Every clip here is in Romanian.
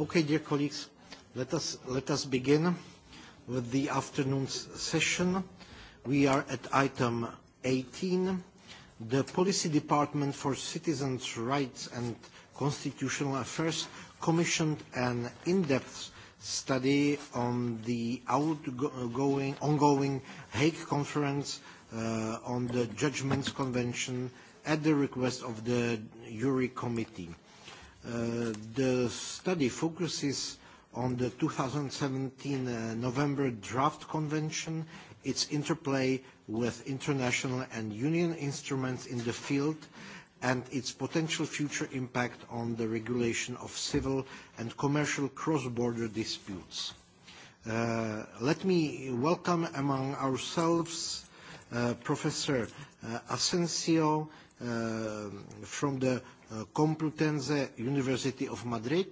Okay, dear colleagues, let us, let us begin with the afternoon's session. We are at item 18, the Policy Department for Citizens' Rights and Constitutional Affairs commissioned an in-depth study on the outgoing, ongoing Hague Conference uh, on the Judgments Convention at the request of the Jury Committee. Uh, the study focuses on the 2017 uh, November draft convention, its interplay with international and union instruments in the field, and its potential future impact on the regulation of civil and commercial cross-border disputes. Uh, let me welcome among ourselves uh, Professor uh, Asensio from the Uh, Complutense University of Madrid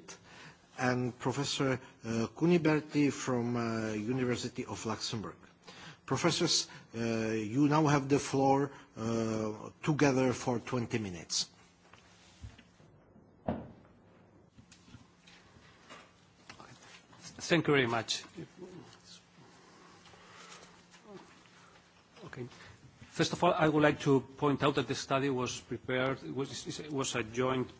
and Professor uh, Kuniberti from uh, University of Luxembourg. Professors, uh, you now have the floor uh, together for 20 minutes. Thank you very much. First of all, I would like to point out that the study was prepared, was, was a joint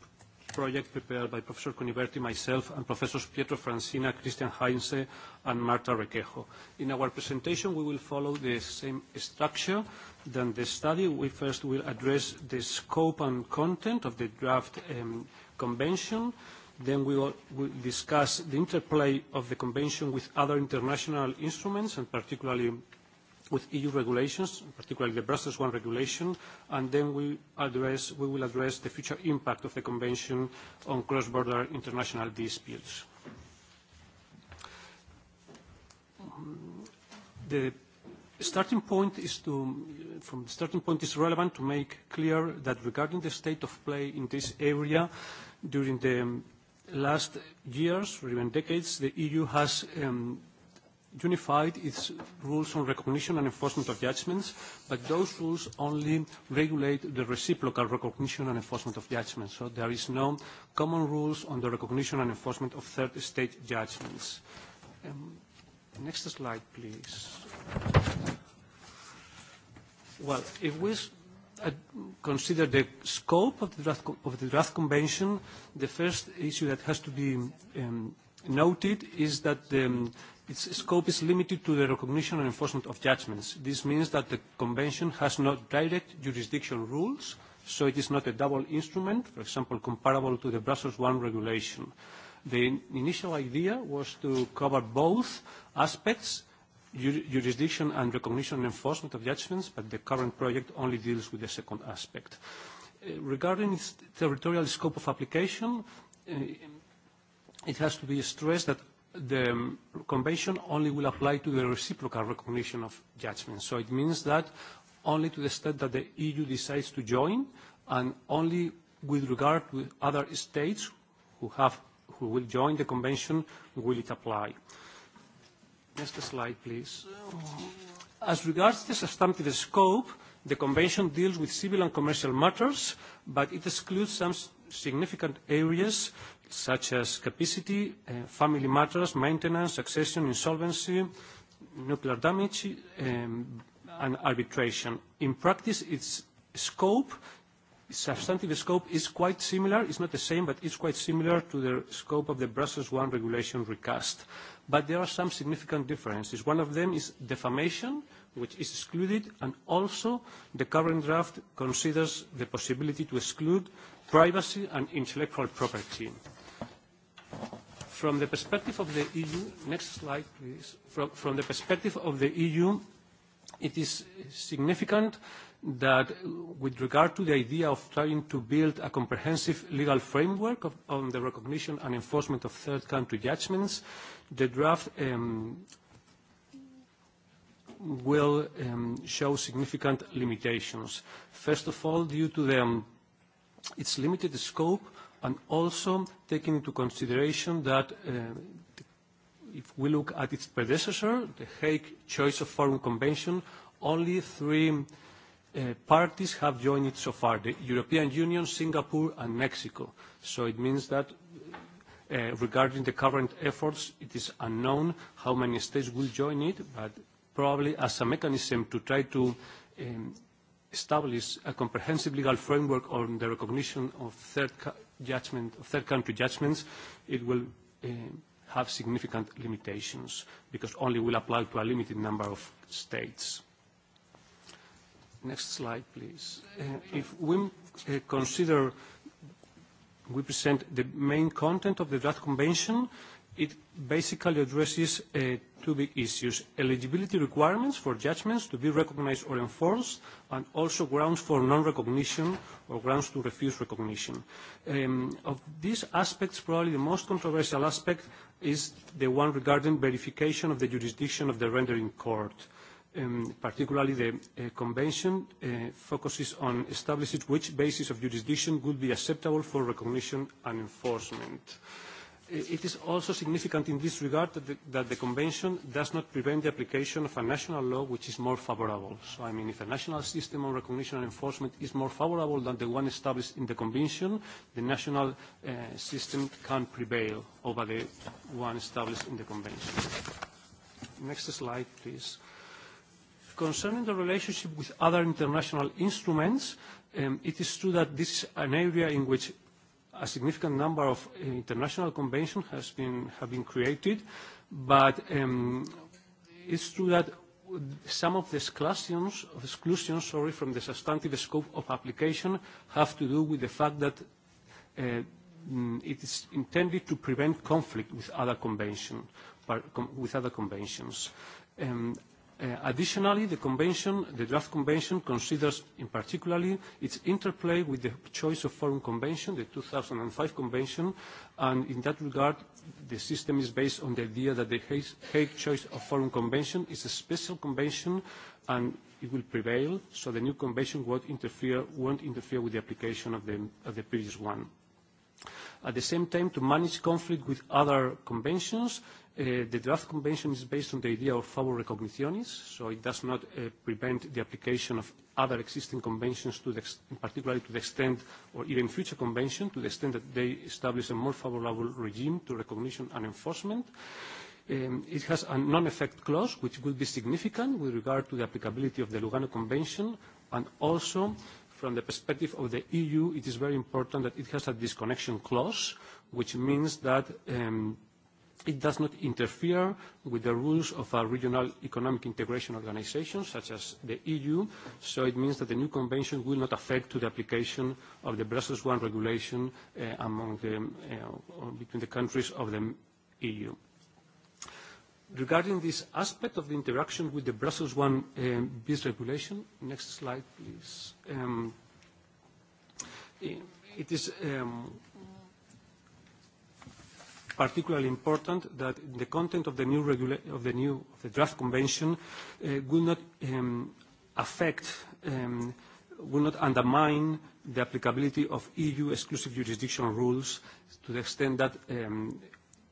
project prepared by Professor Coniverti, myself, and Professors Pietro Francina, Christian Heinze, and Marta Requejo. In our presentation, we will follow the same structure than the study. We first will address the scope and content of the draft um, convention. Then we will discuss the interplay of the convention with other international instruments, and particularly with EU regulations, particularly the Brussels I regulation, and then we, address, we will address the future impact of the Convention on cross-border international disputes. The starting point is to, from the starting point is relevant to make clear that regarding the state of play in this area during the last years or even decades, the EU has um, unified its rules on recognition and enforcement of judgments, but those rules only regulate the reciprocal recognition and enforcement of judgments. So there is no common rules on the recognition and enforcement of third state judgments. Um, next slide, please. Well, if we uh, consider the scope of the, draft, of the draft convention, the first issue that has to be um, noted is that the um, Its scope is limited to the recognition and enforcement of judgments. This means that the Convention has no direct jurisdiction rules, so it is not a double instrument, for example, comparable to the Brussels I regulation. The initial idea was to cover both aspects, jurisdiction and recognition and enforcement of judgments, but the current project only deals with the second aspect. Uh, regarding its territorial scope of application, uh, it has to be stressed that the convention only will apply to the reciprocal recognition of judgments. So it means that only to the extent that the EU decides to join and only with regard to other states who, have, who will join the convention will it apply. Next slide, please. As regards the substantive scope, the convention deals with civil and commercial matters, but it excludes some significant areas such as capacity, uh, family matters, maintenance, succession, insolvency, nuclear damage, um, and arbitration. In practice, its scope, substantive scope, is quite similar. It's not the same, but it's quite similar to the scope of the Brussels I regulation recast. But there are some significant differences. One of them is defamation, which is excluded, and also the current draft considers the possibility to exclude privacy and intellectual property from the perspective of the EU, next slide please, from, from the perspective of the EU, it is significant that with regard to the idea of trying to build a comprehensive legal framework of, on the recognition and enforcement of third country judgments, the draft um, will um, show significant limitations. First of all, due to the, um, its limited scope, and also taking into consideration that uh, if we look at its predecessor, the Hague Choice of Forum Convention, only three Uh, parties have joined it so far, the European Union, Singapore and Mexico. So it means that uh, regarding the current efforts, it is unknown how many states will join it, but probably as a mechanism to try to um, establish a comprehensive legal framework on the recognition of third judgment, of third country judgments, it will uh, have significant limitations because only will apply to a limited number of states. Next slide, please. Uh, if we uh, consider, we present the main content of the draft convention, uh, it basically addresses uh, two big issues, eligibility requirements for judgments to be recognized or enforced, and also grounds for non-recognition or grounds to refuse recognition. Um, of these aspects, probably the most controversial aspect is the one regarding verification of the jurisdiction of the rendering court. Um, particularly the uh, convention uh, focuses on establishing which basis of jurisdiction would be acceptable for recognition and enforcement. Uh, It is also significant in this regard that the, that the Convention does not prevent the application of a national law which is more favorable. So, I mean, if a national system of recognition and enforcement is more favorable than the one established in the Convention, the national uh, system can prevail over the one established in the Convention. Next slide, please. Concerning the relationship with other international instruments, um, it is true that this is an area in which a significant number of eh, international conventions has been, have been created, but um, it's true that some of the exclusions, of exclusions sorry, from the substantive scope of application have to do with the fact that uh, it is intended to prevent conflict with other, convention, with other conventions. Um, Uh, additionally, the convention, the draft convention considers in particular, its interplay with the choice of foreign convention, the 2005 convention, and in that regard, the system is based on the idea that the Hague choice of foreign convention is a special convention and it will prevail, so the new convention won't interfere, won't interfere with the application of the, of the previous one. At the same time, to manage conflict with other conventions, Uh, the draft convention is based on the idea of favor recognitionis, so it does not uh, prevent the application of other existing conventions, to the ex particularly to the extent, or even future convention, to the extent that they establish a more favorable regime to recognition and enforcement. Um, it has a non-effect clause, which will be significant with regard to the applicability of the Lugano Convention, and also from the perspective of the EU, it is very important that it has a disconnection clause, which means that um, it does not interfere with the rules of a regional economic integration organization, such as the EU, so it means that the new convention will not affect to the application of the Brussels I regulation uh, among the, uh, between the countries of the EU. Regarding this aspect of the interaction with the Brussels I um, BIS regulation, next slide, please. Um, it is um, particularly important that the content of the new, draft convention uh, will not affect, will not undermine the applicability of EU exclusive jurisdiction rules to the extent that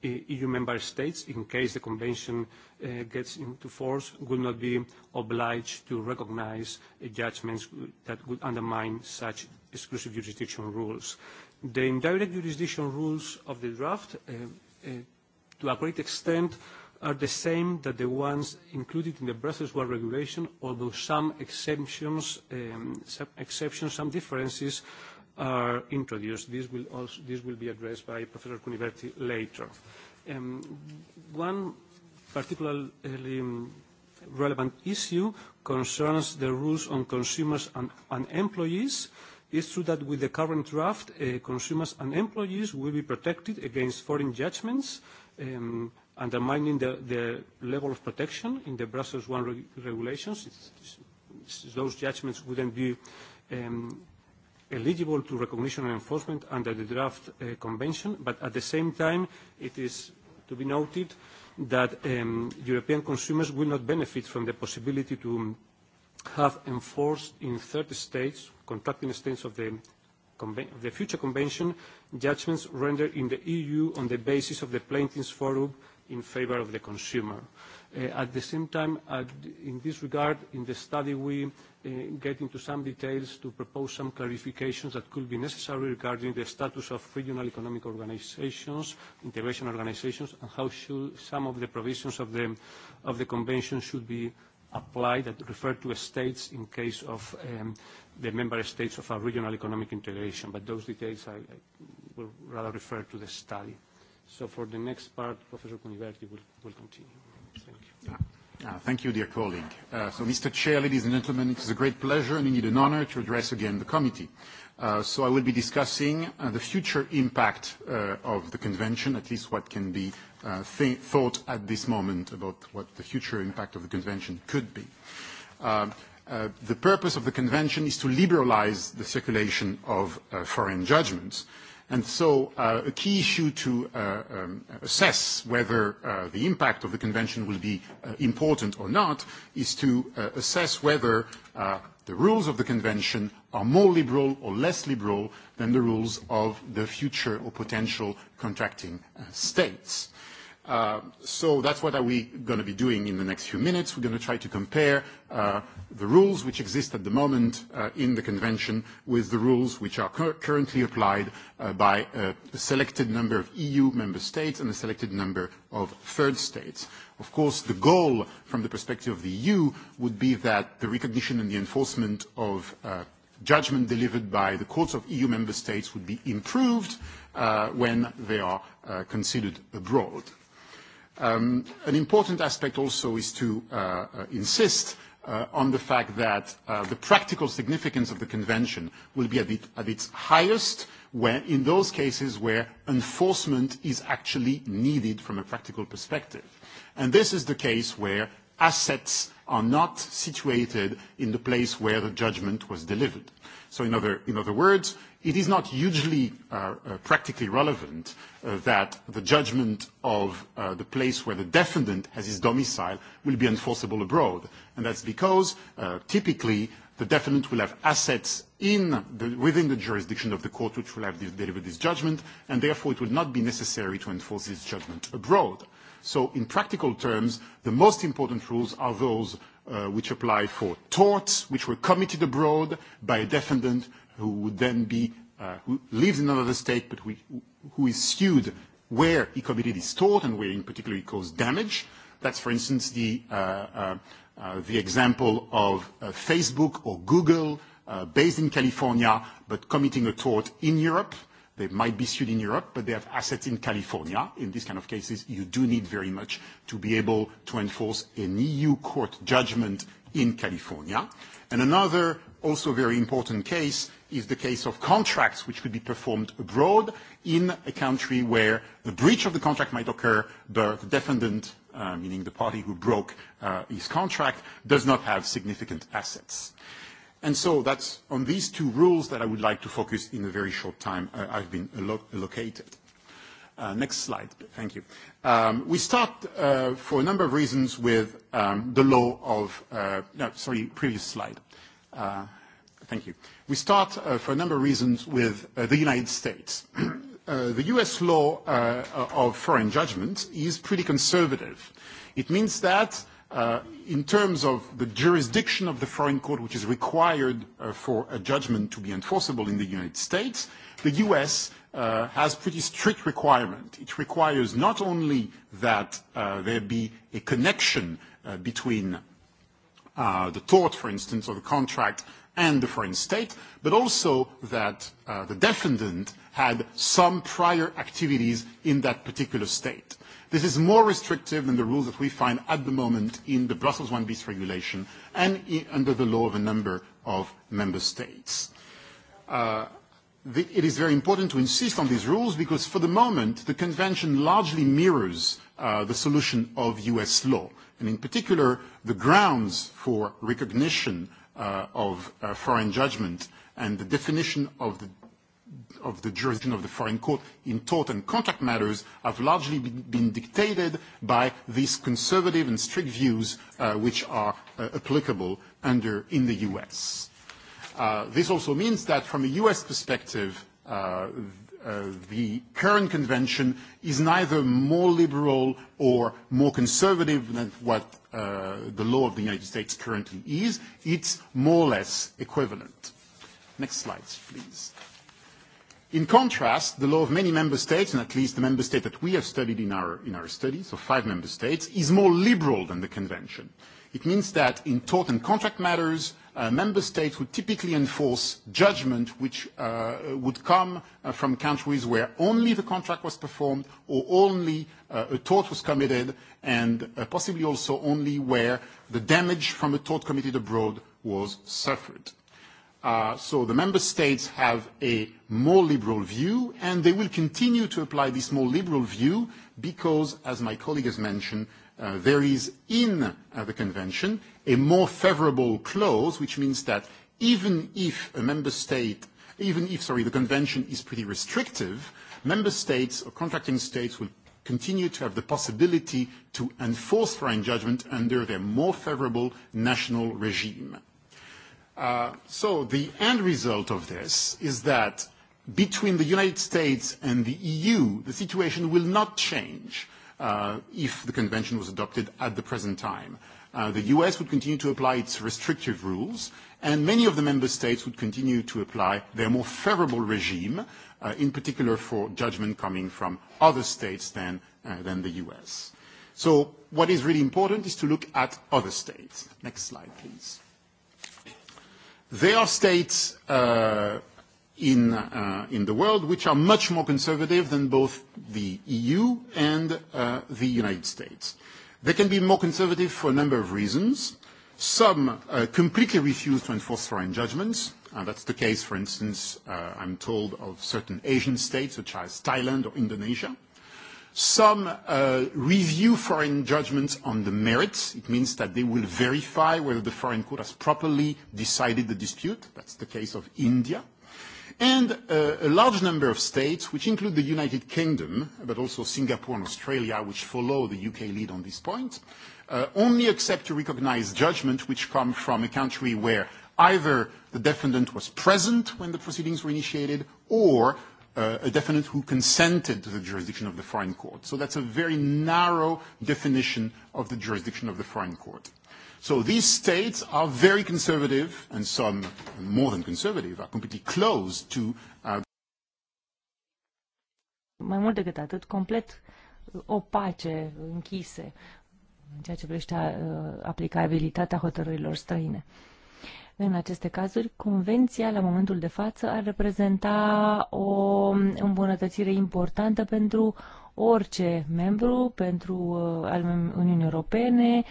EU member states, in case the convention uh, gets into force, will not be obliged to recognize uh, judgments that would undermine such exclusive jurisdiction rules. The indirect jurisdiction rules of the draft, uh, uh, to a great extent, are the same that the ones included in the Brussels I regulation, although some exceptions, um, some, exceptions, some differences are introduced. This will, also, this will be addressed by Professor Cuniverti later. Um, one particularly um, relevant issue concerns the rules on consumers and, and employees. It's true that with the current draft, uh, consumers and employees will be protected against foreign judgments, um, undermining the, the level of protection in the Brussels I re regulations. It's, it's, those judgments wouldn't be um, eligible to recognition and enforcement under the draft uh, convention, but at the same time, it is to be noted that um, European consumers will not benefit from the possibility to have enforced in third states, contracting states of the, of the future convention, judgments rendered in the EU on the basis of the plaintiff's forum in favour of the consumer. Uh, at the same time, uh, in this regard, in the study we Uh, get into some details to propose some clarifications that could be necessary regarding the status of regional economic organizations, integration organizations, and how should some of the provisions of the, of the convention should be applied that refer to states in case of um, the member states of a regional economic integration. But those details I, I will rather refer to the study. So for the next part, Professor Cuniverti will, will continue. Thank you. Uh, thank you, dear colleague. Uh, so, Mr. Chair, ladies and gentlemen, it is a great pleasure and indeed an honor to address again the committee. Uh, so I will be discussing uh, the future impact uh, of the convention, at least what can be uh, th thought at this moment about what the future impact of the convention could be. Uh, the purpose of the convention is to liberalize the circulation of foreign judgments, And so uh, a key issue to uh, um, assess whether uh, the impact of the convention will be uh, important or not is to uh, assess whether uh, the rules of the convention are more liberal or less liberal than the rules of the future or potential contracting uh, states. Uh, so that's what are we going to be doing in the next few minutes. We're going to try to compare uh, the rules which exist at the moment uh, in the convention with the rules which are cur currently applied uh, by uh, a selected number of EU member states and a selected number of third states. Of course, the goal from the perspective of the EU would be that the recognition and the enforcement of uh, judgment delivered by the courts of EU member states would be improved when they are considered abroad. Um, an important aspect also is to uh, uh, insist uh, on the fact that uh, the practical significance of the convention will be at, it, at its highest where, in those cases where enforcement is actually needed from a practical perspective. And this is the case where assets are not situated in the place where the judgment was delivered. So in other, in other words, it is not hugely uh, uh, practically relevant uh, that the judgment of uh, the place where the defendant has his domicile will be enforceable abroad. And that's because uh, typically the defendant will have assets the, within the jurisdiction of the court which will have de delivered this judgment, and therefore it will not be necessary to enforce this judgment abroad. So in practical terms, the most important rules are those uh, which apply for torts which were committed abroad by a defendant who would then be, uh, who lives in another state, but who, who is sued where he committed his tort and where in particular he caused damage. That's, for instance, the, uh, uh, uh, the example of uh, Facebook or Google uh, based in California but committing a tort in Europe. They might be sued in Europe, but they have assets in California. In these kind of cases, you do need very much to be able to enforce an EU court judgment in California. And another also very important case is the case of contracts which could be performed abroad in a country where the breach of the contract might occur, but the defendant, uh, meaning the party who broke uh, his contract, does not have significant assets. And so that's on these two rules that I would like to focus in the very short time uh, I've been allo allocated. Uh, next slide. Thank you. Um, we start, uh, for a number of reasons, with um, the law of... Uh, no, sorry, previous slide. Uh, thank you. Uh, We start, uh, for a number of reasons, with uh, the United States. uh, the U.S. law uh, of foreign judgment is pretty conservative. It means that uh, in terms of the jurisdiction of the foreign court, which is required uh, for a judgment to be enforceable in the United States, the U.S. Uh, has pretty strict requirement. It requires not only that uh, there be a connection uh, between the tort, for instance, or the contract and the foreign state, but also that uh, the defendant had some prior activities in that particular state. This is more restrictive than the rules that we find at the moment in the Brussels 1 bis regulation and in, under the law of a number of member states. Uh, the, it is very important to insist on these rules because for the moment the convention largely mirrors uh, the solution of US law and in particular the grounds for recognition uh, of uh, foreign judgment and the definition of the of the jurisdiction of the foreign court in tort and contract matters have largely been dictated by these conservative and strict views uh, which are uh, applicable under in the US. Uh, this also means that from a US perspective, uh, uh, the current convention is neither more liberal or more conservative than what Uh, the law of the United States currently is, it's more or less equivalent. Next slide, please. In contrast, the law of many member states, and at least the member state that we have studied in our, in our study, so five member states, is more liberal than the convention. It means that in tort and contract matters, member states would typically enforce judgment which uh, would come uh, from countries where only the contract was performed or only uh, a tort was committed and uh, possibly also only where the damage from a tort committed abroad was suffered. Uh, so the member states have a more liberal view, and they will continue to apply this more liberal view because, as my colleague has mentioned, Uh, there is in uh, the convention a more favorable clause, which means that even if a member state, even if, sorry, the convention is pretty restrictive, member states or contracting states will continue to have the possibility to enforce foreign judgment under their more favorable national regime. Uh, so the end result of this is that between the United States and the EU, the situation will not change uh, if the convention was adopted at the present time. Uh, the US would continue to apply its restrictive rules, and many of the member states would continue to apply their more favorable regime, uh, in particular for judgment coming from other states than, uh, than the US. So what is really important is to look at other states. Next slide, please. There are states uh, in, uh, in the world, which are much more conservative than both the EU and uh, the United States. They can be more conservative for a number of reasons. Some uh, completely refuse to enforce foreign judgments. Uh, that's the case, for instance, uh, I'm told, of certain Asian states, such as Thailand or Indonesia. Some uh, review foreign judgments on the merits. It means that they will verify whether the foreign court has properly decided the dispute. That's the case of India and uh, a large number of states, which include the United Kingdom, but also Singapore and Australia, which follow the UK lead on this point, uh, only accept to recognize judgment which come from a country where either the defendant was present when the proceedings were initiated or uh, a defendant who consented to the jurisdiction of the foreign court. So that's a very narrow definition of the jurisdiction of the foreign court. So these states are very conservative, and some more than conservative are completely closed to. Uh... Mai mult decât atât, complet uh, opace, închise, în ceea ce privește uh, aplicabilitatea hotărârilor străine. În aceste cazuri, convenția, la momentul de față, ar reprezenta o um, îmbunătățire importantă pentru orice membru pentru uh, al Uniunii Europene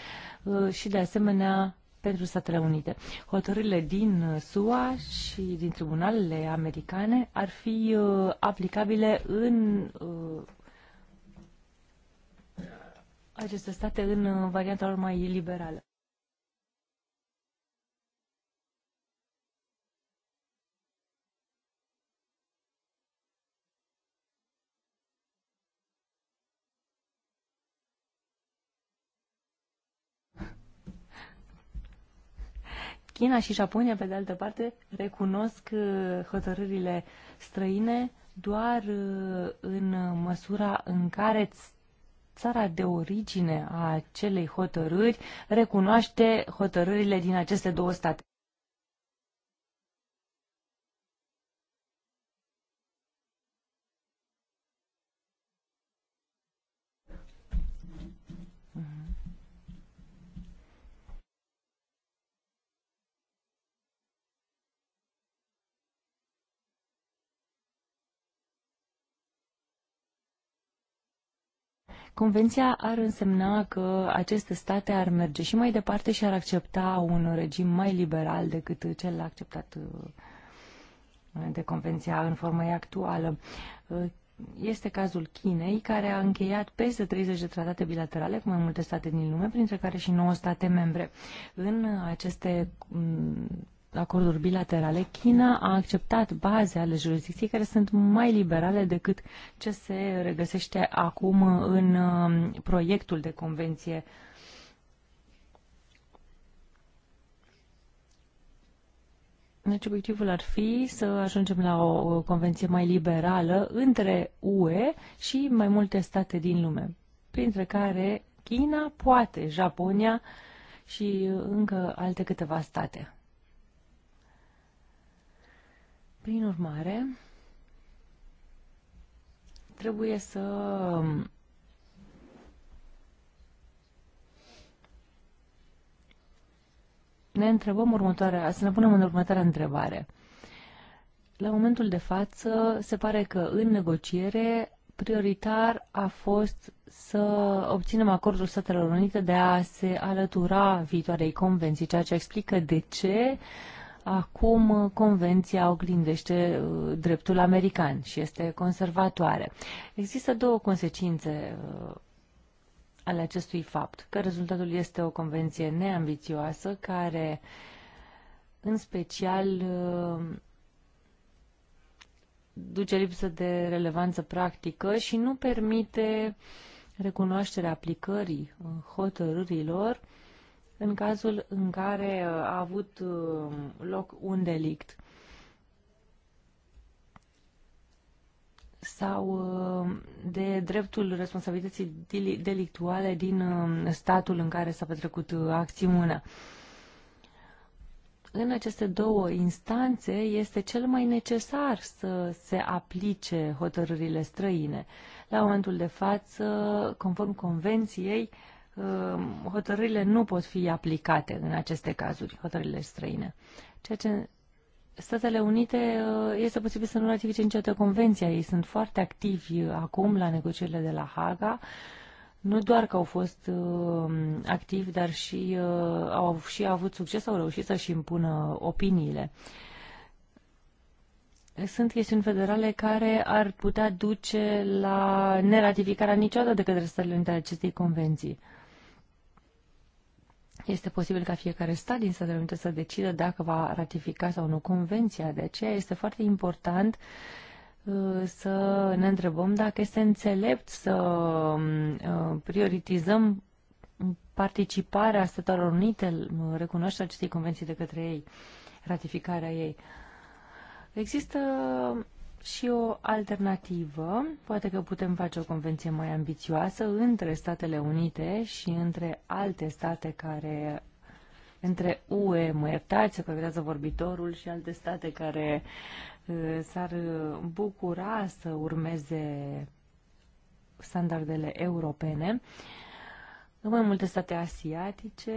uh, și de asemenea pentru Statele Unite. Hotărârile din uh, SUA și din tribunalele americane ar fi aplicabile în aceste state în varianta lor mai liberală. China și Japonia, pe de altă parte, recunosc uh, hotărârile străine doar uh, în măsura în care țara de origine a acelei hotărâri recunoaște hotărârile din aceste două state. Convenția ar însemna că aceste state ar merge și mai departe și ar accepta un regim mai liberal decât cel acceptat uh, de Convenția în forma ei actuală. Uh, este cazul Chinei, care a încheiat peste 30 de tratate bilaterale cu mai multe state din lume, printre care și 9 state membre. În aceste mm, acorduri bilaterale, China a acceptat baze ale jurisdicției care sunt mai liberale decât ce se regăsește acum în um, proiectul de convenție Deci obiectivul ar fi să ajungem la o convenție mai liberală între UE și mai multe state din lume, printre care China, poate Japonia și încă alte câteva state. Prin urmare, trebuie să ne întrebăm următoarea, să ne punem în următoarea întrebare. La momentul de față, se pare că în negociere prioritar a fost să obținem acordul Statelor Unite de a se alătura viitoarei convenții, ceea ce explică de ce uh, Acum uh, convenția oglindește uh, dreptul american și este conservatoare. Există două consecințe uh, ale acestui fapt, că rezultatul este o convenție neambițioasă care în special duce lipsă de relevanță practică și nu permite recunoașterea aplicării hotărârilor în cazul în care uh, a avut uh, loc un delict sau uh, de dreptul responsabilității delictuale din statul în care s-a petrecut acțiunea. În aceste două instanțe este cel mai necesar să se aplice hotărârile străine. La momentul de față, conform convenției, Um, hotărârile nu pot fi aplicate în aceste cazuri, hotărârile străine. Ceea ce Statele Unite uh, este posibil să nu ratifice niciodată convenția. Ei sunt foarte activi uh, acum la negocierile de la Haga. Nu doar că au fost uh, activi, dar și uh, au și avut succes, au reușit să-și impună opiniile. Sunt chestiuni federale care ar putea duce la neratificarea niciodată de către Statele Unite a acestei convenții. Uh, este posibil ca fiecare stat din Statele Unite să decidă dacă va ratifica sau nu convenția. De aceea este foarte important uh, să ne întrebăm dacă este înțelept să um, uh, prioritizăm participarea Statelor Unite, uh, recunoașterea acestei convenții de către ei, ratificarea ei. Există și o alternativă. Poate că putem face o convenție mai ambițioasă între Statele Unite și între alte state care între UE, mă iertați, se corectează vorbitorul și alte state care uh, s-ar uh, bucura să urmeze standardele europene. În mai multe state asiatice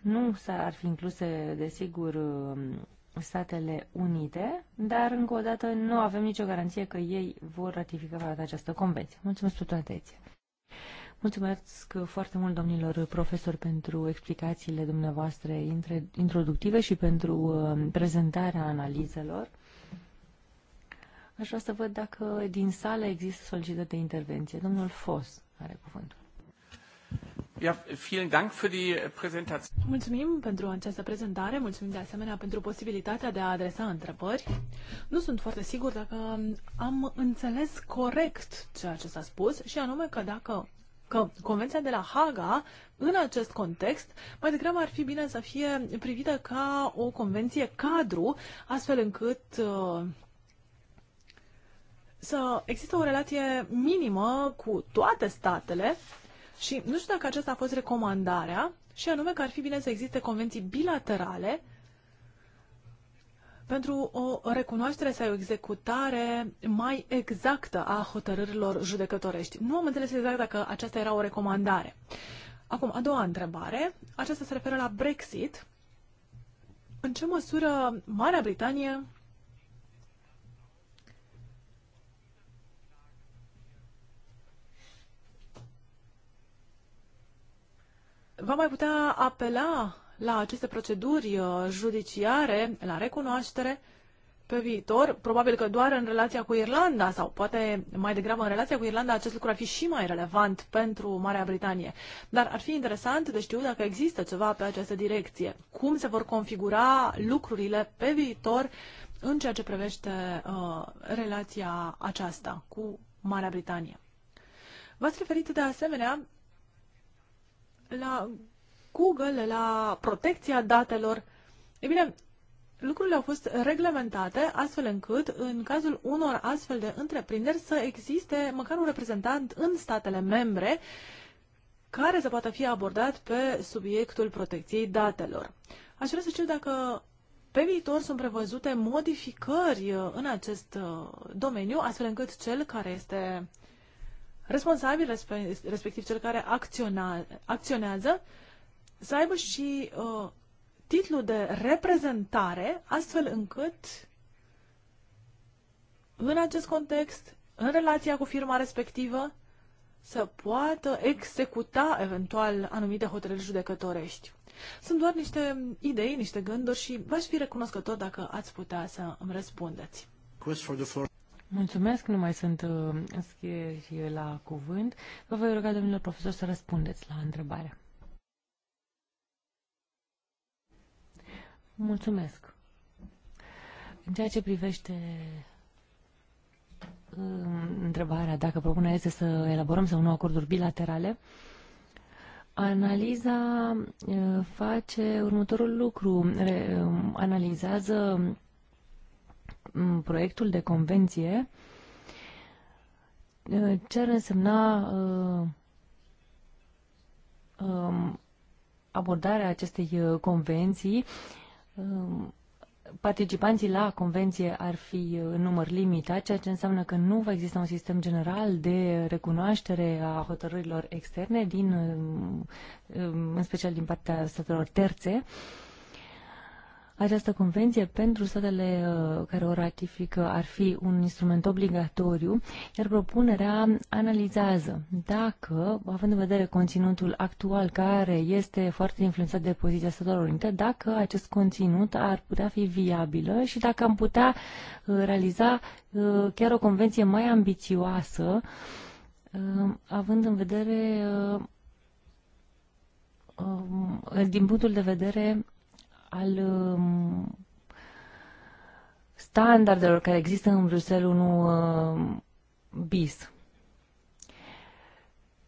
nu s-ar fi incluse, desigur, um, Statele Unite, dar încă o dată nu avem nicio garanție că ei vor ratifica această convenție. Mulțumesc pentru atenție! Mulțumesc foarte mult, domnilor profesori, pentru explicațiile dumneavoastră introductive și pentru uh, prezentarea analizelor. Aș vrea să văd dacă din sală există solicitări de intervenție. Domnul Fos are cuvântul. Äh, mulțumim pentru această prezentare, mulțumim de asemenea pentru posibilitatea de a adresa întrebări. Nu sunt foarte sigur dacă am înțeles corect ceea ce s-a spus și anume că dacă că Convenția de la Haga, în acest context, mai degrabă ar fi bine să fie privită ca o convenție cadru, astfel încât uh, să există o relație minimă cu toate statele și nu știu dacă aceasta a fost recomandarea, și anume că ar fi bine să existe convenții bilaterale pentru o recunoaștere sau o executare mai exactă a hotărârilor judecătorești. Nu am înțeles exact dacă aceasta era o recomandare. Acum, a doua întrebare. Aceasta se referă la Brexit. În ce măsură Marea Britanie va mai putea apela la aceste proceduri uh, judiciare, la recunoaștere pe viitor, probabil că doar în relația cu Irlanda sau poate mai degrabă în relația cu Irlanda acest lucru ar fi și mai relevant pentru Marea Britanie. Dar ar fi interesant de știu dacă există ceva pe această direcție. Cum se vor configura lucrurile pe viitor în ceea ce privește uh, relația aceasta cu Marea Britanie. V-ați referit de asemenea la Google, la protecția datelor. E bine, lucrurile au fost reglementate astfel încât, în cazul unor astfel de întreprinderi, să existe măcar un reprezentant în statele membre care să poată fi abordat pe subiectul protecției datelor. Aș vrea să știu dacă pe viitor sunt prevăzute modificări uh, în acest uh, domeniu, astfel încât cel care este responsabil, respectiv cel care acționa, acționează, să aibă și uh, titlul de reprezentare, astfel încât în acest context, în relația cu firma respectivă, să poată executa eventual anumite hotărâri judecătorești. Sunt doar niște idei, niște gânduri și v-aș fi recunoscător dacă ați putea să îmi răspundeți. Mulțumesc, nu mai sunt uh, înscrieri la cuvânt. Vă voi ruga, domnilor profesor, să răspundeți la întrebare. Mulțumesc. În ceea ce privește uh, întrebarea dacă propunerea este să elaborăm sau nu acorduri bilaterale, analiza uh, face următorul lucru. Um, analizează proiectul de convenție uh, ce ar însemna uh, um, abordarea acestei uh, convenții. Um, participanții la convenție ar fi în număr limitat, ceea ce înseamnă că nu va exista un sistem general de recunoaștere a hotărârilor externe, din, um, în special din partea statelor terțe. Uh, această convenție pentru statele uh, care o ratifică ar fi un instrument obligatoriu, iar propunerea analizează dacă, având în vedere conținutul actual care este foarte influențat de poziția Statelor Unite, dacă acest conținut ar putea fi viabilă și dacă am putea uh, realiza uh, chiar o convenție mai ambițioasă, având în vedere um, din punctul de vedere al um, standardelor care există în Bruxelles 1 um, bis.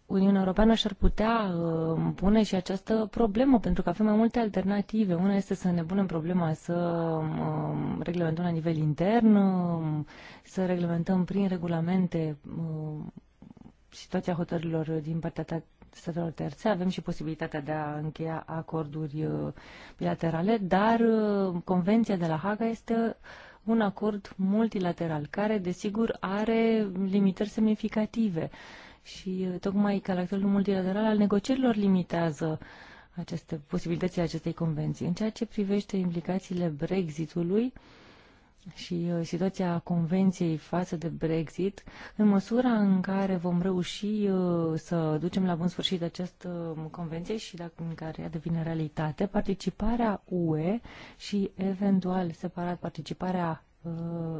Uniunea Europeană și-ar putea um, pune și această problemă, pentru că avem mai multe alternative. Una este să ne punem problema să reglementăm la nivel intern, să reglementăm prin regulamente situația hotărilor din partea statelor terțe. Avem și posibilitatea de a încheia acorduri uh, bilaterale, dar uh, Convenția de la Haga este un acord multilateral, care, desigur, are limitări semnificative. Și uh, tocmai caracterul multilateral al negocierilor limitează aceste posibilități acestei convenții. În ceea ce privește implicațiile Brexitului, și uh, situația Convenției față de Brexit, în măsura în care vom reuși uh, să ducem la bun sfârșit această um, convenție și dacă în care ea devine realitate, participarea UE și eventual separat participarea uh,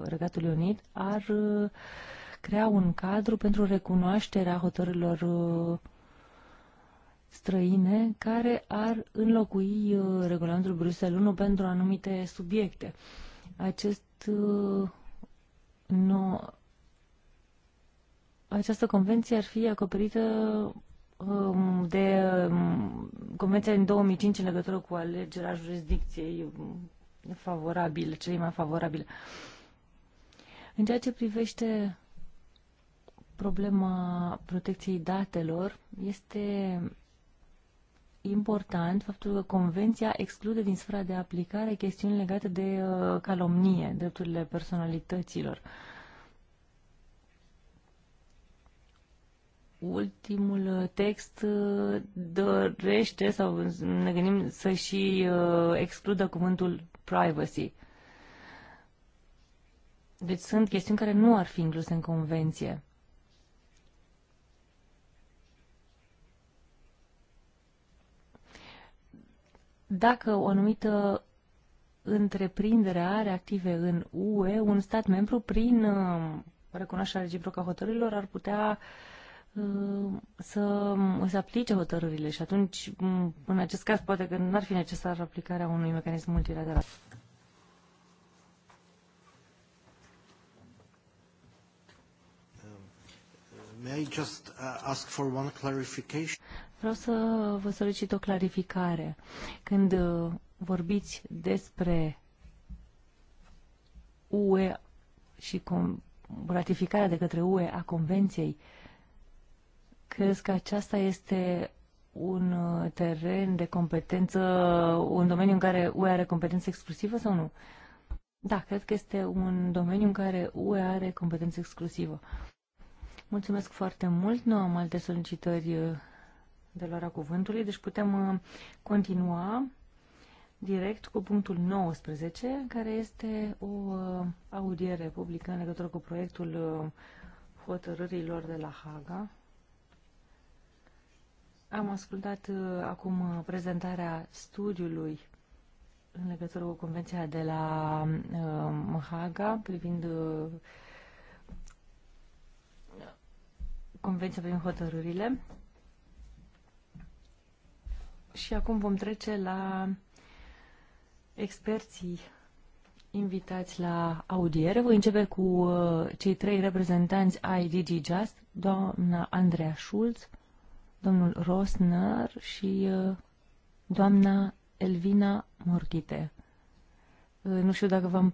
Regatului Unit ar crea un cadru pentru recunoașterea hotărârilor străine care ar înlocui regulamentul Bruxelles 1 pentru anumite subiecte. Acest Uh, nu, această convenție ar fi acoperită um, de um, convenția din 2005 în legătură cu alegerea jurisdicției um, favorabile, cele mai favorabile. În ceea ce privește problema protecției datelor, este important faptul că Convenția exclude din sfera de aplicare chestiuni legate de uh, calomnie, drepturile personalităților. ultimul uh, text uh, dorește sau ne gândim să și excludă cuvântul privacy. Deci sunt chestiuni care nu ar fi incluse în convenție. dacă o anumită întreprindere are active în UE, un stat membru, prin um, recunoașterea reciprocă a hotărârilor, ar putea um, să îți um, aplice hotărârile și atunci, în acest caz, poate că n-ar fi necesară aplicarea unui mecanism multilateral. Uh, may I just uh, ask for one clarification? Vreau să vă solicit o clarificare. Când uh, vorbiți despre UE și ratificarea de către UE a Convenției, crezi că aceasta este un uh, teren de competență, un domeniu în care UE are competență exclusivă sau nu? Da, cred că este un domeniu în care UE are competență exclusivă. Mulțumesc foarte mult, nu am alte solicitări uh, de luarea cuvântului, deci putem uh, continua direct cu punctul 19, care este o uh, audiere publică în legătură cu proiectul uh, hotărârilor de la Haga. Am ascultat acum prezentarea studiului în legătură cu Convenția de la Haga privind Convenția privind hotărârile și acum vom trece la experții invitați la audiere. Voi începe cu uh, cei trei reprezentanți ai DG Just, doamna Andrea Schulz, domnul Rosner și uh, doamna Elvina Morghite. Uh, nu știu dacă v-am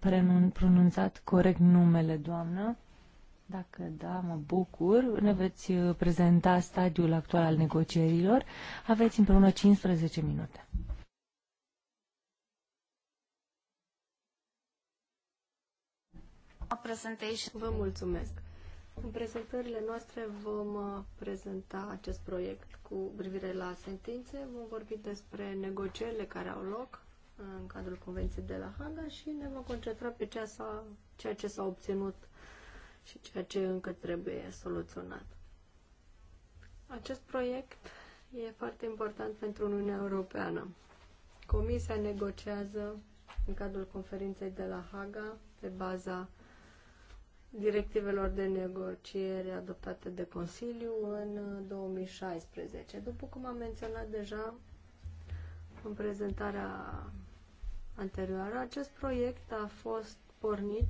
pronunțat corect numele, doamnă. Dacă da, mă bucur. Ne veți uh, prezenta stadiul actual al negocierilor. Aveți împreună 15 minute. Vă mulțumesc. În prezentările noastre vom uh, prezenta acest proiect cu privire la sentințe, vom vorbi despre negocierile care au loc uh, în cadrul Convenției de la Haga și ne vom concentra pe ceea, ce s-a obținut și ceea ce încă trebuie soluționat. Acest proiect e foarte important pentru Uniunea Europeană. Comisia negociază în cadrul conferinței de la Haga pe baza directivelor de negociere adoptate de Consiliu în 2016. După cum am menționat deja în prezentarea anterioară, acest proiect a fost pornit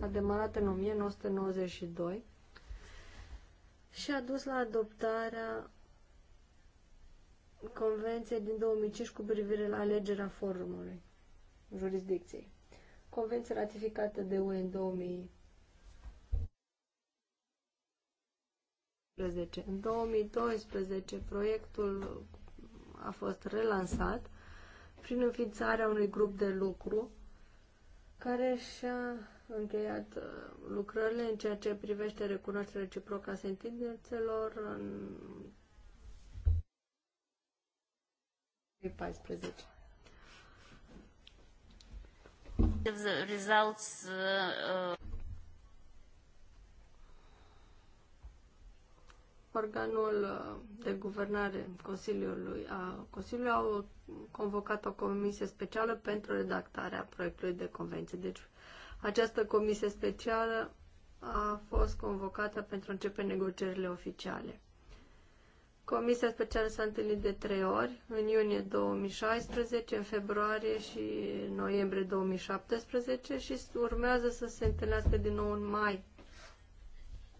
a demarat în 1992 și a dus la adoptarea Convenției din 2005 cu privire la alegerea forumului jurisdicției. Convenție ratificată de UE în 2012. În 2012 proiectul a fost relansat prin înființarea unui grup de lucru care și-a încheiat uh, lucrările în ceea ce privește recunoașterea reciprocă a sentințelor în 2014. The results, uh, uh Organul uh, de guvernare Consiliului, a Consiliului au convocat o comisie specială pentru redactarea proiectului de convenție. Deci, această comisie specială a fost convocată pentru a începe negocierile oficiale. Comisia specială s-a întâlnit de trei ori, în iunie 2016, în februarie și noiembrie 2017 și urmează să se întâlnească din nou în mai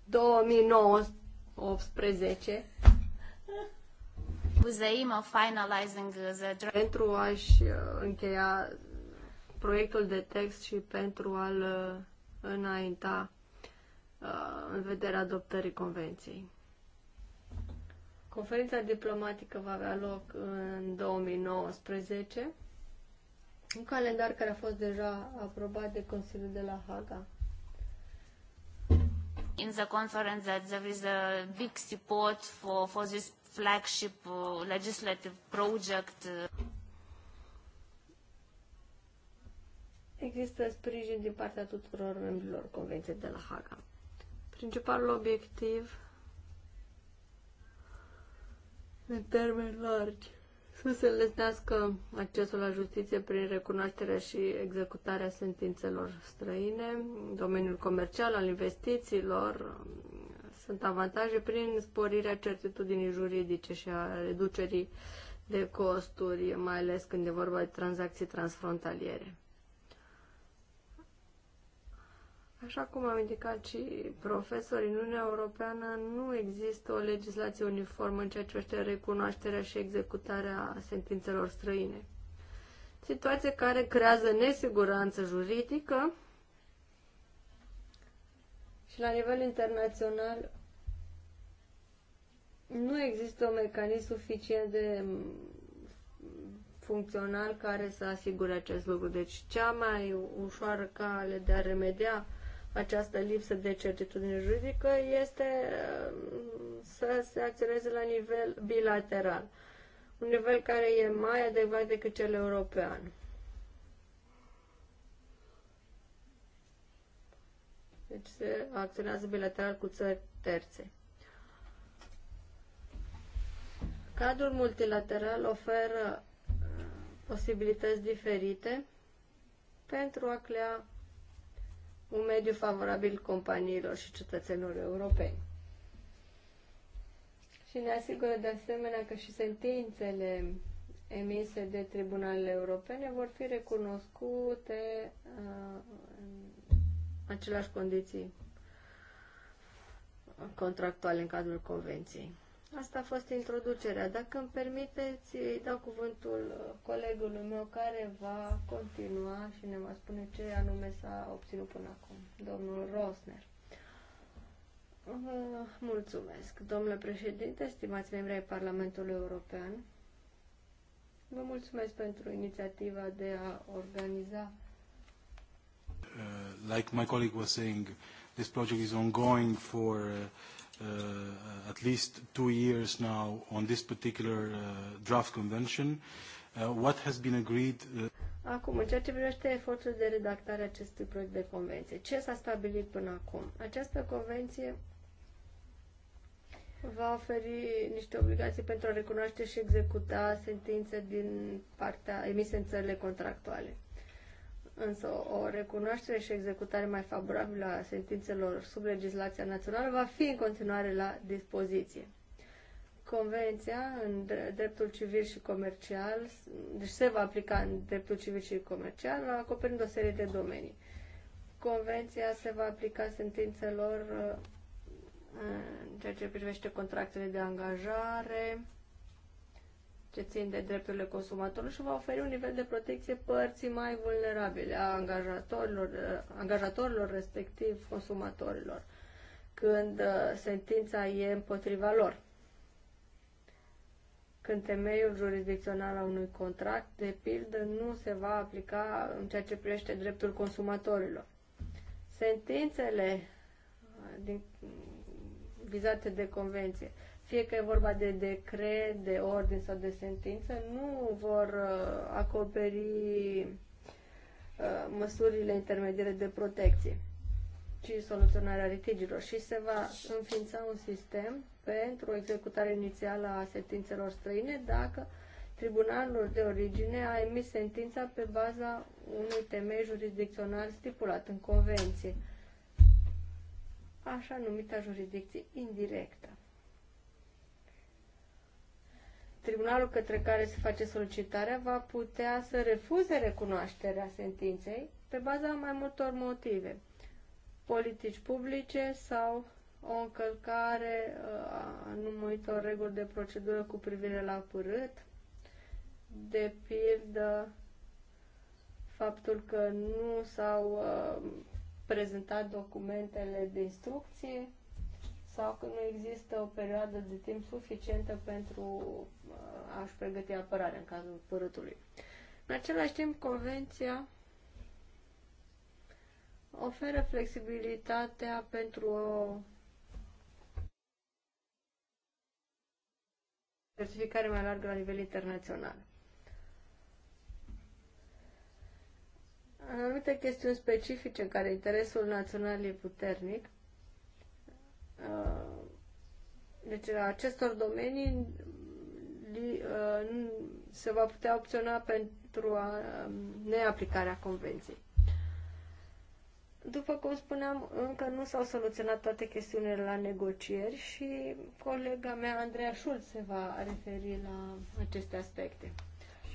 2018 with the aim of finalizing the pentru a-și uh, încheia proiectul de text și pentru a-l uh, înainta uh, în vederea adoptării convenției. Conferința diplomatică va avea loc în 2019, un calendar care a fost deja aprobat de Consiliul de la Haga. In the conference that there is a big support for, for this flagship uh, legislative project. Există sprijin din partea tuturor membrilor Convenției de la Haga. Principalul obiectiv în termeni largi să se lesnească accesul la justiție prin recunoașterea și executarea sentințelor străine, domeniul comercial, al investițiilor, sunt avantaje prin sporirea certitudinii juridice și a reducerii de costuri, mai ales când e vorba de tranzacții transfrontaliere. Așa cum am indicat și profesorii, în Uniunea Europeană nu există o legislație uniformă în ceea ce este recunoașterea și executarea sentințelor străine. Situație care creează nesiguranță juridică și la nivel internațional nu există un mecanism suficient de funcțional care să asigure acest lucru. Deci cea mai ușoară cale de a remedia această lipsă de certitudine juridică este um, să se acționeze la nivel bilateral, un nivel care e mai adecvat decât cel european. Deci se acționează bilateral cu țări terțe. Cadrul multilateral oferă uh, posibilități diferite pentru a crea un mediu favorabil companiilor și cetățenilor europeni. Și ne asigură de asemenea că și sentințele emise de tribunalele europene vor fi recunoscute uh, în aceleași condiții contractuale în cadrul convenției. Asta a fost introducerea. Dacă îmi permiteți, îi dau cuvântul uh, colegului meu care va continua și ne va spune ce anume s-a obținut până acum, domnul Rosner. Vă mulțumesc, domnule președinte, stimați membri ai Parlamentului European. Vă mulțumesc pentru inițiativa de a organiza. Uh, like my colleague was saying, this project is ongoing for uh, Uh, at least two years now on this particular uh, draft convention. Uh, what has been agreed? Acum, în ceea ce privește efortul de redactare a acestui proiect de convenție, ce s-a stabilit până acum? Această convenție va oferi niște obligații pentru a recunoaște și executa sentințe din partea emise în țările contractuale. Însă o recunoaștere și executare mai favorabilă a sentințelor sub legislația națională va fi în continuare la dispoziție. Convenția în dreptul civil și comercial, deci se va aplica în dreptul civil și comercial, acoperind o serie de domenii. Convenția se va aplica sentințelor uh, în ceea ce privește contractele de angajare, ce țin de drepturile consumatorilor și va oferi un nivel de protecție părții mai vulnerabile a angajatorilor, angajatorilor respectiv consumatorilor, când uh, sentința e împotriva lor. Când temeiul jurisdicțional a unui contract, de pildă, nu se va aplica în ceea ce privește dreptul consumatorilor. Sentințele uh, din, mm, vizate de convenție fie că e vorba de decret, de ordin sau de sentință, nu vor uh, acoperi uh, măsurile intermediare de protecție, ci soluționarea litigilor și se va înființa un sistem pentru executarea inițială a sentințelor străine dacă tribunalul de origine a emis sentința pe baza unui temei jurisdicțional stipulat în convenție, așa numită jurisdicție indirectă. tribunalul către care se face solicitarea va putea să refuze recunoașterea sentinței pe baza mai multor motive, politici publice sau o încălcare uh, a anumitor reguli de procedură cu privire la părât, de pildă faptul că nu s-au uh, prezentat documentele de instrucție sau că nu există o perioadă de timp suficientă pentru uh, a-și pregăti apărarea în cazul părâtului. În același timp, convenția oferă flexibilitatea pentru o certificare mai largă la nivel internațional. În anumite chestiuni specifice în care interesul național e puternic, Uh, deci, acestor domenii uh, se va putea opționa pentru a, um, neaplicarea convenției. După cum spuneam, încă nu s-au soluționat toate chestiunile la negocieri și colega mea, Andreea Schulz, se va referi la aceste aspecte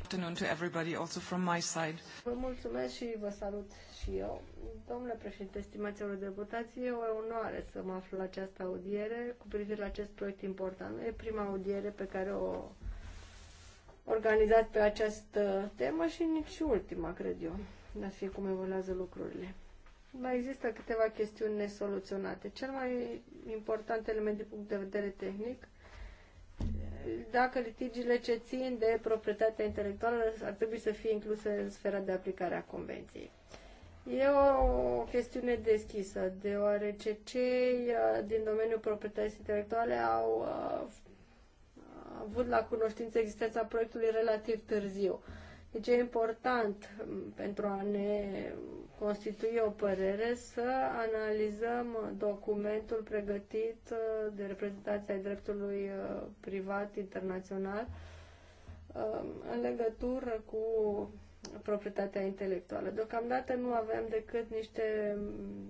afternoon to everybody, also from my side. Vă mulțumesc și vă salut și eu. Domnule președinte, stimați eurodeputați, eu e onoare să mă aflu la această audiere cu privire la acest proiect important. E prima audiere pe care o organizat pe această temă și nici ultima, cred eu, dar fi cum evoluează lucrurile. Mai există câteva chestiuni nesoluționate. Cel mai important element din punct de vedere tehnic dacă litigiile ce țin de proprietatea intelectuală ar trebui să fie incluse în sfera de aplicare a convenției. E o chestiune deschisă, deoarece cei uh, din domeniul proprietății intelectuale au uh, avut la cunoștință existența proiectului relativ târziu. Deci e important pentru a ne constituie o părere să analizăm documentul pregătit uh, de reprezentația dreptului uh, privat internațional um, în legătură cu proprietatea intelectuală. Deocamdată nu avem decât niște mm,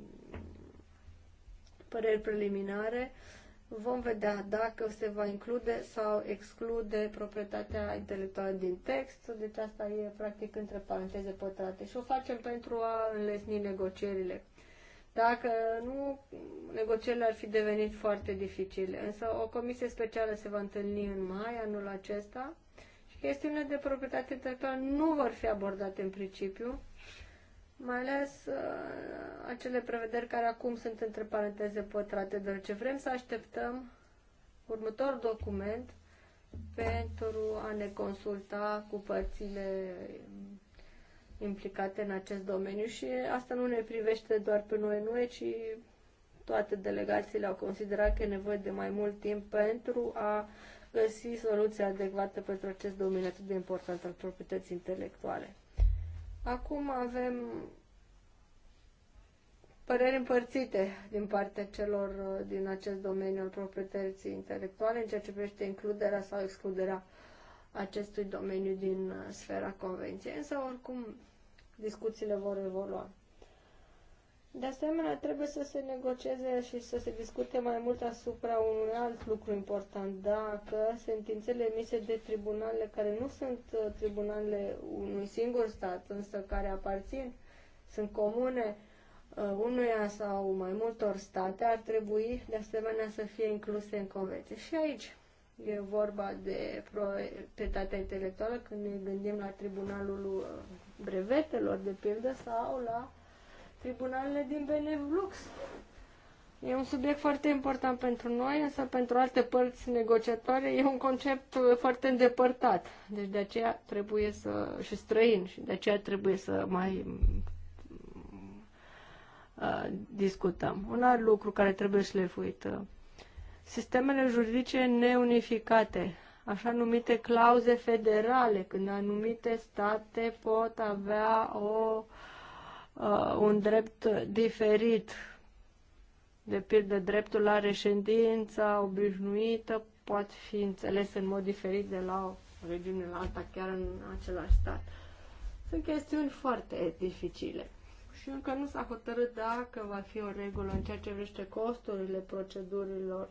păreri preliminare uh, Vom vedea dacă se va include sau exclude proprietatea intelectuală din text, deci asta e practic între paranteze pătrate și o facem pentru a înlesni negocierile. Dacă nu, negocierile ar fi devenit foarte dificile, însă o comisie specială se va întâlni în mai anul acesta și chestiunile de proprietate intelectuală nu vor fi abordate în principiu, mai ales uh, acele prevederi care acum sunt între paranteze pătrate, ce vrem să așteptăm următorul document pentru a ne consulta cu părțile implicate în acest domeniu și asta nu ne privește doar pe noi, noi, ci toate delegațiile au considerat că e nevoie de mai mult timp pentru a găsi soluția adecvată pentru acest domeniu atât de important al proprietății intelectuale. Acum avem păreri împărțite din partea celor uh, din acest domeniu al proprietății intelectuale în ceea ce privește includerea sau excluderea acestui domeniu din uh, sfera convenției, însă oricum discuțiile vor evolua. De asemenea, trebuie să se negocieze și să se discute mai mult asupra unui alt lucru important. Dacă sentințele emise de tribunale care nu sunt uh, tribunale unui singur stat, însă care aparțin, sunt comune uh, unuia sau mai multor state, ar trebui de asemenea să fie incluse în convenție. Și aici e vorba de proprietatea intelectuală când ne gândim la Tribunalul uh, Brevetelor, de pildă, sau la tribunalele din Benelux. E un subiect foarte important pentru noi, însă pentru alte părți negociatoare e un concept uh, foarte îndepărtat. Deci de aceea trebuie să... și străin, și de aceea trebuie să mai mm, uh, discutăm. Un alt lucru care trebuie șlefuit. Uh, sistemele juridice neunificate, așa numite clauze federale, când anumite state pot avea o uh, uh, un drept diferit, de pildă dreptul la reședința obișnuită poate fi înțeles în mod diferit de la o regiune la alta, chiar în același stat. Sunt chestiuni foarte dificile și încă nu s-a hotărât dacă va fi o regulă în ceea ce vrește costurile procedurilor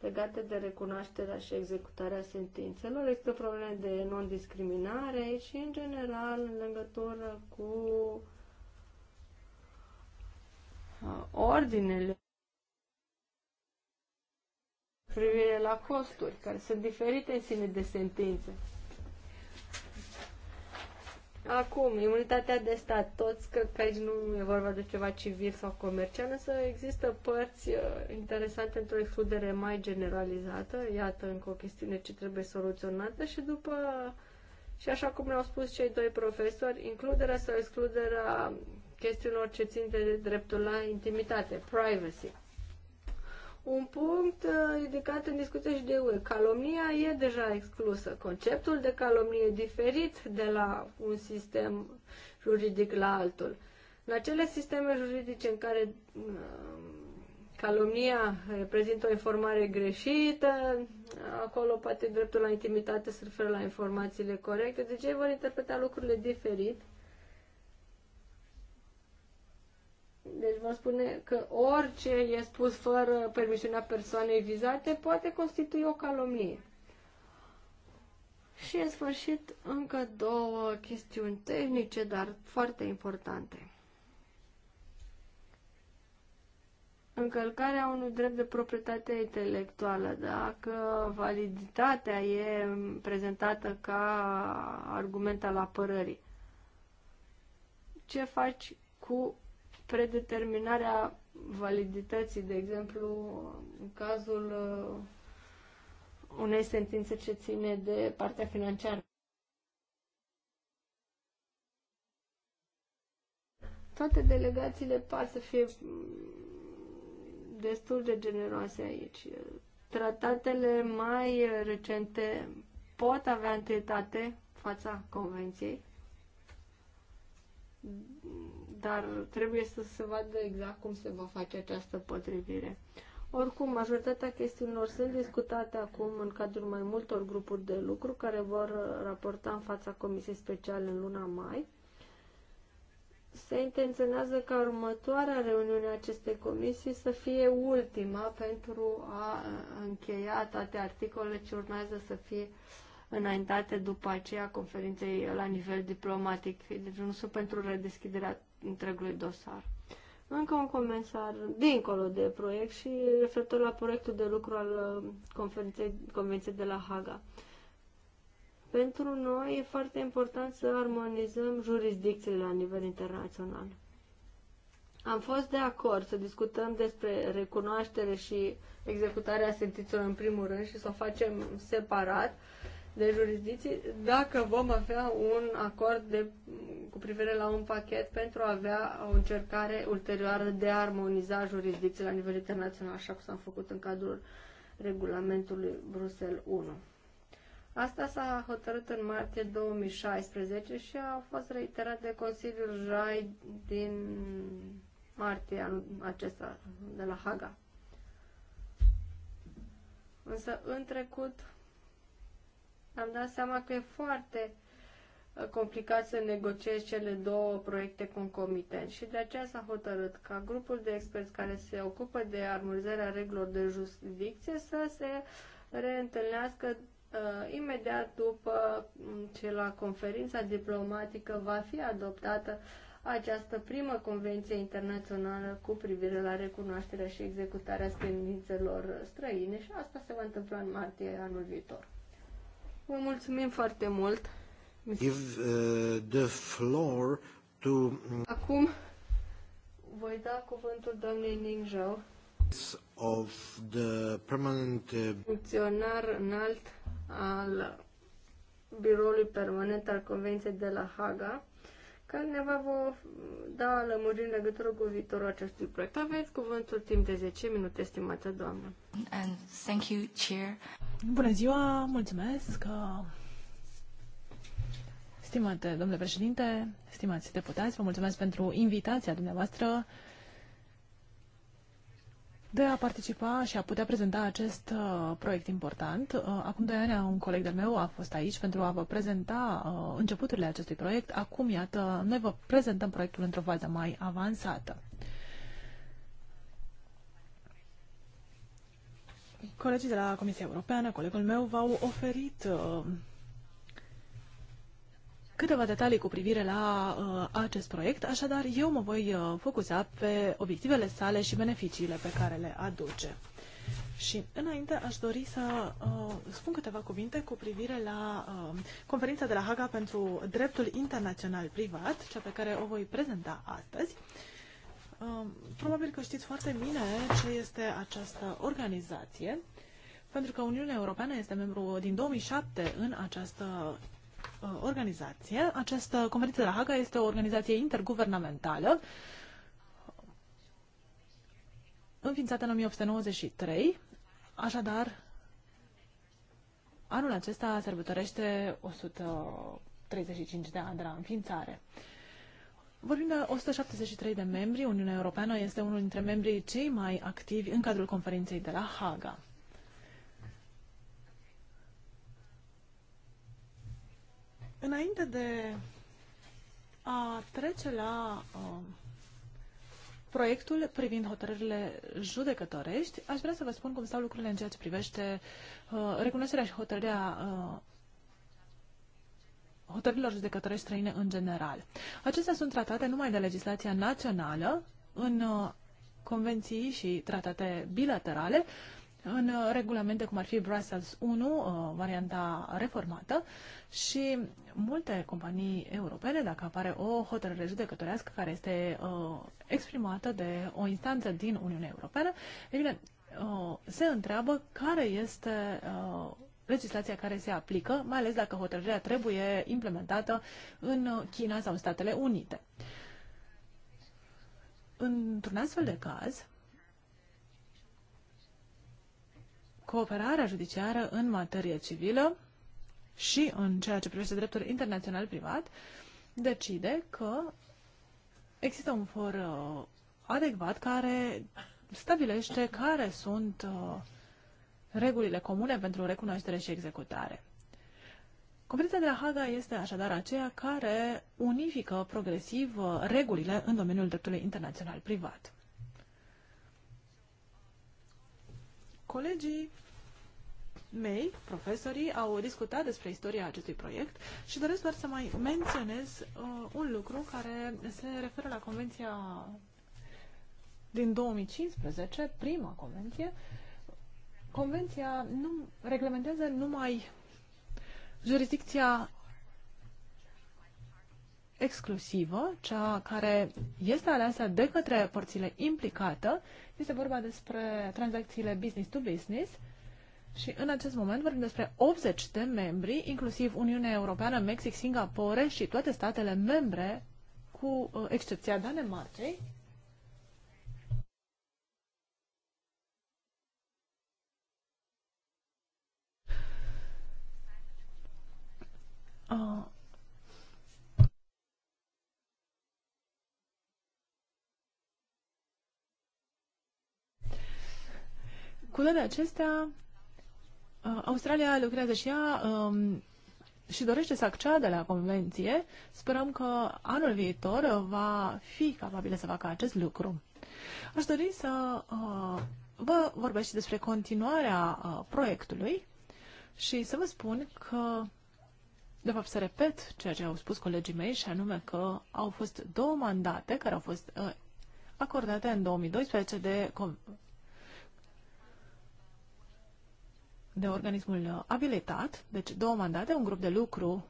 legate de recunoașterea și executarea sentințelor. Există probleme de non-discriminare și, în general, în legătură cu Uh, ordinele privire la costuri, care sunt diferite în sine de sentințe. Acum, imunitatea de stat, toți cred că aici nu e vorba de ceva civil sau comercial, însă există părți uh, interesante într-o excludere mai generalizată, iată încă o chestiune ce trebuie soluționată și după, și așa cum ne-au spus cei doi profesori, includerea sau excluderea chestiunilor ce țin de dreptul la intimitate, privacy. Un punct uh, ridicat în discuție și de UE. Calomnia e deja exclusă. Conceptul de calomnie e diferit de la un sistem juridic la altul. În acele sisteme juridice în care uh, calomnia reprezintă o informare greșită, acolo poate dreptul la intimitate se referă la informațiile corecte, deci ei vor interpreta lucrurile diferit. Deci vă spune că orice e spus fără permisiunea persoanei vizate poate constitui o calomnie. Și în sfârșit încă două chestiuni tehnice, dar foarte importante. încălcarea unui drept de proprietate intelectuală, dacă validitatea e prezentată ca argument al apărării. Ce faci cu predeterminarea validității, de exemplu, în cazul uh, unei sentințe ce ține de partea financiară. Toate delegațiile par să fie mm, destul de generoase aici. Tratatele mai recente pot avea întâietate fața Convenției, dar trebuie să se vadă exact cum se va face această potrivire. Oricum, majoritatea chestiunilor sunt discutate acum în cadrul mai multor grupuri de lucru care vor raporta în fața Comisiei Speciale în luna mai. Se intenționează ca următoarea reuniune a acestei comisii să fie ultima pentru a încheia toate articolele ce urmează să fie înaintate după aceea conferinței la nivel diplomatic. Deci nu sunt pentru redeschiderea întregului dosar. Încă un comisar dincolo de proiect și referitor la proiectul de lucru al uh, conferinței, Convenției de la Haga. Pentru noi e foarte important să armonizăm jurisdicțiile la nivel internațional. Am fost de acord să discutăm despre recunoaștere și executarea sentințelor în primul rând și să o facem separat, de jurisdicții dacă vom avea un acord de, cu privire la un pachet pentru a avea o încercare ulterioară de a armoniza jurisdicții la nivel internațional, așa cum s-a făcut în cadrul regulamentului Bruxelles 1. Asta s-a hotărât în martie 2016 și a fost reiterat de Consiliul JAI din martie anul acesta, de la Haga. Însă, în trecut, am dat seama că e foarte uh, complicat să negociezi cele două proiecte concomitent și de aceea s-a hotărât ca grupul de experți care se ocupă de armonizarea regulilor de jurisdicție să se reîntâlnească uh, imediat după mm, ce la conferința diplomatică va fi adoptată această primă convenție internațională cu privire la recunoașterea și executarea spendințelor străine și asta se va întâmpla în martie anul viitor. Vă mulțumim foarte mult. Give uh, the floor to... Mm, Acum voi da cuvântul doamnei Ning Of the permanent... Uh, Funcționar înalt al biroului permanent al Convenției de la Haga, care ne va da lămuriri în legătură cu viitorul acestui proiect. Aveți cuvântul timp de 10 minute, estimată doamnă. And thank you, Chair. Bună ziua, mulțumesc. Uh, stimate domnule președinte, stimați deputați, vă mulțumesc pentru invitația dumneavoastră de a participa și a putea prezenta acest uh, proiect important. Uh, acum doi ani un coleg de meu a fost aici pentru a vă prezenta uh, începuturile acestui proiect. Acum, iată, noi vă prezentăm proiectul într-o fază mai avansată. Uh, Colegii de la Comisia Europeană, colegul meu, v-au oferit uh, câteva detalii cu privire la uh, acest proiect, așadar eu mă voi uh, focusa pe obiectivele sale și beneficiile pe care le aduce. Și înainte aș dori să uh, spun câteva cuvinte cu privire la uh, conferința de la Haga pentru dreptul internațional privat, cea pe care o voi prezenta astăzi. Uh, Um, probabil că știți foarte bine ce este această organizație, pentru că Uniunea Europeană este membru din 2007 în această uh, organizație. Această conferință de la Haga este o organizație interguvernamentală înființată în 1893, așadar anul acesta sărbătorește 135 de ani de la înființare. Uh, Vorbim de 173 de membri. Uniunea Europeană este unul dintre membrii cei mai activi în cadrul conferinței de la Haga. Înainte de a trece la uh, proiectul privind hotărârile judecătorești, aș vrea să vă spun cum stau lucrurile în ceea ce privește uh, recunoașterea și hotărârea uh, hotărârilor judecătorești străine în general. Acestea sunt tratate numai de legislația națională în uh, convenții și tratate bilaterale, în uh, regulamente cum ar fi Brussels 1, uh, varianta reformată, și multe companii europene, dacă apare o hotărâre judecătorească care este exprimată de o instanță din Uniunea Europeană, e bine, se întreabă care este legislația care se aplică, mai ales dacă hotărârea trebuie implementată în China sau în Statele Unite. Într-un astfel de caz, cooperarea judiciară în materie civilă și în ceea ce privește dreptul internațional privat decide că există un for uh, adecvat care stabilește care sunt uh, regulile comune pentru recunoaștere și executare. Conferința de la Haga este așadar aceea care unifică progresiv uh, regulile în domeniul dreptului internațional privat. Colegii mei, profesorii, au discutat despre istoria acestui proiect și doresc doar să mai menționez uh, un lucru care se referă la Convenția din 2015, prima convenție, uh, Convenția nu reglementează numai jurisdicția exclusivă, cea care este aleasă de către părțile implicată. Este vorba despre tranzacțiile business to business și în acest moment vorbim despre 80 de membri, inclusiv Uniunea Europeană, Mexic, Singapore și toate statele membre, cu uh, excepția Danemarcei, Uh, cu toate acestea, uh, Australia lucrează și ea um, și dorește să acceadă la convenție. Sperăm că anul viitor va fi capabilă să facă acest lucru. Aș dori să uh, vă vorbesc și despre continuarea uh, proiectului și să vă spun că de fapt să repet ceea ce au spus colegii mei și anume că au fost două mandate care au fost uh, acordate în 2012 de, de organismul uh, abilitat, deci două mandate, un grup de lucru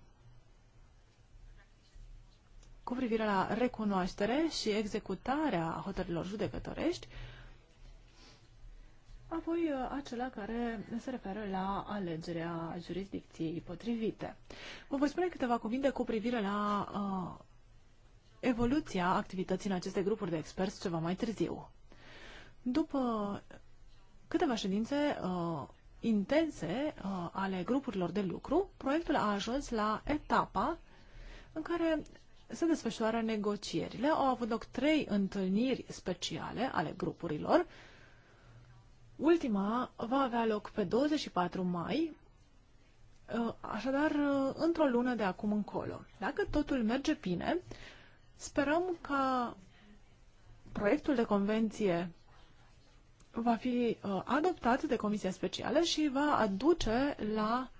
cu privire la recunoaștere și executarea hotărilor judecătorești apoi uh, acela care se referă la alegerea jurisdicției potrivite. Vă voi spune câteva cuvinte cu privire la uh, evoluția activității în aceste grupuri de experți ceva mai târziu. După câteva ședințe uh, intense uh, ale grupurilor de lucru, proiectul a ajuns la etapa în care se desfășoară negocierile. Au avut loc trei întâlniri speciale ale grupurilor, uh, Ultima va avea loc pe 24 mai, uh, așadar uh, într-o lună de acum încolo. Dacă totul merge bine, sperăm ca proiectul de convenție va fi uh, adoptat de Comisia Specială și va aduce la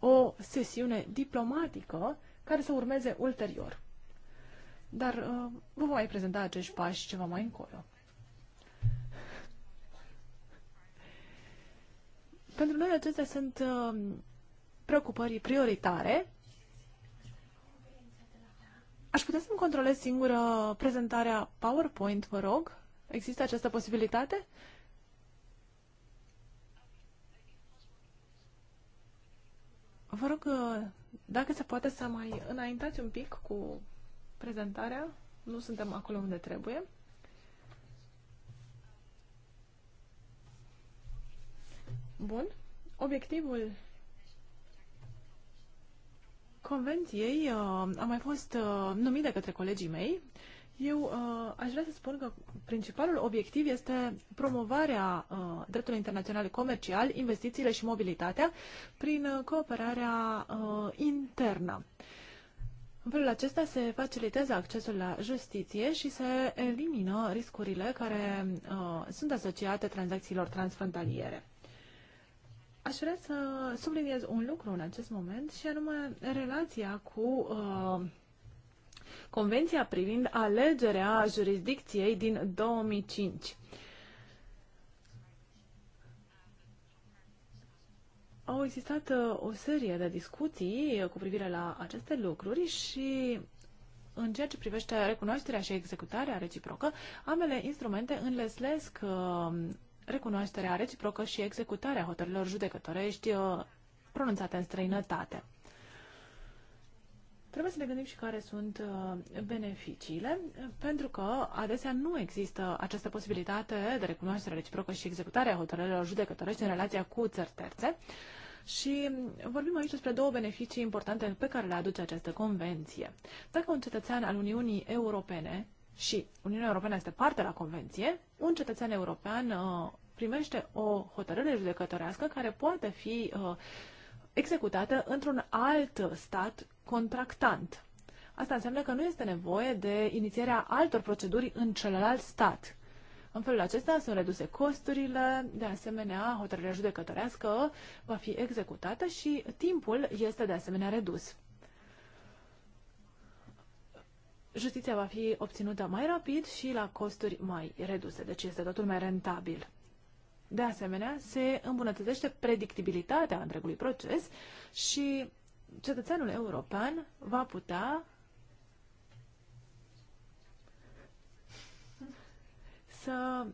o sesiune diplomatică care să urmeze ulterior. Dar vă voi prezenta acești pași ceva mai încolo. Pentru noi acestea sunt uh, preocupări prioritare. Aș putea să-mi controlez singură prezentarea PowerPoint, vă rog? Există această posibilitate? Vă rog, uh, dacă se poate să mai înaintați un pic cu prezentarea, nu suntem acolo unde trebuie. Bun. Obiectivul convenției uh, a mai fost uh, numit de către colegii mei. Eu uh, aș vrea să spun că principalul obiectiv este promovarea uh, dreptului internațional comercial, investițiile și mobilitatea prin uh, cooperarea uh, internă. În felul acesta se facilitează accesul la justiție și se elimină riscurile care uh, sunt asociate tranzacțiilor transfrontaliere. Aș vrea să subliniez un lucru în acest moment și anume relația cu uh, Convenția privind alegerea jurisdicției din 2005. Au existat uh, o serie de discuții cu privire la aceste lucruri și în ceea ce privește recunoașterea și executarea reciprocă, ambele instrumente înlesnesc. uh, recunoașterea reciprocă și executarea hotărilor judecătorești uh, pronunțate în străinătate. Trebuie să ne gândim și care sunt uh, beneficiile, pentru că adesea nu există această posibilitate de recunoaștere reciprocă și executarea hotărârilor judecătorești în relația cu țări terțe. Și vorbim aici despre două beneficii importante pe care le aduce această convenție. Dacă un cetățean al Uniunii Europene și Uniunea Europeană este parte la convenție, un cetățean european uh, primește o hotărâre judecătorească care poate fi uh, executată într-un alt stat contractant. Asta înseamnă că nu este nevoie de inițierea altor proceduri în celălalt stat. În felul acesta sunt reduse costurile, de asemenea hotărârea judecătorească va fi executată și timpul este de asemenea redus justiția va fi obținută mai rapid și la costuri mai reduse, deci este totul mai rentabil. De asemenea, se îmbunătățește predictibilitatea întregului proces și cetățeanul european va putea să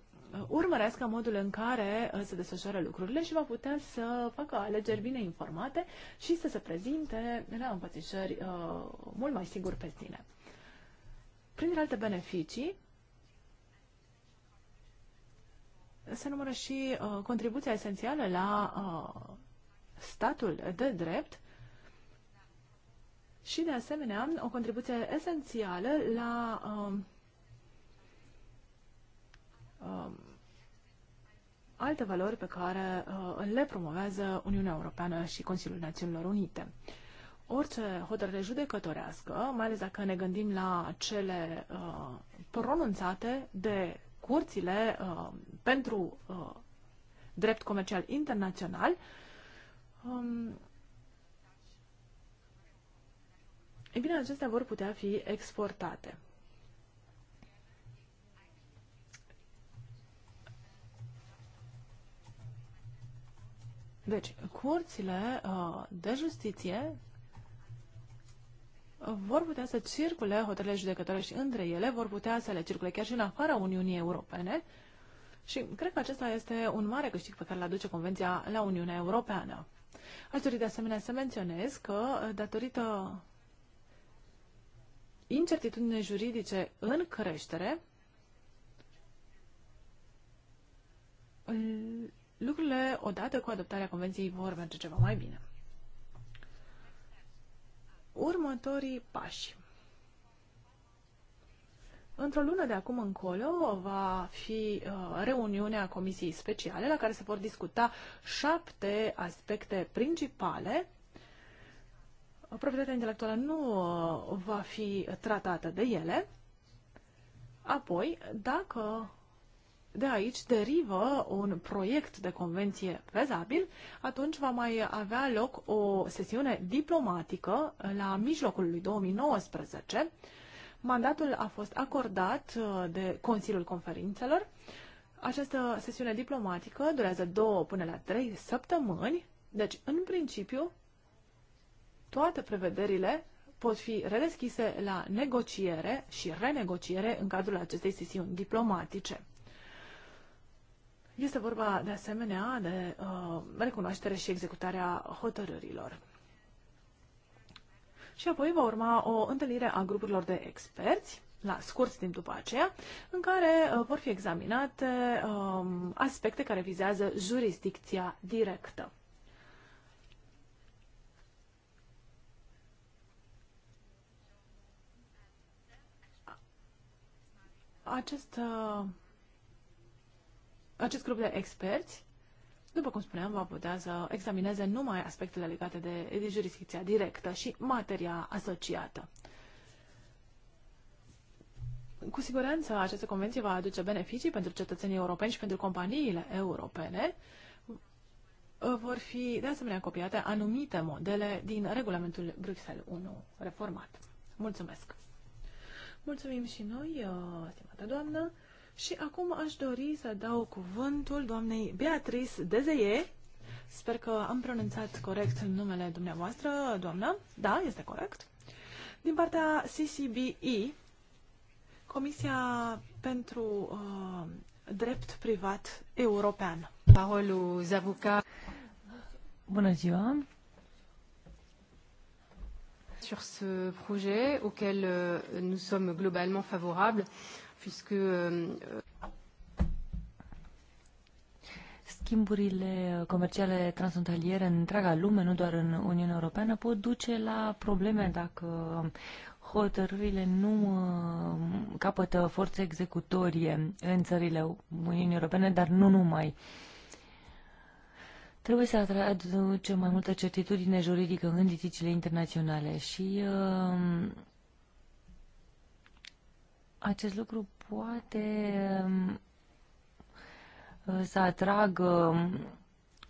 urmărească modul în care uh, se desfășoară lucrurile și va putea să facă alegeri bine informate și să se prezinte la împățișări uh, mult mai sigur pe sine. Printre alte beneficii, se numără și uh, contribuția esențială la uh, statul de drept și, de asemenea, o contribuție esențială la uh, uh, alte valori pe care uh, le promovează Uniunea Europeană și Consiliul Națiunilor Unite. Uh, orice hotărâre judecătorească, mai ales dacă ne gândim la cele uh, pronunțate de curțile uh, pentru uh, drept comercial internațional, um, e bine, acestea vor putea fi exportate. Deci, curțile uh, de justiție vor putea să circule judecătoare judecătorești între ele, vor putea să le circule chiar și în afara Uniunii Europene și cred că acesta este un mare câștig pe care îl aduce Convenția la Uniunea Europeană. Aș dori de asemenea să menționez că, datorită incertitudine juridice în creștere, lucrurile, odată cu adoptarea Convenției, vor merge ceva mai bine următorii pași. Într-o lună de acum încolo va fi uh, reuniunea Comisiei Speciale la care se vor discuta șapte aspecte principale. Proprietatea intelectuală nu uh, va fi tratată de ele. Apoi, dacă de aici derivă un proiect de convenție fezabil, atunci va mai avea loc o sesiune diplomatică la mijlocul lui 2019. Mandatul a fost acordat uh, de Consiliul Conferințelor. Această sesiune diplomatică durează două până la trei săptămâni, deci, în principiu, toate prevederile pot fi redeschise la negociere și renegociere în cadrul acestei sesiuni diplomatice. Este vorba de asemenea de uh, recunoaștere și executarea hotărârilor. Și apoi va urma o întâlnire a grupurilor de experți, la scurt timp după aceea, în care uh, vor fi examinate uh, aspecte care vizează jurisdicția directă. Acest uh, acest grup de experți, după cum spuneam, va putea să examineze numai aspectele legate de, jurisdicția directă și materia asociată. Cu siguranță, această convenție va aduce beneficii pentru cetățenii europeni și pentru companiile europene. Vor fi, de asemenea, copiate anumite modele din regulamentul Bruxelles 1 reformat. Mulțumesc! Mulțumim și noi, stimată doamnă! Și acum aș dori să dau cuvântul doamnei Beatrice Dezeie. Sper că am pronunțat corect numele dumneavoastră, doamnă. Da, este corect. Din partea CCBE, Comisia pentru uh, Drept Privat European. Paolo Zavuca. Bună ziua! Sur ce proiect, auquel euh, nous sommes globalement favorables, puisque... Euh, Schimburile comerciale transfrontaliere în întreaga lume, nu doar în Uniunea Europeană, pot duce la probleme dacă hotărârile nu uh, capătă forțe executorie în țările Uniunii Europene, dar nu numai. Trebuie să aducem mai multă certitudine juridică în litigiile internaționale și uh, acest lucru poate um, să atragă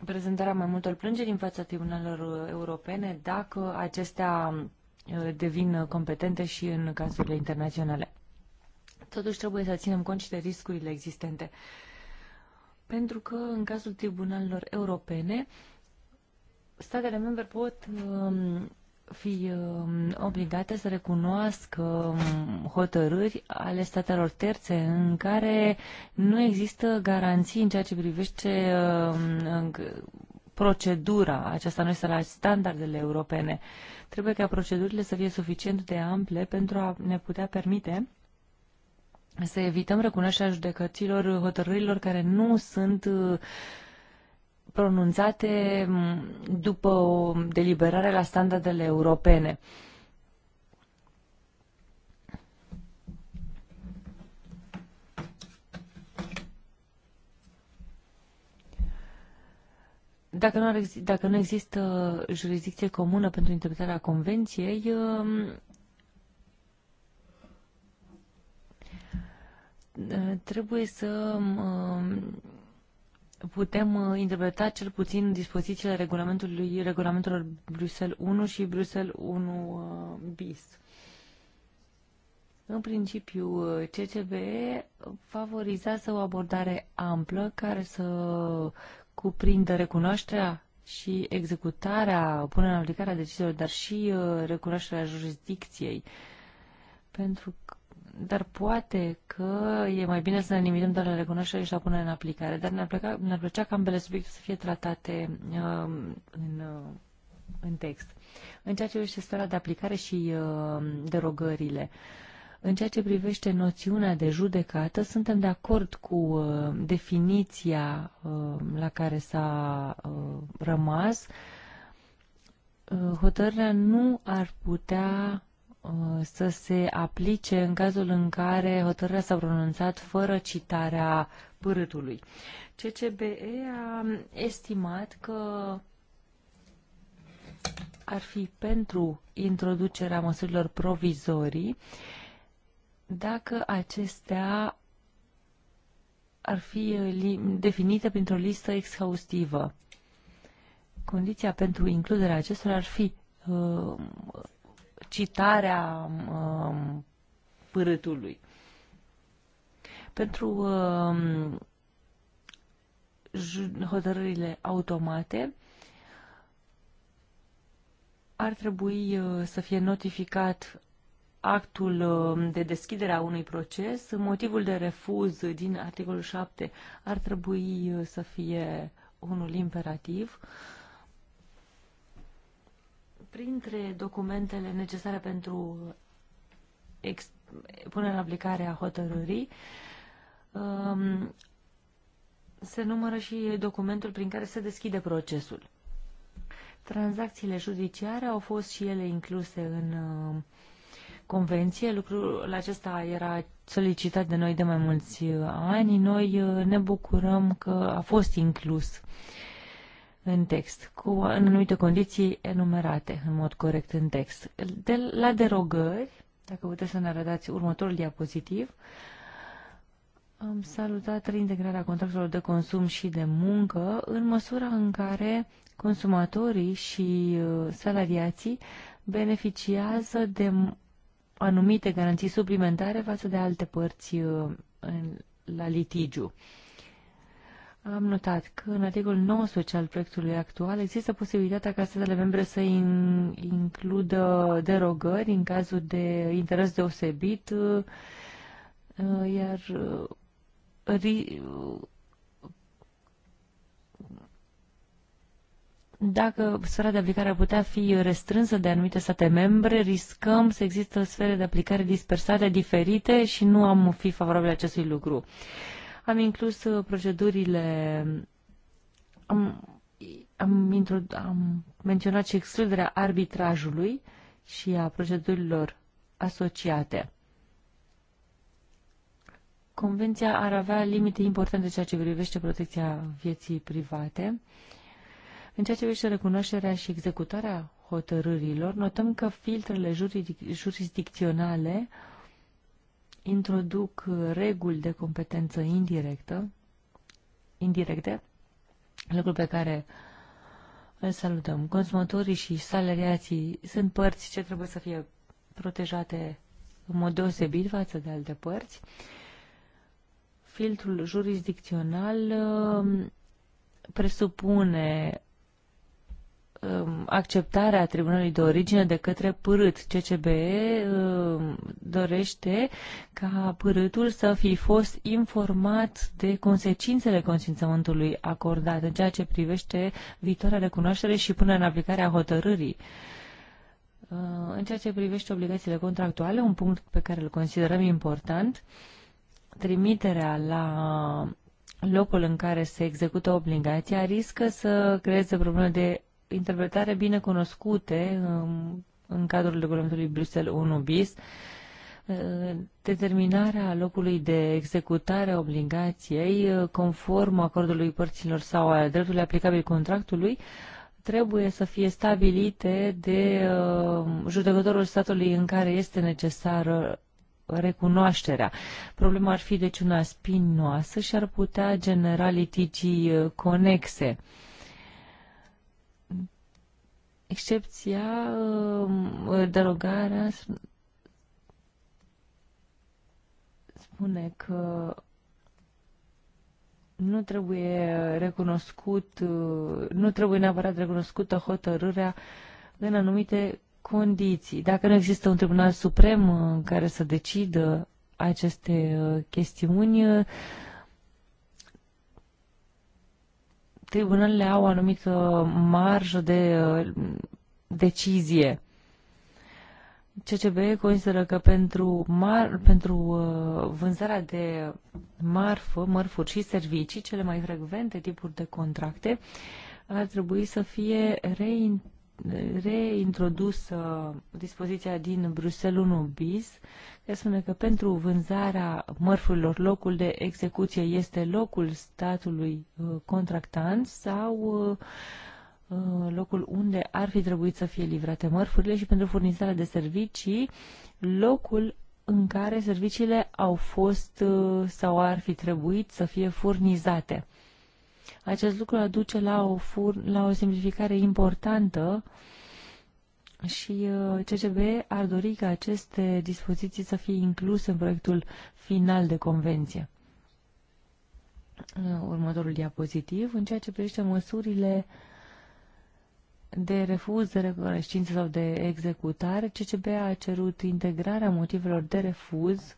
prezentarea mai multor plângeri în fața tribunalelor europene dacă acestea uh, devin competente și în cazurile internaționale. Totuși trebuie să ținem cont și de riscurile existente. Pentru că în cazul tribunalelor europene, statele membre pot um, fi um, obligate să recunoască um, hotărâri ale statelor terțe în care nu există garanții în ceea ce privește um, procedura aceasta noi să la standardele europene. Trebuie ca procedurile să fie suficient de ample pentru a ne putea permite să evităm recunoașterea judecăților hotărârilor care nu sunt uh, pronunțate după o deliberare la standardele europene. Dacă nu, ar, dacă nu există jurisdicție comună pentru interpretarea convenției, um, trebuie să um, putem uh, interpreta cel puțin dispozițiile regulamentului, regulamentelor Bruxelles 1 și Bruxelles 1 uh, bis. În principiu, uh, CCBE favorizează o abordare amplă care să cuprindă recunoașterea și executarea, punerea în aplicare a deciziilor, dar și recunoașterea jurisdicției. Pentru că dar poate că e mai bine să ne limităm doar la recunoaștere și la punere în aplicare. Dar ne-ar, plăcea, ne plăcea ca ambele subiecte să fie tratate uh, în, uh, în text. În ceea ce privește sfera de aplicare și uh, derogările, în ceea ce privește noțiunea de judecată, suntem de acord cu uh, definiția uh, la care s-a uh, rămas. Uh, hotărârea nu ar putea Uh, să se aplice în cazul în care hotărârea s-a pronunțat fără citarea pârâtului. CCBE a estimat că ar fi pentru introducerea măsurilor provizorii dacă acestea ar fi definite printr-o listă exhaustivă. Condiția pentru includerea acestora ar fi uh, citarea um, părâtului. Pentru um, hotărârile automate ar trebui uh, să fie notificat actul um, de deschidere a unui proces, motivul de refuz din articolul 7 ar trebui uh, să fie unul imperativ, uh, Printre documentele necesare pentru punerea în aplicare a hotărârii, um, se numără și documentul prin care se deschide procesul. Tranzacțiile judiciare au fost și ele incluse în uh, convenție. Lucrul acesta era solicitat de noi de mai mulți uh, ani. Noi uh, ne bucurăm că a fost inclus în text, cu anumite condiții enumerate în mod corect în text. De la derogări, dacă puteți să ne arătați următorul diapozitiv, am salutat reintegrarea contractelor de consum și de muncă în măsura în care consumatorii și uh, salariații beneficiază de anumite garanții suplimentare față de alte părți uh, la litigiu. Am notat că în articolul 19 al proiectului actual există posibilitatea ca statele membre să in, includă derogări în cazul de interes deosebit, uh, iar uh, ri, dacă sfera de aplicare ar putea fi restrânsă de anumite state membre, riscăm să există sfere de aplicare dispersate, diferite și nu am fi favorabil acestui lucru. Am inclus uh, procedurile, am, am, intro, am menționat și excluderea arbitrajului și a procedurilor asociate. Convenția ar avea limite importante în ceea ce privește protecția vieții private. În ceea ce privește recunoașterea și executarea hotărârilor, notăm că filtrele juridic jurisdicționale introduc uh, reguli de competență indirectă, indirecte, lucru pe care îl salutăm. Consumatorii și salariații sunt părți ce trebuie să fie protejate în mod deosebit față de alte părți. Filtrul jurisdicțional uh, presupune Um, acceptarea Tribunalului de Origine de către părât. CCBE um, dorește ca părâtul să fi fost informat de consecințele consimțământului acordat în ceea ce privește viitoarea recunoaștere și până în aplicarea hotărârii. Uh, în ceea ce privește obligațiile contractuale, un punct pe care îl considerăm important, trimiterea la locul în care se execută obligația riscă să creeze probleme de interpretare bine cunoscute în cadrul regulamentului Bruxelles 1 bis, uh, determinarea locului de executare a obligației uh, conform acordului părților sau a dreptului aplicabil contractului trebuie să fie stabilite de uh, judecătorul statului în care este necesară recunoașterea. Problema ar fi deci una spinoasă și ar putea genera litigii conexe excepția, uh, derogarea spune că nu trebuie recunoscut, uh, nu trebuie neapărat recunoscută hotărârea în anumite condiții. Dacă nu există un tribunal suprem în uh, care să decidă aceste chestiuni, tribunalele au o anumită marjă de uh, decizie. CCB consideră că pentru, mar, pentru uh, vânzarea de marfă, mărfuri și servicii, cele mai frecvente tipuri de contracte, ar trebui să fie reinterpretate reintrodusă dispoziția din Bruxelles 1 bis, care spune că pentru vânzarea mărfurilor locul de execuție este locul statului uh, contractant sau uh, uh, locul unde ar fi trebuit să fie livrate mărfurile și pentru furnizarea de servicii locul în care serviciile au fost sau ar fi trebuit să fie furnizate. Acest lucru aduce la o, fur, la o simplificare importantă și uh, CCB ar dori ca aceste dispoziții să fie incluse în proiectul final de convenție. Uh, următorul diapozitiv, în ceea ce privește măsurile de refuz de recunoștință sau de executare, CCB a cerut integrarea motivelor de refuz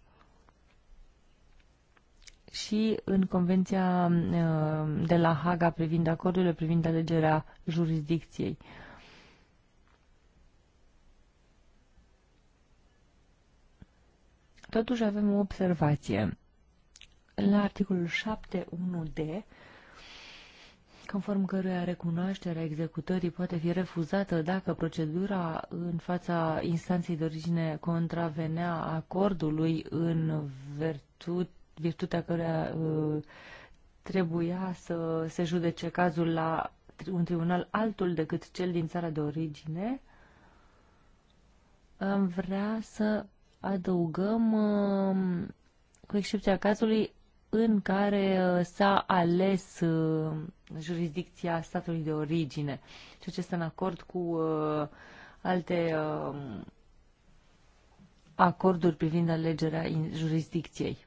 și în Convenția uh, de la Haga privind acordurile privind alegerea jurisdicției. Totuși avem o observație. La articolul 7.1d, conform căruia recunoașterea executării poate fi refuzată dacă procedura în fața instanței de origine contravenea acordului în virtut virtutea căruia uh, trebuia să se judece cazul la un tribunal altul decât cel din țara de origine, am vrea să adăugăm, um, cu excepția cazului în care uh, s-a ales uh, jurisdicția statului de origine, ceea ce este în acord cu alte um, acorduri privind alegerea jurisdicției.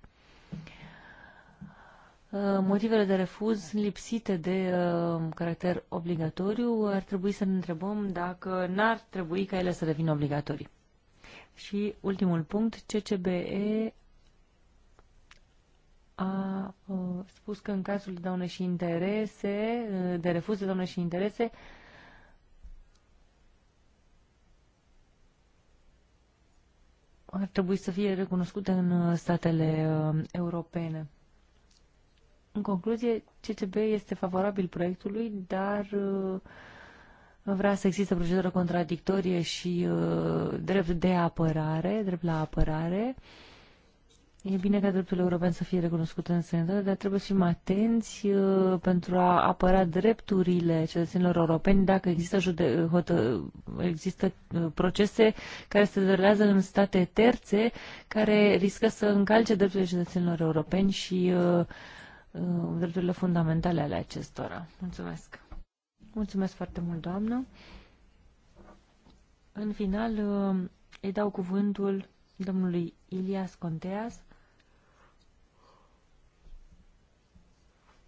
Uh, motivele de refuz lipsite de uh, caracter obligatoriu, ar trebui să ne întrebăm dacă n-ar trebui ca ele să devină obligatorii. Și ultimul punct, CCBE a uh, spus că în cazul de daune și interese, de refuz de daune și interese, ar trebui să fie recunoscute în statele europene. În concluzie, CCB este favorabil proiectului, dar uh, vrea să existe procedură contradictorie și uh, drept de apărare, drept la apărare. E bine ca dreptul european să fie recunoscut în sănătate, dar trebuie să fim atenți uh, pentru a apăra drepturile cetățenilor europeni dacă există, jude- hotă- există procese care se derulează în state terțe care riscă să încalce drepturile cetățenilor europeni și uh, Uh, drepturile fundamentale ale acestora. Mulțumesc! Mulțumesc foarte mult, doamnă! În final, uh, îi dau cuvântul domnului Ilias Conteas,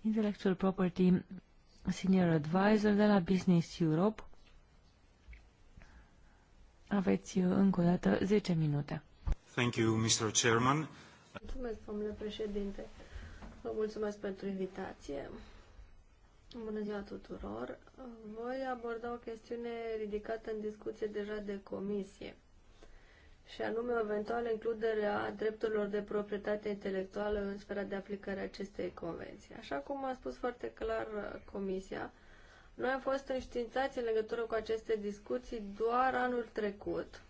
Intellectual Property Senior Advisor de la Business Europe. Aveți uh, încă o dată 10 minute. Thank you, Mr. Chairman. Mulțumesc, domnule președinte. Vă mulțumesc pentru invitație. Bună ziua tuturor! Voi aborda o chestiune ridicată în discuție deja de comisie și anume o eventuală includere a drepturilor de proprietate intelectuală în sfera de aplicare a acestei convenții. Așa cum a spus foarte clar uh, Comisia, noi am fost înștiințați în legătură cu aceste discuții doar anul trecut,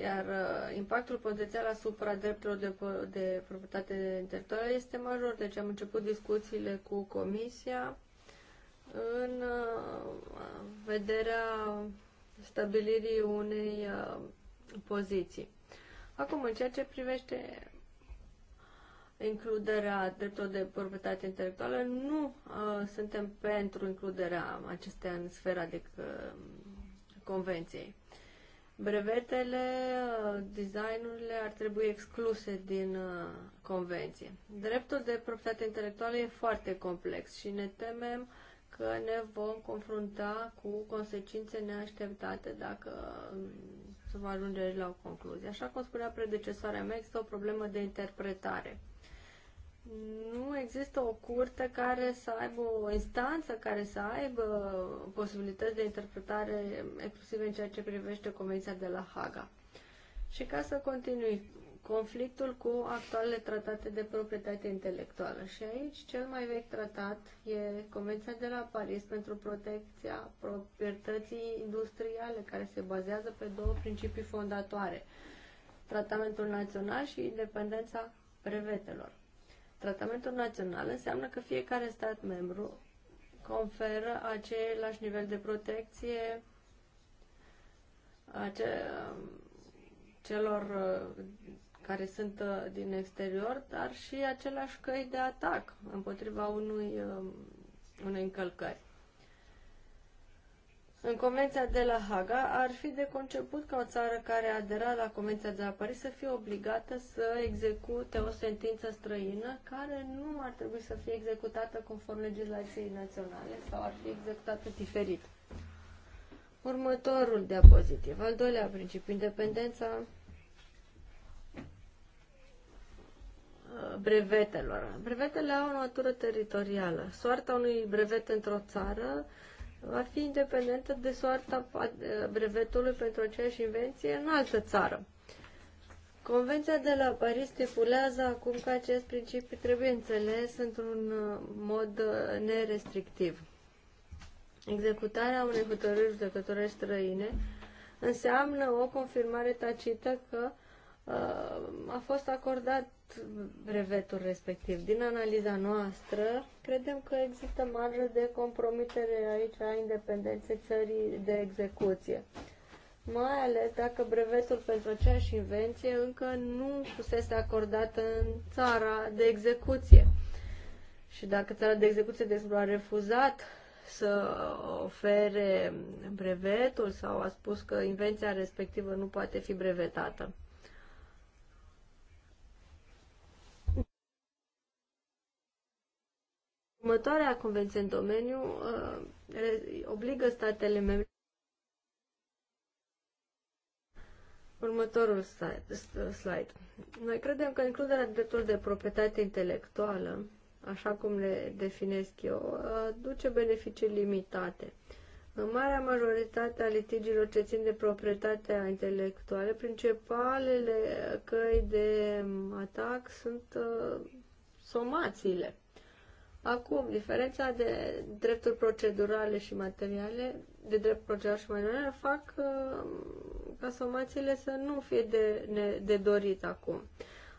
iar uh, impactul potențial asupra drepturilor de, de proprietate intelectuală este major. Deci am început discuțiile cu Comisia în uh, vederea stabilirii unei uh, poziții. Acum, în ceea ce privește includerea drepturilor de proprietate intelectuală, nu uh, suntem pentru includerea acestea în sfera de uh, convenției. Uh, brevetele, uh, designurile ar trebui excluse din uh, convenție. Dreptul de proprietate intelectuală e foarte complex și ne temem că ne vom confrunta cu consecințe neașteptate dacă um, se va ajunge la o concluzie. Așa cum spunea predecesoarea mea, există o problemă de interpretare nu există o curte care să aibă o instanță care să aibă posibilități de interpretare exclusiv în ceea ce privește Convenția de la Haga. Și ca să continui, conflictul cu actualele tratate de proprietate intelectuală. Și aici cel mai vechi tratat e Convenția de la Paris pentru protecția proprietății industriale, care se bazează pe două principii fondatoare, tratamentul național și independența brevetelor. Tratamentul național înseamnă că fiecare stat membru conferă același nivel de protecție ace- celor uh, care sunt uh, din exterior, dar și același căi de atac împotriva unui, uh, unei încălcări în Convenția de la Haga ar fi de conceput ca o țară care adera la Convenția de la Paris să fie obligată să execute o sentință străină care nu ar trebui să fie executată conform legislației naționale sau ar fi executată diferit. Următorul diapozitiv, al doilea principiu, independența uh, brevetelor. Brevetele au o natură teritorială. Soarta unui brevet într-o țară va fi independentă de soarta brevetului pentru aceeași invenție în altă țară. Convenția de la Paris stipulează acum că acest principiu trebuie înțeles într-un uh, mod uh, nerestrictiv. Executarea unei hotărâri judecătorești străine înseamnă o confirmare tacită că uh, a fost acordat brevetul respectiv. Din analiza noastră, credem că există marjă de compromitere aici a independenței țării de execuție. Mai ales dacă brevetul pentru aceeași invenție încă nu fusese acordat în țara de execuție. Și dacă țara de execuție, de exemplu, a refuzat să ofere brevetul sau a spus că invenția respectivă nu poate fi brevetată. Următoarea convenție în domeniu uh, obligă statele membre Următorul slide. Noi credem că includerea dreptului de proprietate intelectuală, așa cum le definesc eu, uh, duce beneficii limitate. În marea majoritate a litigiilor ce țin de proprietatea intelectuală, principalele căi de atac sunt uh, somațiile. Acum, diferența de drepturi procedurale și materiale, de drept procedural și materiale, fac uh, ca somațiile să nu fie de, ne, de dorit acum.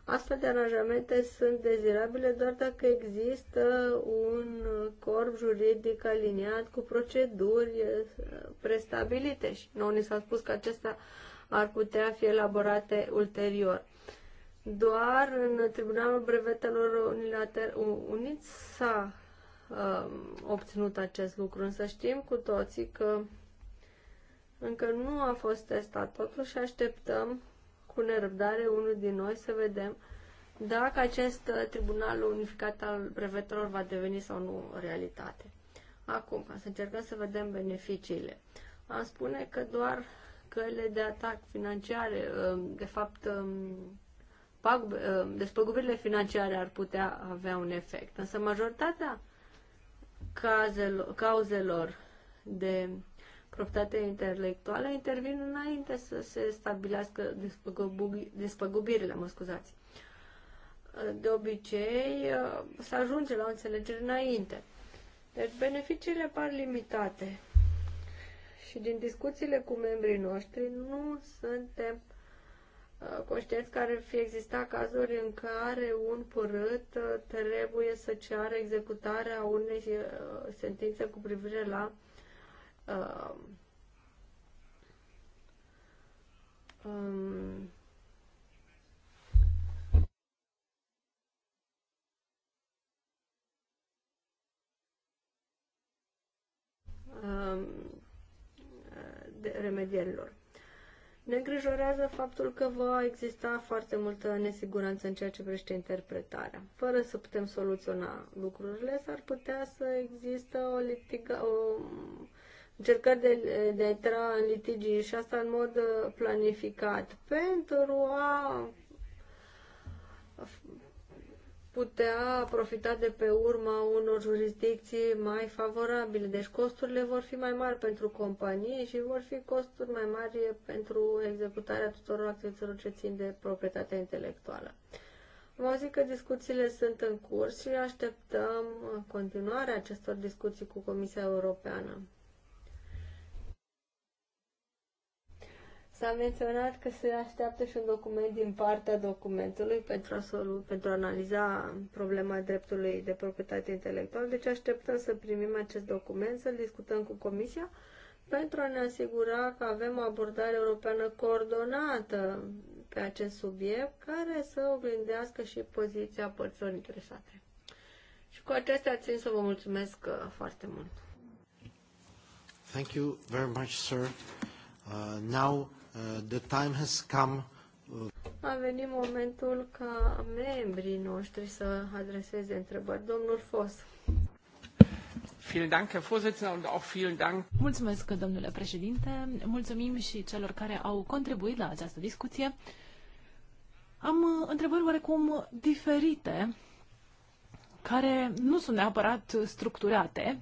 Astfel de aranjamente sunt dezirabile doar dacă există un corp juridic aliniat cu proceduri uh, prestabilite și nouă ni s-a spus că acestea ar putea fi elaborate ulterior. Doar în Tribunalul Brevetelor Unilater- Unit s-a um, obținut acest lucru, însă știm cu toții că încă nu a fost testat totul și așteptăm cu nerăbdare unul din noi să vedem dacă acest uh, tribunal unificat al brevetelor va deveni sau nu realitate. Acum, ca să încercăm să vedem beneficiile. Am spune că doar căile de atac financiare, um, de fapt, um, Uh, despăgubirile financiare ar putea avea un efect. Însă majoritatea cazelor, cauzelor de proprietate intelectuală intervin înainte să se stabilească despăgubirile, mă scuzați. Uh, de obicei, uh, să ajunge la o înțelegere înainte. Deci beneficiile par limitate. Și din discuțiile cu membrii noștri nu suntem Uh, conștienți care ar fi exista cazuri în care un părât uh, trebuie să ceară executarea unei uh, sentințe cu privire la uh, um, um remedierilor. Ne îngrijorează faptul că va exista foarte multă nesiguranță în ceea ce privește interpretarea. Fără să putem soluționa lucrurile, s-ar putea să există o litiga, o încercări de, de a intra în litigii și asta în mod uh, planificat pentru a putea profita de pe urma unor jurisdicții mai favorabile. Deci costurile vor fi mai mari pentru companii și vor fi costuri mai mari pentru executarea tuturor acțiunilor ce țin de proprietatea intelectuală. Vă auzit că discuțiile sunt în curs și așteptăm continuarea acestor discuții cu Comisia Europeană. S-a menționat că se așteaptă și un document din partea documentului pentru a, solu- pentru a analiza problema dreptului de proprietate intelectuală, deci așteptăm să primim acest document, să-l discutăm cu Comisia pentru a ne asigura că avem o abordare europeană coordonată pe acest subiect, care să oglindească și poziția părților interesate. Și cu acestea țin să vă mulțumesc uh, foarte mult. Thank you very much, sir. Uh, now Uh, the time has come uh, a venit momentul ca membrii noștri să adreseze întrebări. Domnul Fos. Mulțumesc, domnule președinte. Mulțumim și celor care au contribuit la această discuție. Am uh, întrebări oarecum diferite, care nu sunt neapărat structurate,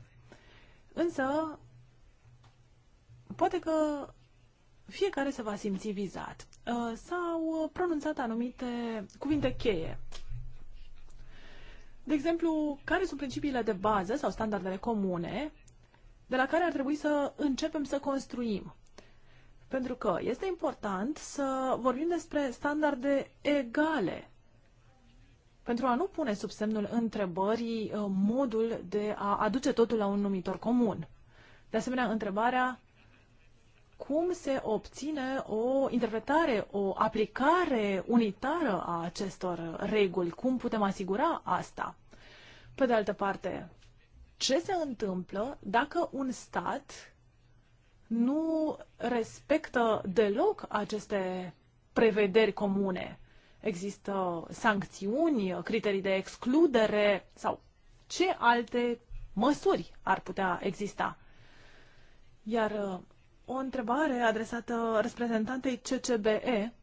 însă poate că fiecare se va simți vizat. Uh, s-au uh, pronunțat anumite cuvinte cheie. De exemplu, care sunt principiile de bază sau standardele comune de la care ar trebui să începem să construim? Pentru că este important să vorbim despre standarde egale pentru a nu pune sub semnul întrebării uh, modul de a aduce totul la un numitor comun. De asemenea, întrebarea cum se obține o interpretare, o aplicare unitară a acestor reguli? Cum putem asigura asta? Pe de altă parte, ce se întâmplă dacă un stat nu respectă deloc aceste prevederi comune? Există sancțiuni, criterii de excludere sau ce alte măsuri ar putea exista? Iar o întrebare adresată reprezentantei CCBE.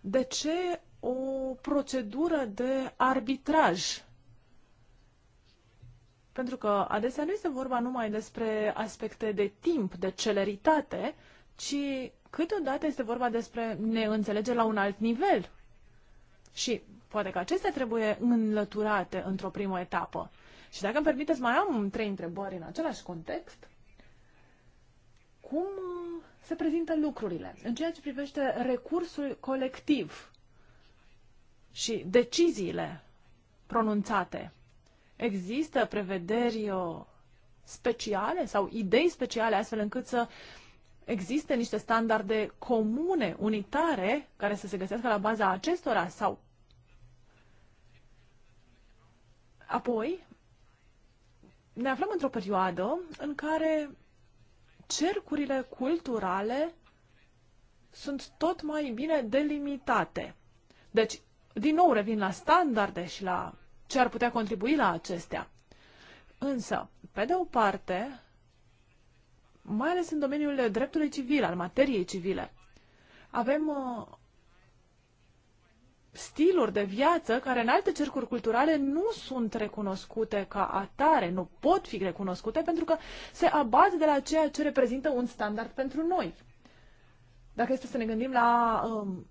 De ce o procedură de arbitraj? Pentru că adesea nu este vorba numai despre aspecte de timp, de celeritate, ci câteodată este vorba despre neînțelegeri la un alt nivel. Și poate că acestea trebuie înlăturate într-o primă etapă. Și dacă îmi permiteți, mai am trei întrebări în același context cum uh, se prezintă lucrurile. În ceea ce privește recursul colectiv și deciziile pronunțate, există prevederi uh, speciale sau idei speciale astfel încât să existe niște standarde comune, unitare, care să se găsească la baza acestora sau Apoi, ne aflăm într-o perioadă în care cercurile culturale sunt tot mai bine delimitate. Deci, din nou revin la standarde și la ce ar putea contribui la acestea. Însă, pe de o parte, mai ales în domeniul dreptului civil, al materiei civile, avem uh, stiluri de viață care în alte cercuri culturale nu sunt recunoscute ca atare, nu pot fi recunoscute pentru că se abat de la ceea ce reprezintă un standard pentru noi. Dacă este să ne gândim la um,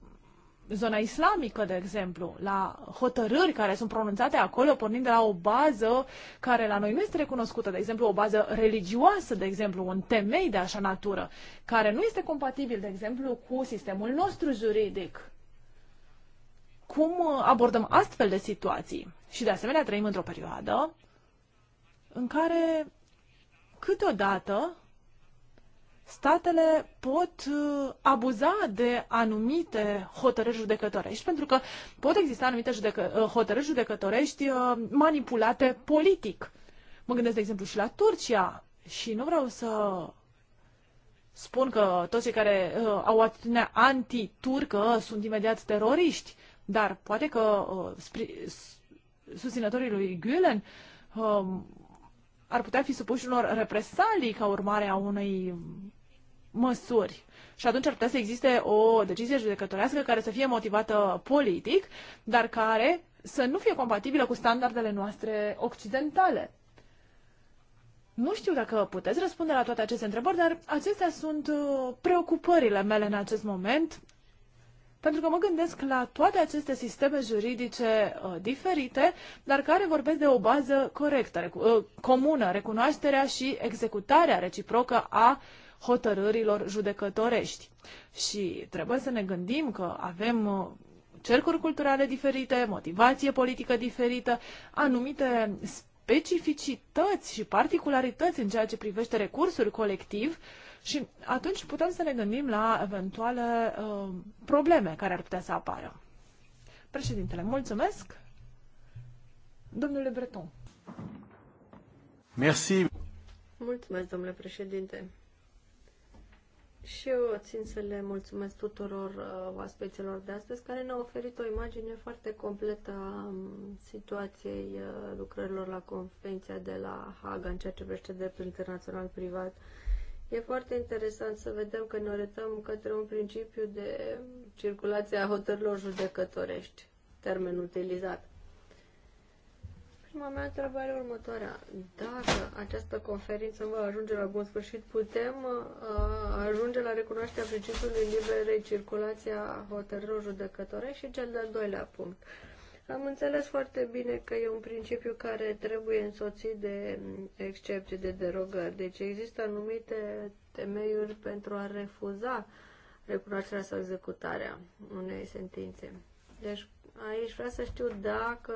zona islamică, de exemplu, la hotărâri care sunt pronunțate acolo, pornind de la o bază care la noi nu este recunoscută, de exemplu, o bază religioasă, de exemplu, un temei de așa natură, care nu este compatibil, de exemplu, cu sistemul nostru juridic cum uh, abordăm astfel de situații. Și de asemenea trăim într-o perioadă în care câteodată statele pot uh, abuza de anumite hotărâri judecătorești, pentru că pot exista anumite judecă- uh, hotărâri judecătorești manipulate politic. Mă gândesc, de exemplu, și la Turcia și nu vreau să spun că toți cei care au atitudinea anti-turcă sunt imediat teroriști. Dar poate că uh, susținătorii lui Gülen uh, um, ar putea fi supuși unor represalii ca urmare a unei măsuri. Și atunci ar putea să existe o decizie judecătorească care să fie motivată politic, dar care să nu fie compatibilă cu standardele noastre occidentale. Nu știu dacă puteți răspunde la toate aceste întrebări, dar acestea sunt uh, preocupările mele în acest moment. Pentru că mă gândesc la toate aceste sisteme juridice uh, diferite, dar care vorbesc de o bază corectă, recu- uh, comună, recunoașterea și executarea reciprocă a hotărârilor judecătorești. Și trebuie să ne gândim că avem uh, cercuri culturale diferite, motivație politică diferită, anumite specificități și particularități în ceea ce privește recursuri colectiv uh, și atunci putem să ne gândim la eventuale uh, probleme care ar putea să apară. Președintele, mulțumesc. Domnule Breton. Merci. Mulțumesc, domnule președinte. Și eu țin să le mulțumesc tuturor uh, oaspeților de astăzi care ne-au oferit o imagine foarte completă a um, situației uh, lucrărilor la Convenția de la Haga în ceea ce privește dreptul internațional privat. E foarte interesant să vedem că ne orientăm către un principiu de circulație a hotărilor judecătorești, termen utilizat. Prima mea întrebare următoarea. Dacă această conferință va ajunge la bun sfârșit, putem uh, ajunge la recunoașterea principiului liberei circulație a hotărilor judecătorești și cel de-al doilea punct. Uh, am înțeles foarte bine că e un principiu care trebuie însoțit de excepții, de derogări. Deci există anumite temeiuri pentru a refuza recunoașterea sau executarea unei sentințe. Deci aici vreau să știu dacă,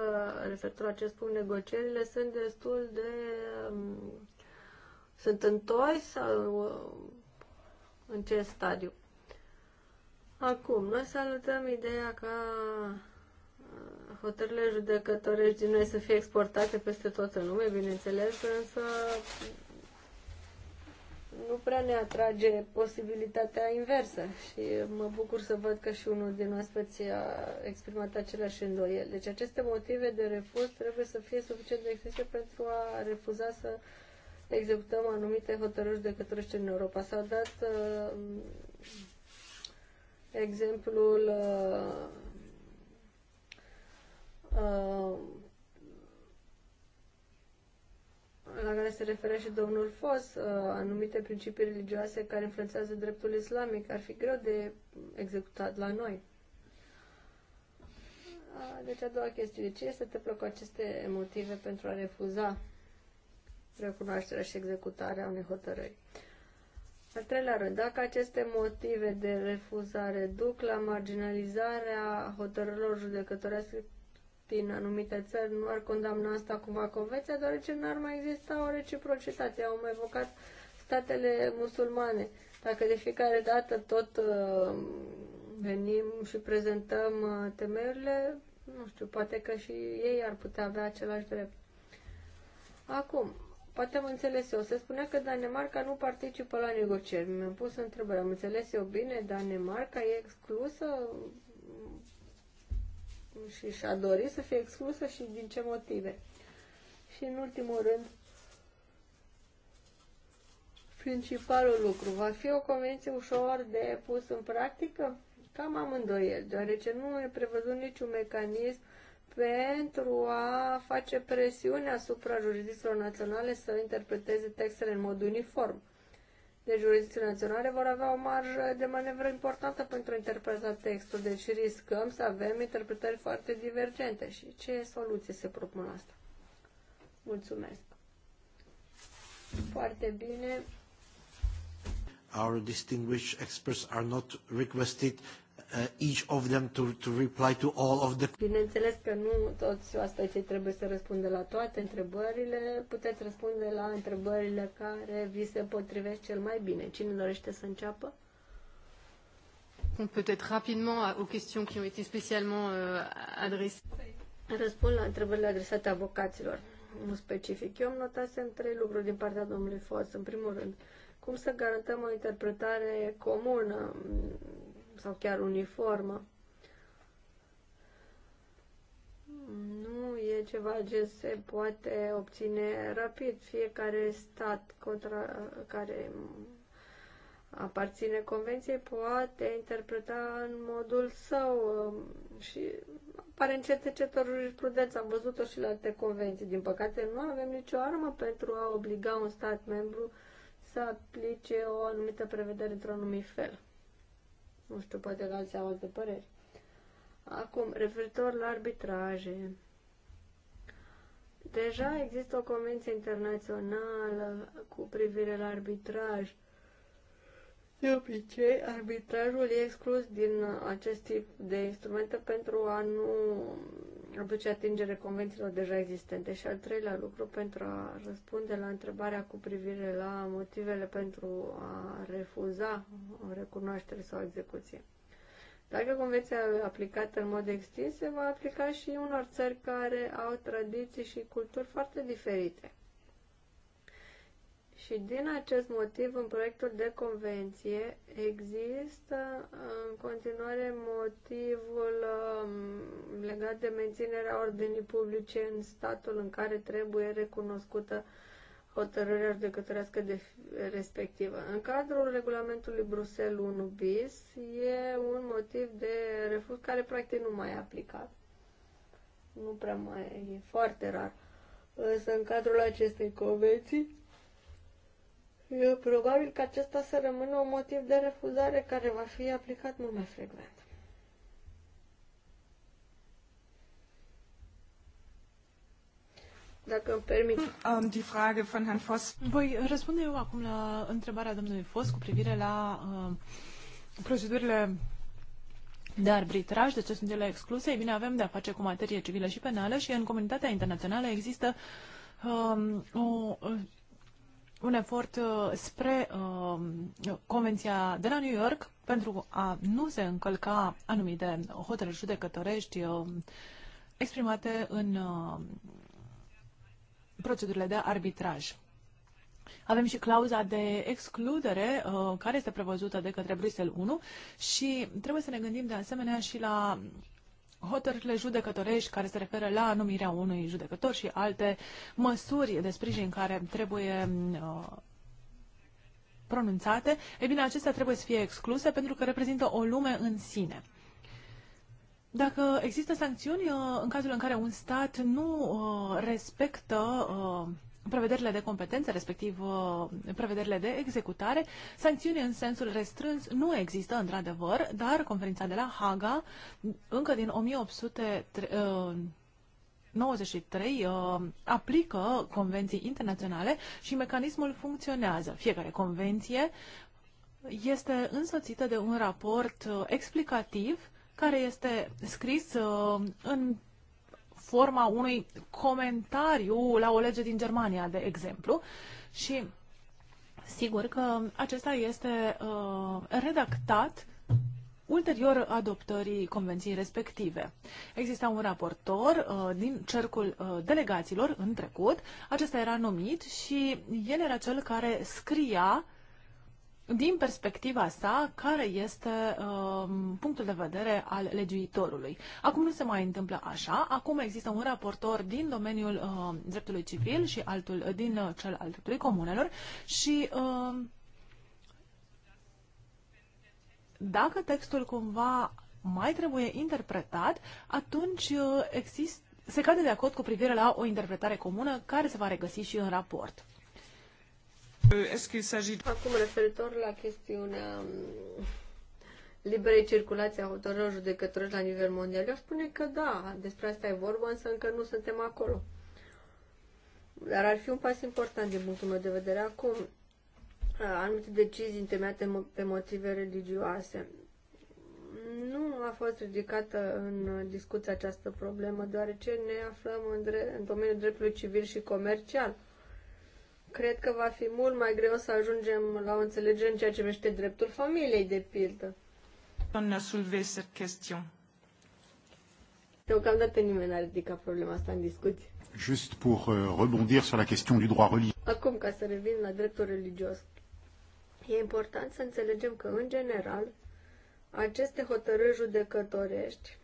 referitor la acest punct, negocierile sunt destul de... Um, sunt întoi sau uh, în ce stadiu? Acum, noi salutăm ideea ca hotările judecătorești din noi să fie exportate peste tot în lume, bineînțeles, însă nu prea ne atrage posibilitatea inversă și mă bucur să văd că și unul din oaspeți a exprimat aceleași îndoieli. Deci aceste motive de refuz trebuie să fie suficient de existe pentru a refuza să executăm anumite hotărâri de către în Europa. S-a dat uh, exemplul uh, Uh, la care se referea și domnul Fos, uh, anumite principii religioase care influențează dreptul islamic, ar fi greu de executat la noi. Uh, deci a doua chestiune, ce este întâmplă cu aceste motive pentru a refuza recunoașterea și executarea unei hotărâri? Al treilea rând, dacă aceste motive de refuzare duc la marginalizarea hotărârilor judecătorească din anumite țări nu ar condamna asta cumva convenția, deoarece nu ar mai exista o reciprocitate. Au mai evocat statele musulmane. Dacă de fiecare dată tot uh, venim și prezentăm uh, temerile, nu știu, poate că și ei ar putea avea același drept. Acum, poate am înțeles eu. Se spunea că Danemarca nu participă la negocieri. Mi-am pus întrebarea. Am înțeles eu bine? Danemarca e exclusă? și și-a dorit să fie exclusă și din ce motive. Și în ultimul rând, principalul lucru, va fi o convenție ușor de pus în practică? Cam amândoi el, deoarece nu e prevăzut niciun mecanism pentru a face presiune asupra jurisdicțiilor naționale să interpreteze textele în mod uniform de jurisdicție naționale vor avea o marjă de manevră importantă pentru a interpreta textul, deci riscăm să avem interpretări foarte divergente. Și ce soluție se propun asta? Mulțumesc! Foarte bine! Our distinguished experts are not requested Uh, each of them to, to reply to all of the... Bineînțeles că nu toți oaspeții trebuie să răspundă la toate întrebările. Puteți răspunde la întrebările care vi se potrivesc cel mai bine. Cine dorește să înceapă? Peut-être rapidement aux questions qui ont été spécialement euh, adressées. Răspund la întrebările adresate avocaților. Nu specific. Eu am notasem trei lucruri din partea domnului Foz. În primul rând, cum să garantăm o interpretare comună sau chiar uniformă. Nu e ceva ce se poate obține rapid. Fiecare stat contra, care aparține convenției poate interpreta în modul său um, și apare încet încet jurisprudență. Am văzut-o și la alte convenții. Din păcate nu avem nicio armă pentru a obliga un stat membru să aplice o anumită prevedere într-un anumit fel. Nu știu, poate la alții au alte păreri. Acum, referitor la arbitraje. Deja există o convenție internațională cu privire la arbitraj. De obicei, arbitrajul e exclus din acest tip de instrumente pentru a nu aduce atingere convențiilor deja existente. Și al treilea lucru, pentru a răspunde la întrebarea cu privire la motivele pentru a refuza o recunoaștere sau execuție. Dacă convenția e aplicată în mod extins, se va aplica și unor țări care au tradiții și culturi foarte diferite. Și din acest motiv, în proiectul de convenție există în continuare motivul um, legat de menținerea ordinii publice în statul în care trebuie recunoscută hotărârea judecătorească de respectivă. În cadrul regulamentului Bruxelles 1 bis e un motiv de refuz care practic nu mai e aplicat. Nu prea mai e, foarte rar. Însă în cadrul acestei convenții E probabil că acesta să rămână un motiv de refuzare care va fi aplicat mult mai frecvent. Dacă îmi permit. Um, die Frage von Herrn Voss. Voi răspunde eu acum la întrebarea domnului Foss cu privire la uh, procedurile de arbitraj, de ce sunt ele excluse? Ei bine, avem de-a face cu materie civilă și penală și în comunitatea internațională există um, o un efort uh, spre uh, Convenția de la New York pentru a nu se încălca anumite hotărâri judecătorești uh, exprimate în uh, procedurile de arbitraj. Avem și clauza de excludere uh, care este prevăzută de către Bruxelles 1 și trebuie să ne gândim de asemenea și la hotărârile judecătorești care se referă la numirea unui judecător și alte măsuri de sprijin care trebuie uh, pronunțate, e bine, acestea trebuie să fie excluse pentru că reprezintă o lume în sine. Dacă există sancțiuni uh, în cazul în care un stat nu uh, respectă prevederile de competență, respectiv uh, prevederile de executare. Sancțiuni în sensul restrâns nu există, într-adevăr, dar conferința de la Haga, încă din 1893, uh, uh, aplică convenții internaționale și mecanismul funcționează. Fiecare convenție este însoțită de un raport explicativ care este scris în forma unui comentariu la o lege din Germania, de exemplu. Și sigur că acesta este uh, redactat ulterior adoptării convenției respective. Exista un raportor uh, din cercul uh, delegaților în trecut, acesta era numit și el era cel care scria din perspectiva sa, care este uh, punctul de vedere al legiuitorului. Acum nu se mai întâmplă așa, acum există un raportor din domeniul uh, dreptului civil și altul din uh, cel al dreptului comunelor și uh, dacă textul cumva mai trebuie interpretat, atunci uh, exist, se cade de acord cu privire la o interpretare comună care se va regăsi și în raport. Acum, referitor la chestiunea um, liberei circulații a hotărârilor judecătorești la nivel mondial, eu spune că da, despre asta e vorba, însă încă nu suntem acolo. Dar ar fi un pas important din punctul meu de vedere. Acum, uh, anumite decizii întemeiate pe motive religioase. Nu a fost ridicată în discuție această problemă, deoarece ne aflăm în, dre- în domeniul dreptului civil și comercial – cred că va fi mult mai greu să ajungem la o înțelegere în ceea ce privește dreptul familiei, de pildă. Doamna Sulve, question. Deocamdată nimeni n-a ridicat problema asta în discuție. Just pour euh, rebondir sur la question du droit religieux. Acum, ca să revin la dreptul religios. E important să înțelegem că, în general, aceste hotărâri judecătorești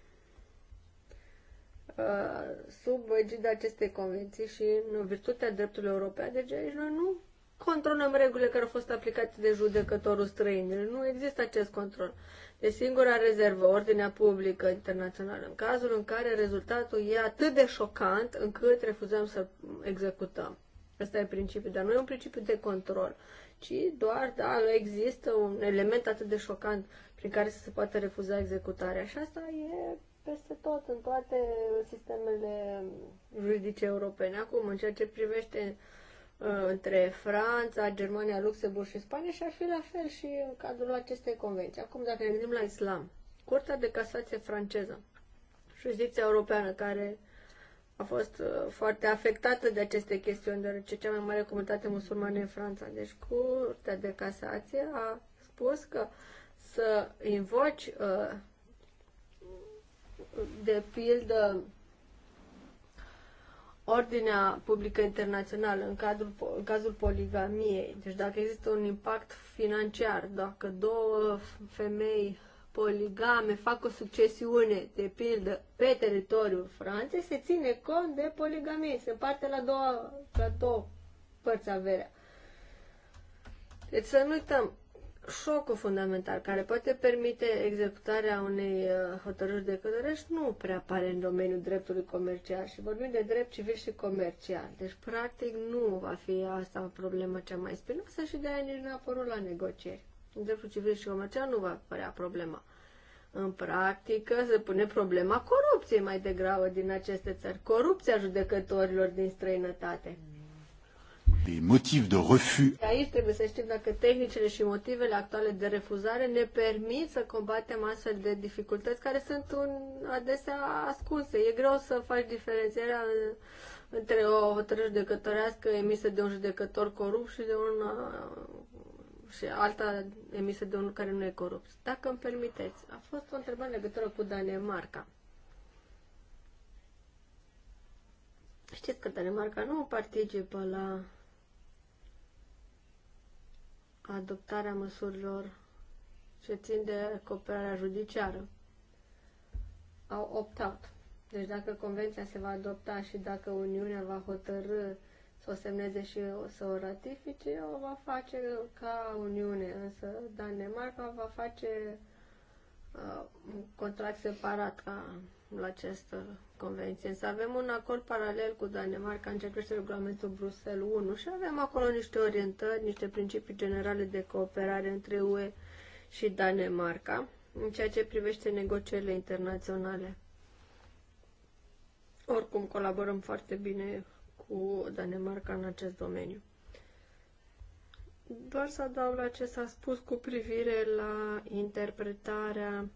Uh, sub egida acestei convenții și în virtutea dreptului european. Deci aici noi nu controlăm regulile care au fost aplicate de judecătorul străin. Deci nu există acest control. De singura rezervă, ordinea publică internațională, în cazul în care rezultatul e atât de șocant încât refuzăm să executăm. Asta e principiul, dar nu e un principiu de control, ci doar, da, există un element atât de șocant prin care să se poate refuza executarea. Și asta e peste tot, în toate sistemele juridice europene. Acum, în ceea ce privește uh, între Franța, Germania, Luxemburg și Spania și ar fi la fel și în cadrul acestei convenții. Acum, dacă ne gândim la islam, Curtea de Casație franceză, jurisdicția europeană care a fost uh, foarte afectată de aceste chestiuni, deoarece cea mai mare comunitate musulmană în Franța. Deci Curtea de Casație a spus că să invoci uh, de pildă ordinea publică internațională în, cadrul, în cazul poligamiei. Deci dacă există un impact financiar, dacă două femei poligame fac o succesiune, de pildă, pe teritoriul Franței, se ține cont de poligamie, se împarte la două, la două părți averea. Deci să nu uităm, șocul fundamental care poate permite executarea unei uh, hotărâri de cădărești nu prea apare în domeniul dreptului comercial și vorbim de drept civil și comercial. Deci, practic, nu va fi asta o problemă cea mai spinoasă și de aia nici nu a apărut la negocieri. În dreptul civil și comercial nu va apărea problema. În practică se pune problema corupției mai degrabă din aceste țări, corupția judecătorilor din străinătate. Mm des motifs de refuz. Aici trebuie să știm dacă tehnicile și motivele actuale de refuzare ne permit să combatem astfel de dificultăți care sunt un, adesea ascunse. E greu să faci diferențierea între o hotărâre judecătorească emisă de un judecător corupt și de un uh, și alta emisă de unul care nu e corupt. Dacă îmi permiteți, a fost o întrebare în legătură cu Danemarca. Știți că Danemarca nu participă la adoptarea măsurilor ce țin de cooperarea judiciară. Au optat. Deci dacă convenția se va adopta și dacă Uniunea va hotărâ să o semneze și să o ratifice, o va face ca Uniune, însă Danemarca va face uh, un contract separat ca la acest convenție, să avem un acord paralel cu Danemarca în ceea ce privește regulamentul Bruxelles 1 și avem acolo niște orientări, niște principii generale de cooperare între UE și Danemarca în ceea ce privește negocierile internaționale. Oricum, colaborăm foarte bine cu Danemarca în acest domeniu. Doar să adaug la ce s-a spus cu privire la interpretarea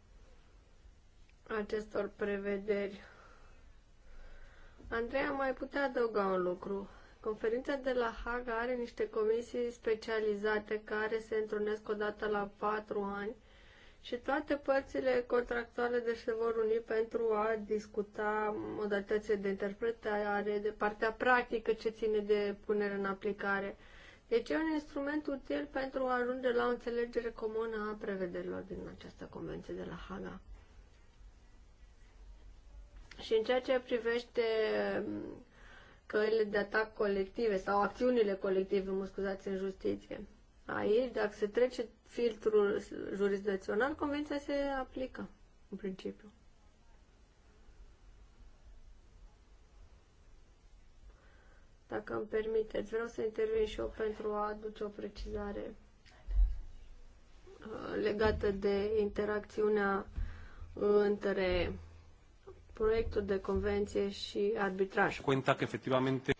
acestor prevederi Andreea mai putea adăuga un lucru. Conferința de la Haga are niște comisii specializate care se întrunesc dată la patru ani și toate părțile contractuale de deci se vor uni pentru a discuta modalitățile de interpretare, de partea practică ce ține de punere în aplicare. Deci e un instrument util pentru a ajunge la o înțelegere comună a prevederilor din această convenție de la Haga. Și în ceea ce privește um, căile de atac colective sau acțiunile colective, mă scuzați, în justiție, aici, dacă se trece filtrul jurisdicțional, convenția se aplică, în principiu. Dacă îmi permiteți, vreau să intervin și eu pentru a aduce o precizare uh, legată de interacțiunea între proiectul de convenție și arbitraj. Cuenta că efectivamente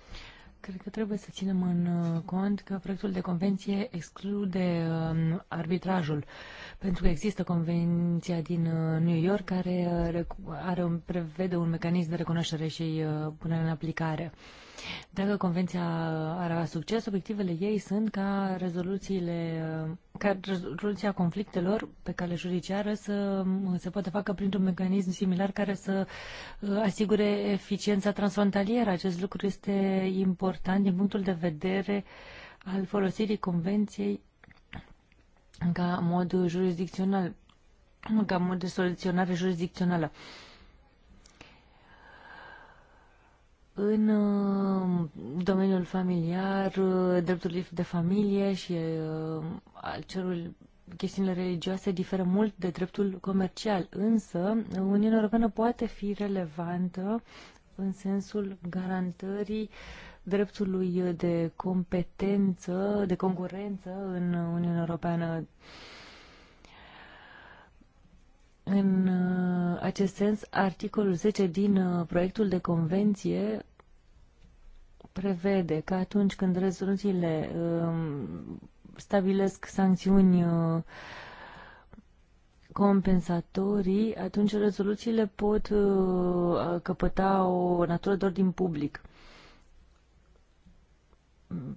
Cred că trebuie să ținem în uh, cont că proiectul de convenție exclude um, arbitrajul. Uh, pentru că există convenția din uh, New York care uh, are un, prevede un mecanism de recunoaștere și uh, punere în aplicare. Dacă convenția ar avea succes, obiectivele ei sunt ca rezoluțiile, ca rezoluția conflictelor pe cale judiciară să se poată facă printr-un mecanism similar care să asigure eficiența transfrontalieră. Acest lucru este important din punctul de vedere al folosirii convenției ca mod jurisdicțional, ca mod de soluționare jurisdicțională. În uh, domeniul familiar, uh, drepturile de familie și uh, al cerul chestiunile religioase diferă mult de dreptul comercial, însă Uniunea Europeană poate fi relevantă în sensul garantării uh, dreptului de competență, de concurență în Uniunea Europeană. În uh, acest sens, articolul 10 din uh, proiectul de convenție prevede că atunci când rezoluțiile um, stabilesc sancțiuni uh, compensatorii, atunci rezoluțiile pot căpăta o natură doar din public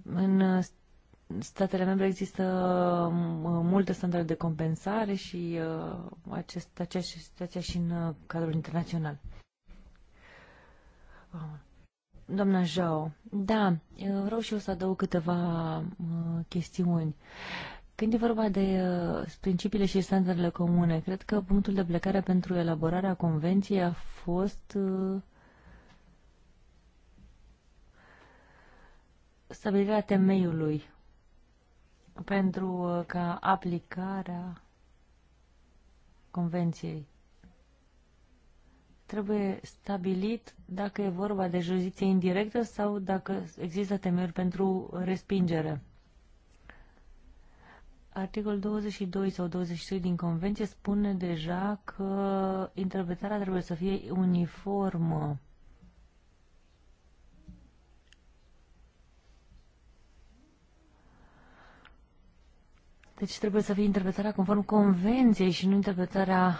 în statele membre există uh, multe standarde de compensare și uh, acest, aceeași situație și în uh, cadrul internațional. Doamna Jao, da, vreau și eu să adaug câteva chestiuni. Când e vorba de principiile și standardele comune, cred că punctul de plecare pentru elaborarea convenției a fost stabilirea temeiului pentru uh, ca aplicarea convenției trebuie stabilit dacă e vorba de jurisdicție indirectă sau dacă există temeri pentru respingere. Articolul 22 sau 23 din Convenție spune deja că interpretarea trebuie să fie uniformă Deci trebuie să fie interpretarea conform convenției și nu interpretarea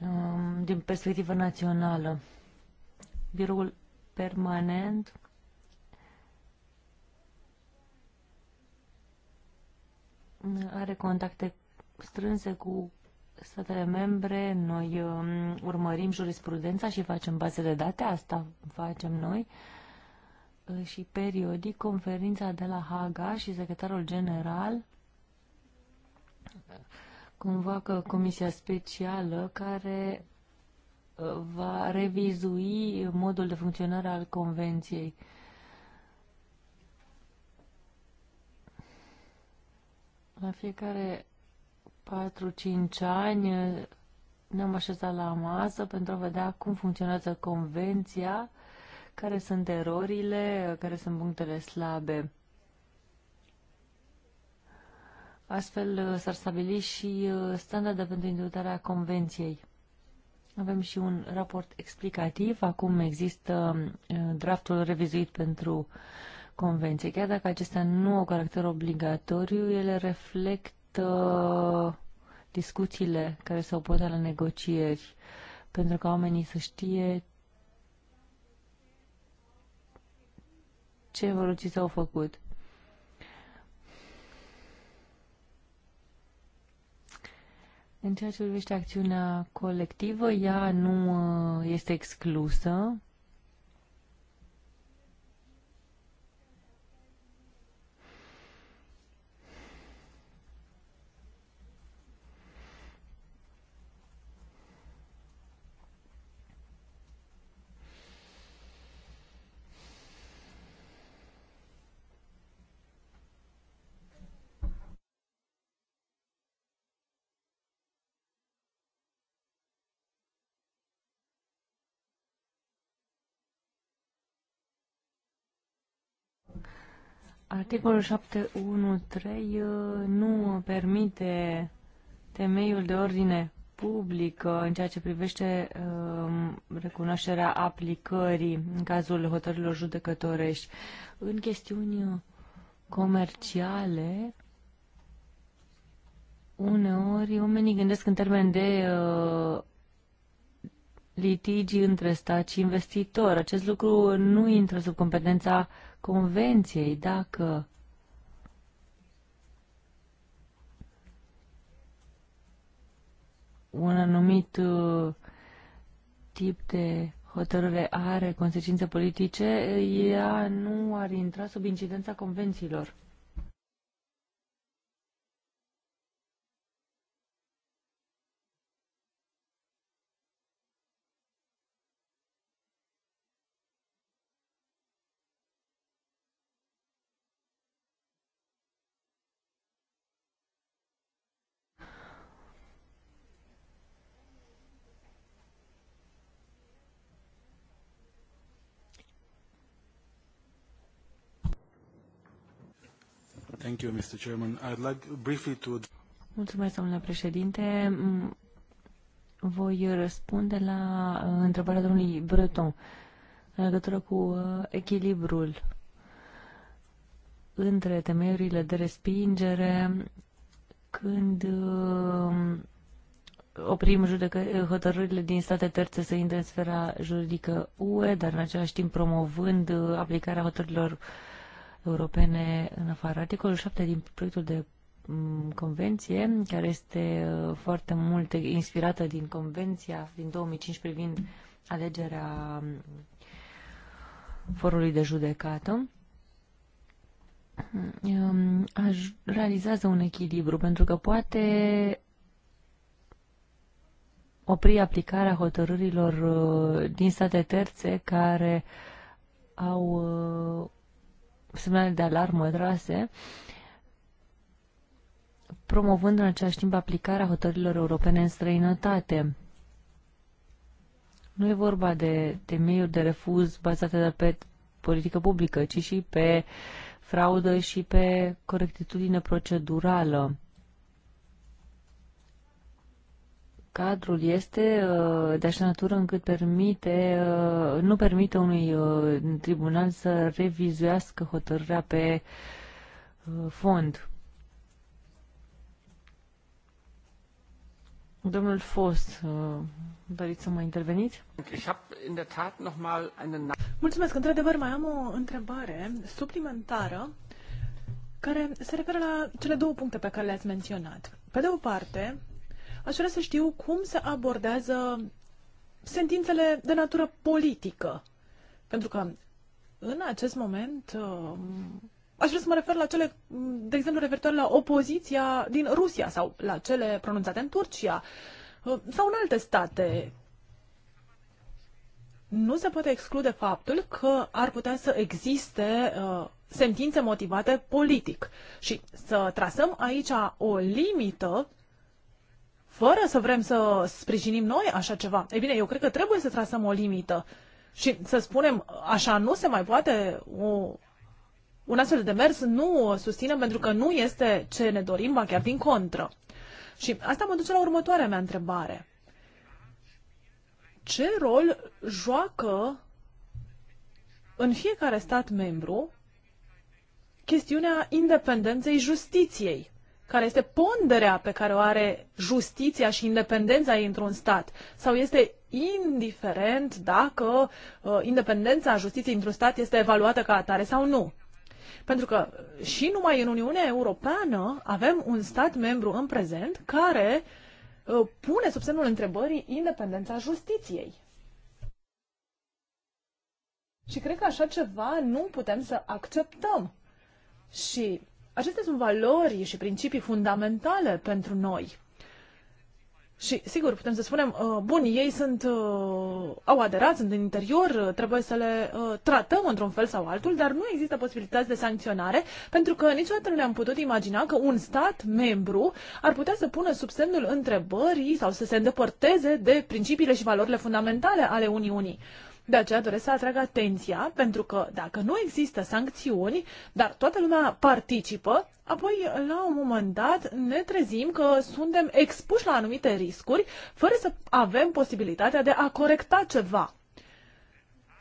um, din perspectivă națională. Biroul permanent are contacte strânse cu statele membre, noi um, urmărim jurisprudența și facem baze de date, asta facem noi, și periodic conferința de la Haga și secretarul general convoacă Comisia Specială care uh, va revizui modul de funcționare al Convenției. La fiecare 4-5 ani uh, ne-am așezat la masă pentru a vedea cum funcționează Convenția, care sunt erorile, care sunt punctele slabe. Astfel uh, s-ar stabili și uh, standarde pentru interpretarea convenției. Avem și un raport explicativ. Acum există um, uh, draftul revizuit pentru convenție. Chiar dacă acestea nu au caracter obligatoriu, ele reflectă discuțiile care s-au purtat la negocieri pentru ca oamenii să știe ce evoluții s-au făcut. În ceea ce privește acțiunea colectivă, ea nu uh, este exclusă Articolul 713 uh, nu permite temeiul de ordine publică în ceea ce privește um, recunoașterea aplicării în cazul hotărârilor judecătorești. În chestiuni comerciale, uneori oamenii gândesc în termen de uh, litigi între stat și investitor. Acest lucru nu intră sub competența uh, convenției, dacă un anumit uh, tip de hotărâre are consecințe politice, ea nu ar intra sub incidența convențiilor. Mulțumesc, domnule președinte. Mm, voi răspunde la uh, întrebarea domnului Breton în legătură cu uh, echilibrul între temerile de respingere când uh, oprim judecă, hotărârile din state terțe să intre în sfera juridică UE, dar în același timp promovând aplicarea hotărârilor europene în afară. Articolul 7 din proiectul de mm, convenție, care este uh, foarte mult inspirată din convenția din 2005 privind alegerea mm, forului de judecată, mm, aș realizează un echilibru, pentru că poate opri aplicarea hotărârilor uh, din state terțe care au uh, semnale de alarmă trase, promovând în același timp aplicarea hotărârilor europene în străinătate. Nu e vorba de temeiuri de refuz bazate de pe politică publică, ci și pe fraudă și pe corectitudine procedurală. cadrul este uh, de așa natură încât permite, uh, nu permite unui uh, tribunal să revizuiască hotărârea pe fond. Domnul Fost, doriți să mă interveniți? Mulțumesc. Într-adevăr, mai am o întrebare suplimentară care se referă la cele două puncte pe care le-ați menționat. Pe de o parte, Aș vrea să știu cum se abordează sentințele de natură politică. Pentru că în acest moment uh, aș vrea să mă refer la cele, de exemplu, referitoare la opoziția din Rusia sau la cele pronunțate în Turcia uh, sau în alte state. Nu se poate exclude faptul că ar putea să existe uh, sentințe motivate politic și să trasăm aici o limită fără să vrem să sprijinim noi așa ceva. Ei bine, eu cred că trebuie să trasăm o limită și să spunem, așa nu se mai poate, o, un astfel de demers nu o susținem pentru că nu este ce ne dorim, ba chiar din contră. Și asta mă duce la următoarea mea întrebare. Ce rol joacă în fiecare stat membru chestiunea independenței justiției? care este ponderea pe care o are justiția și independența ei într-un stat? Sau este indiferent dacă uh, independența justiției într-un stat este evaluată ca atare sau nu? Pentru că și numai în Uniunea Europeană avem un stat membru în prezent care uh, pune sub semnul întrebării independența justiției. Și cred că așa ceva nu putem să acceptăm. Și Acestea sunt valori și principii fundamentale pentru noi. Și, sigur, putem să spunem, uh, bun, ei sunt, uh, au aderat, sunt în interior, uh, trebuie să le uh, tratăm într-un fel sau altul, dar nu există posibilități de sancționare, pentru că niciodată nu ne-am putut imagina că un stat membru ar putea să pună sub semnul întrebării sau să se îndepărteze de principiile și valorile fundamentale ale Uniunii. Uh, de aceea doresc să atrag atenția, pentru că dacă nu există sancțiuni, dar toată lumea participă, apoi la un moment dat ne trezim că suntem expuși la anumite riscuri, fără să avem posibilitatea de a corecta ceva.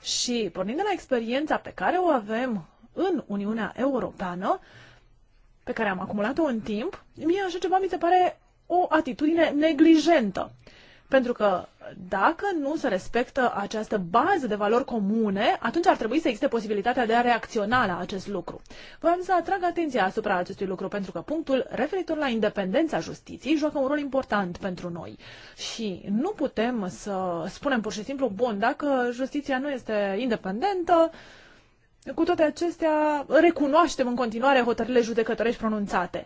Și pornind de la experiența pe care o avem în Uniunea Europeană, pe care am acumulat-o în timp, mie așa ceva mi se pare o atitudine neglijentă. Pentru că dacă nu se respectă această bază de valori comune, atunci ar trebui să existe posibilitatea de a reacționa la acest lucru. Vreau să atrag atenția asupra acestui lucru pentru că punctul referitor la independența justiției joacă un rol important pentru noi și nu putem să spunem pur și simplu, bun, dacă justiția nu este independentă, cu toate acestea, recunoaștem în continuare hotările judecătorești pronunțate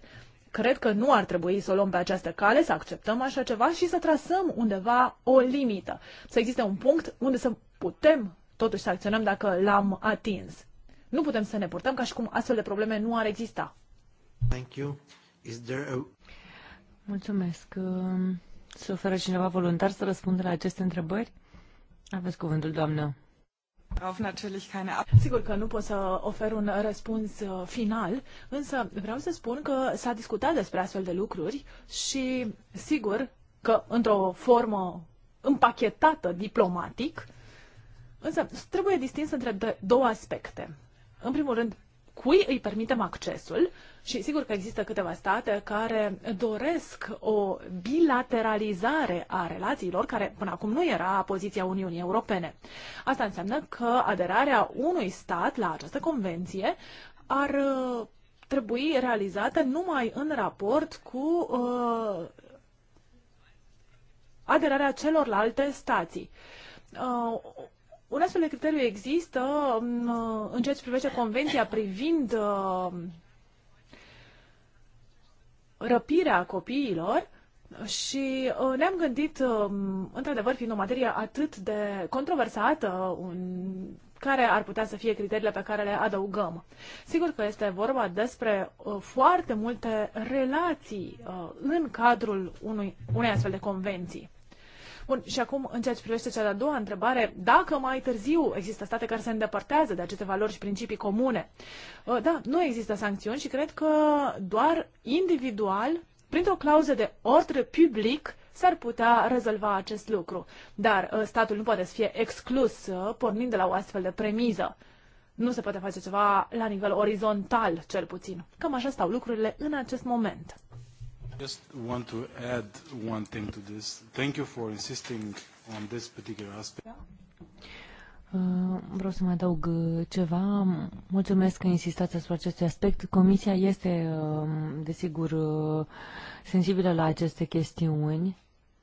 cred că nu ar trebui să o luăm pe această cale, să acceptăm așa ceva și să trasăm undeva o limită. Să existe un punct unde să putem totuși să acționăm dacă l-am atins. Nu putem să ne purtăm ca și cum astfel de probleme nu ar exista. Thank you. Is there a... Mulțumesc. Um, se oferă cineva voluntar să răspundă la aceste întrebări? Aveți cuvântul, doamnă Sigur că nu pot să ofer un răspuns uh, final, însă vreau să spun că s-a discutat despre astfel de lucruri și sigur că într-o formă împachetată diplomatic, însă trebuie distins între două aspecte. În primul rând, cui îi permitem accesul și sigur că există câteva state care doresc o bilateralizare a relațiilor, care până acum nu era poziția Uniunii Europene. Asta înseamnă că aderarea unui stat la această convenție ar uh, trebui realizată numai în raport cu uh, aderarea celorlalte stații. Uh, un astfel de criteriu există mm, uh, în ceea ce privește convenția privind uh, răpirea copiilor și uh, ne-am gândit, um, într-adevăr, fiind o materie atât de controversată, un care ar putea să fie criteriile pe care le adăugăm. Sigur că este vorba despre uh, foarte multe relații uh, în cadrul unui, unei astfel de convenții. Bun, și acum, în ceea ce privește cea de-a doua întrebare, dacă mai târziu există state care se îndepărtează de aceste valori și principii comune, uh, da, nu există sancțiuni și cred că doar individual, printr-o clauză de ordre public, s-ar putea rezolva acest lucru. Dar uh, statul nu poate să fie exclus uh, pornind de la o astfel de premiză. Nu se poate face ceva la nivel orizontal, cel puțin. Cam așa stau lucrurile în acest moment. Just want to add one thing to this. Thank you for insisting on this particular aspect. Uh, vreau să mai adaug uh, ceva. Mulțumesc că insistați asupra acestui aspect. Comisia este, uh, desigur, sensibilă la aceste chestiuni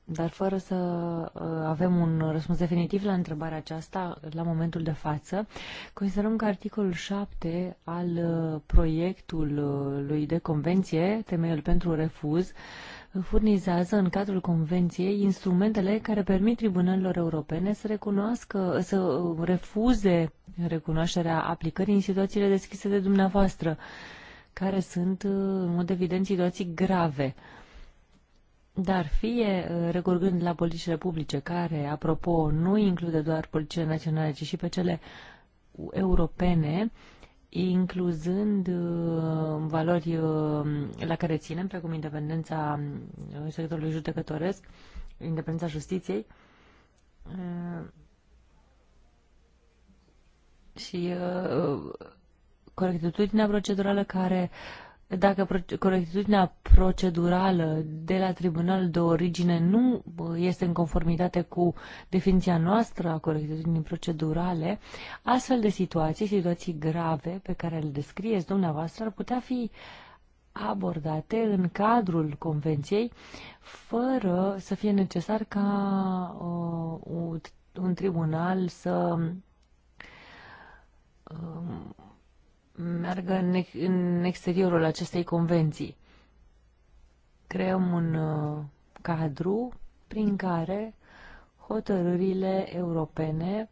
dar fără să uh, avem un răspuns definitiv la întrebarea aceasta, la momentul de față, considerăm că articolul 7 al uh, proiectului uh, de convenție, temeiul pentru refuz, furnizează în cadrul Convenției instrumentele care permit tribunalelor europene să recunoască, să refuze recunoașterea aplicării în situațiile deschise de dumneavoastră, care sunt, în mod evident, situații grave. Dar fie uh, recurgând la politicile publice, care, apropo, nu include doar politicile naționale, ci și pe cele europene, incluzând uh, valori uh, la care ținem, precum independența sectorului judecătoresc, independența justiției, și corectitudinea procedurală care uh, dacă corectitudinea procedurală de la tribunal de origine nu este în conformitate cu definiția noastră a corectitudinii procedurale, astfel de situații, situații grave pe care le descrieți dumneavoastră, ar putea fi abordate în cadrul convenției fără să fie necesar ca uh, un tribunal să uh, meargă în, în exteriorul acestei convenții. Creăm un uh, cadru prin care hotărârile europene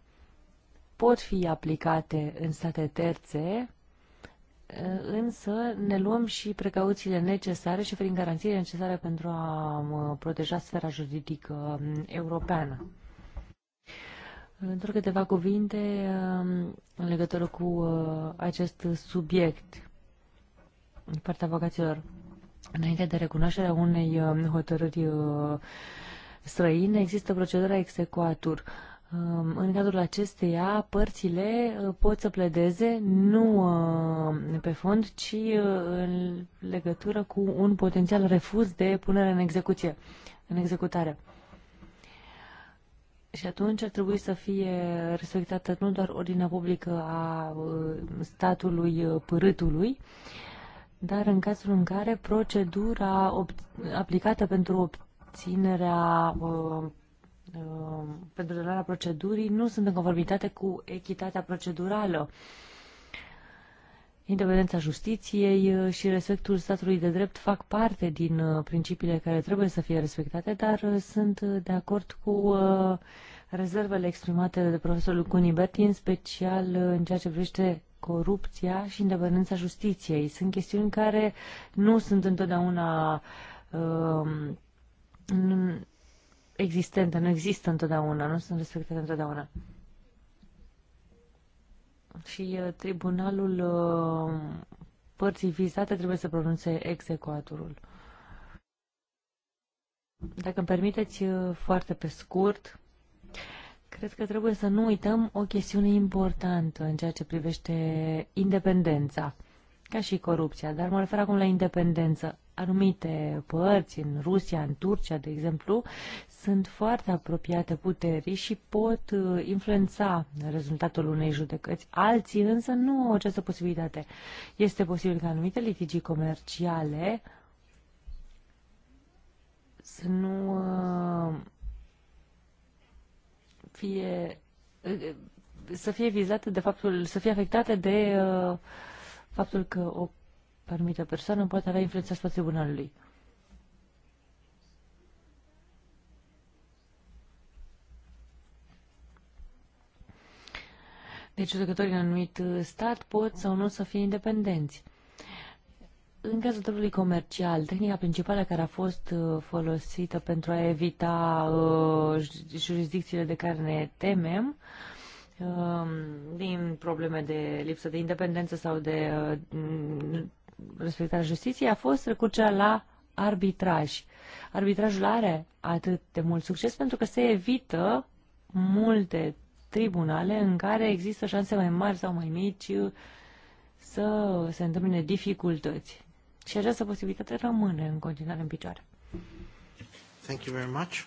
pot fi aplicate în state terțe, uh, însă ne luăm și precauțiile necesare și prin garanțiile necesare pentru a uh, proteja sfera juridică um, europeană. Doar câteva cuvinte um, în legătură cu uh, acest subiect în partea avocaților. Înainte de recunoașterea unei um, hotărâri uh, străine, există procedura execuatur. Um, în cadrul acesteia, părțile uh, pot să pledeze nu pe fond, ci în legătură cu un potențial refuz de punere în execuție, în executare. Și atunci ar trebui să fie respectată nu doar ordinea publică a uh, statului uh, părâtului, dar în cazul în care procedura aplicată pentru obținerea uh, pentru donarea procedurii nu sunt în conformitate cu echitatea procedurală. Uh, Independența justiției uh, și respectul statului de drept fac parte din uh, principiile care trebuie să fie respectate, dar uh, sunt de acord cu rezervele exprimate de profesorul Cunibert, în special în ceea ce privește corupția și independența justiției. Sunt chestiuni care nu sunt întotdeauna um, existente, nu există întotdeauna, nu sunt respectate întotdeauna și uh, tribunalul uh, părții vizate trebuie să pronunțe execuatorul. Dacă îmi permiteți uh, foarte pe scurt, cred că trebuie să nu uităm o chestiune importantă în ceea ce privește independența, ca și corupția, dar mă refer acum la independență anumite părți, în Rusia, în Turcia, de exemplu, sunt foarte apropiate puterii și pot uh, influența rezultatul unei judecăți. Alții însă nu au această posibilitate. Este posibil ca anumite litigii comerciale să nu uh, fie uh, să fie vizate de faptul, să fie afectate de faptul că o anumită persoană poate avea influența asupra tribunalului. Deci judecătorii în anumit stat pot sau nu să fie independenți. În cazul drogului comercial, tehnica principală care a fost uh, folosită pentru a evita uh, jurisdicțiile de care ne temem uh, din probleme de lipsă de independență sau de uh, respectarea justiției a fost recurgerea la arbitraj. Arbitrajul are atât de mult succes pentru că se evită multe tribunale în care există șanse mai mari sau mai mici să se întâmple dificultăți. Și această posibilitate rămâne în continuare în picioare. Thank you very much.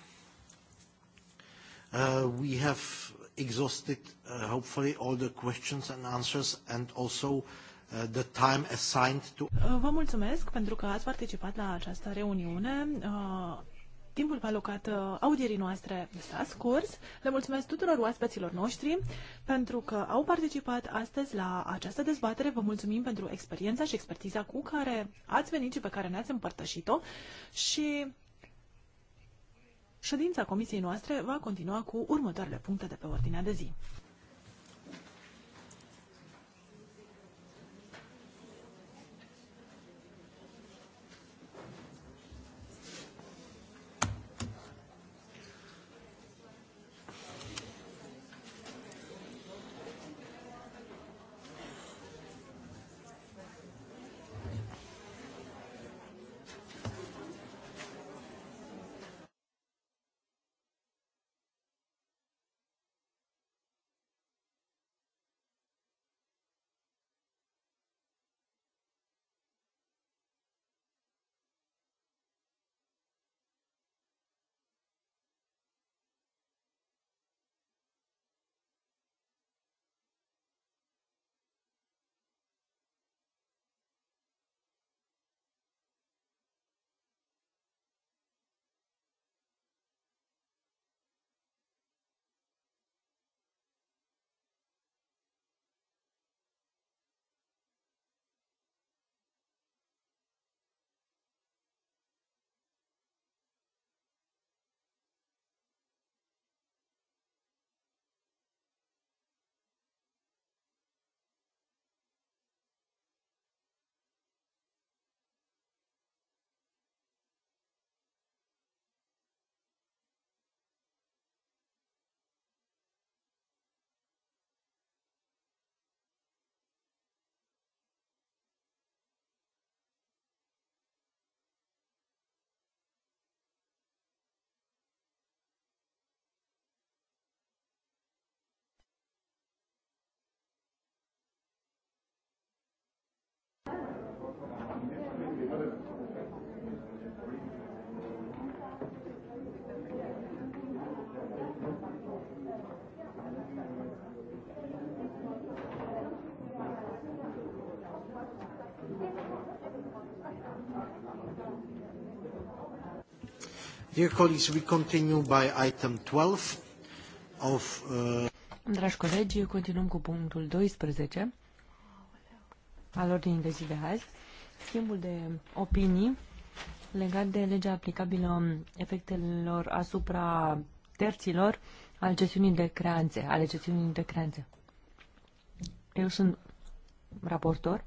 Uh, we have exhausted, uh, hopefully, all the questions and answers and also uh, Uh, the time assigned to... Uh, vă mulțumesc pentru că ați participat la această reuniune. Uh, timpul alocat audierii noastre s-a scurs. Le mulțumesc tuturor oaspeților noștri pentru că au participat astăzi la această dezbatere. Vă mulțumim pentru experiența și expertiza cu care ați venit și pe care ne-ați împărtășit-o și ședința comisiei noastre va continua cu următoarele puncte de pe ordinea de zi. Dear colleagues, we continue by item 12 of... Uh... Dragi colegi, continuăm cu punctul 12 al ordinii de zi de azi. Schimbul de opinii legat de legea aplicabilă efectelor asupra terților al gestiunii de creanțe, ale gestiunii de creanțe. Eu sunt raportor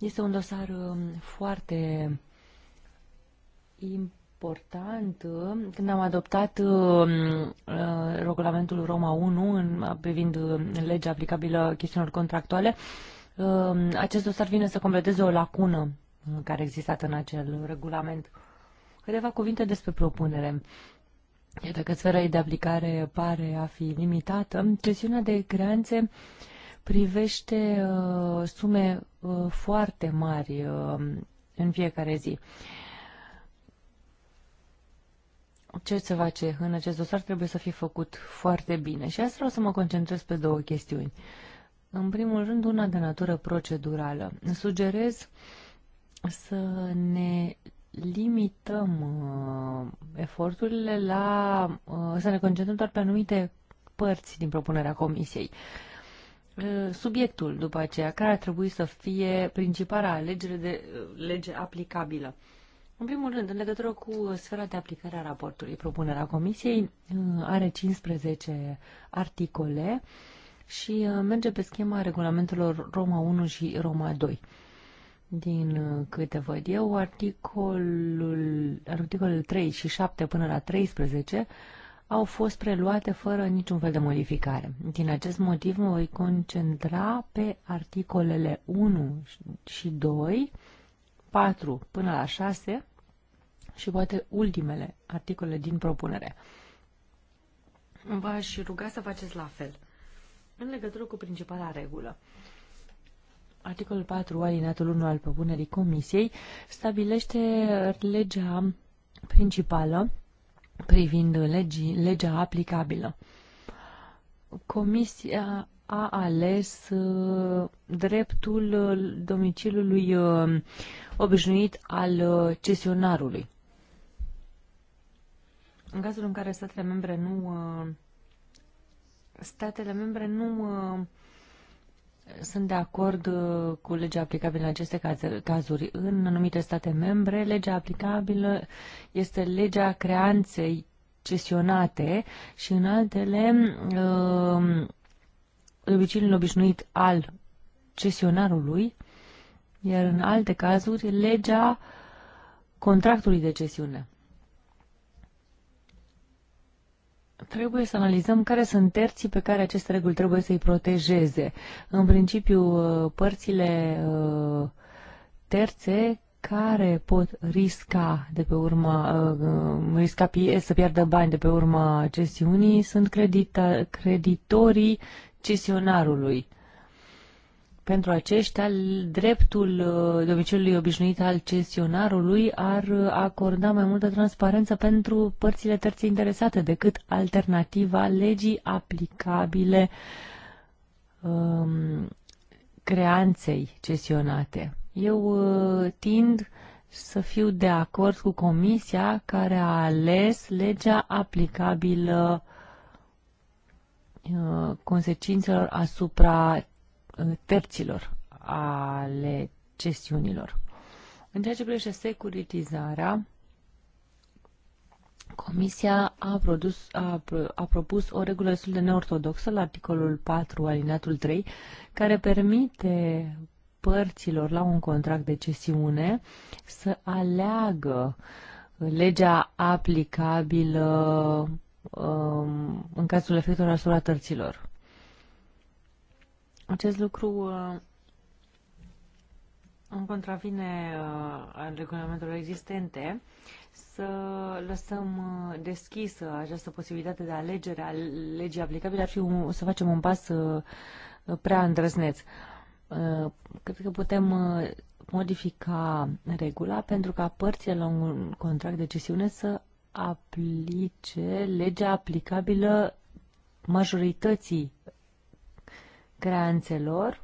Este un dosar um, foarte important. Când am adoptat um, uh, regulamentul Roma 1 uh, privind um, legea aplicabilă chestiunilor contractuale, acest dosar vine să completeze o lacună uh, care existat în acel regulament. Câteva cuvinte despre propunere. Iată că sfera de aplicare pare a fi limitată. Cesiunea de creanțe privește uh, sume Uh, foarte mari uh, în fiecare zi. Ce se face în acest dosar trebuie să fie făcut foarte bine și asta vreau să mă concentrez pe două chestiuni. În primul rând, una de natură procedurală. Sugerez să ne limităm uh, eforturile la uh, să ne concentrăm doar pe anumite părți din propunerea comisiei. Uh, Uh, subiectul după aceea, care ar trebui să fie principala alegere de uh, lege aplicabilă. În primul rând, în legătură cu sfera de aplicare a raportului, propunerea Comisiei uh, are 15 articole și merge pe schema regulamentelor Roma 1 și Roma 2. Din câte văd eu, articolul, articolul 3 și 7 până la 13 au fost preluate fără niciun fel de modificare. Din acest motiv mă voi concentra pe articolele 1 și 2, 4 până la 6 și poate ultimele articole din propunere. V-aș ruga să faceți la fel. În legătură cu principala regulă, articolul 4, alineatul 1 al propunerii Comisiei, stabilește legea principală privind legii, legea aplicabilă. Comisia a ales uh, dreptul uh, domiciliului uh, obișnuit al cesionarului. În cazul în care statele membre nu statele membre nu sunt de acord uh, cu legea aplicabilă în aceste cazuri. În anumite state membre, legea aplicabilă este legea creanței cesionate și în altele uh, obiceiul obișnuit al cesionarului, iar în alte cazuri legea contractului de cesiune. Trebuie să analizăm care sunt terții pe care aceste reguli trebuie să-i protejeze. În principiu, uh, părțile uh, terțe care pot risca de pe urma, uh, risca să pierdă bani de pe urma cesiunii sunt credita, creditorii cesionarului. Pentru aceștia, dreptul uh, domiciliului obișnuit al cesionarului ar uh, acorda mai multă transparență pentru părțile terțe interesate decât alternativa legii aplicabile um, creanței cesionate. Eu uh, tind să fiu de acord cu comisia care a ales legea aplicabilă consecințelor asupra terților ale cesiunilor. În ceea ce privește securitizarea, Comisia a, produs, a, a propus o regulă destul de neortodoxă la articolul 4, alineatul 3, care permite părților la un contract de cesiune să aleagă legea aplicabilă um, în cazul efectelor asupra tărților. Acest lucru uh, în contravine uh, al regulamentelor existente să lăsăm uh, deschisă această posibilitate de alegere a legii aplicabile ar fi un, să facem un pas prea îndrăzneț. Cred că putem modifica regula pentru ca părțile la un contract de cesiune să aplice legea aplicabilă majorității creanțelor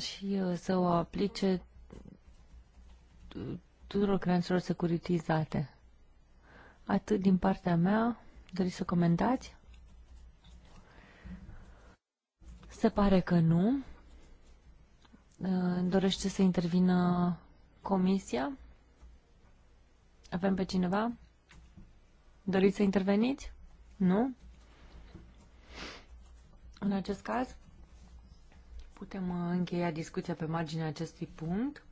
și uh, să o aplice tuturor creanțelor securitizate. Atât din partea mea. Doriți să comentați? Se pare că nu. Uh, dorește să intervină comisia? Avem pe cineva? Doriți să interveniți? Nu? În acest caz, putem uh, încheia discuția pe marginea acestui punct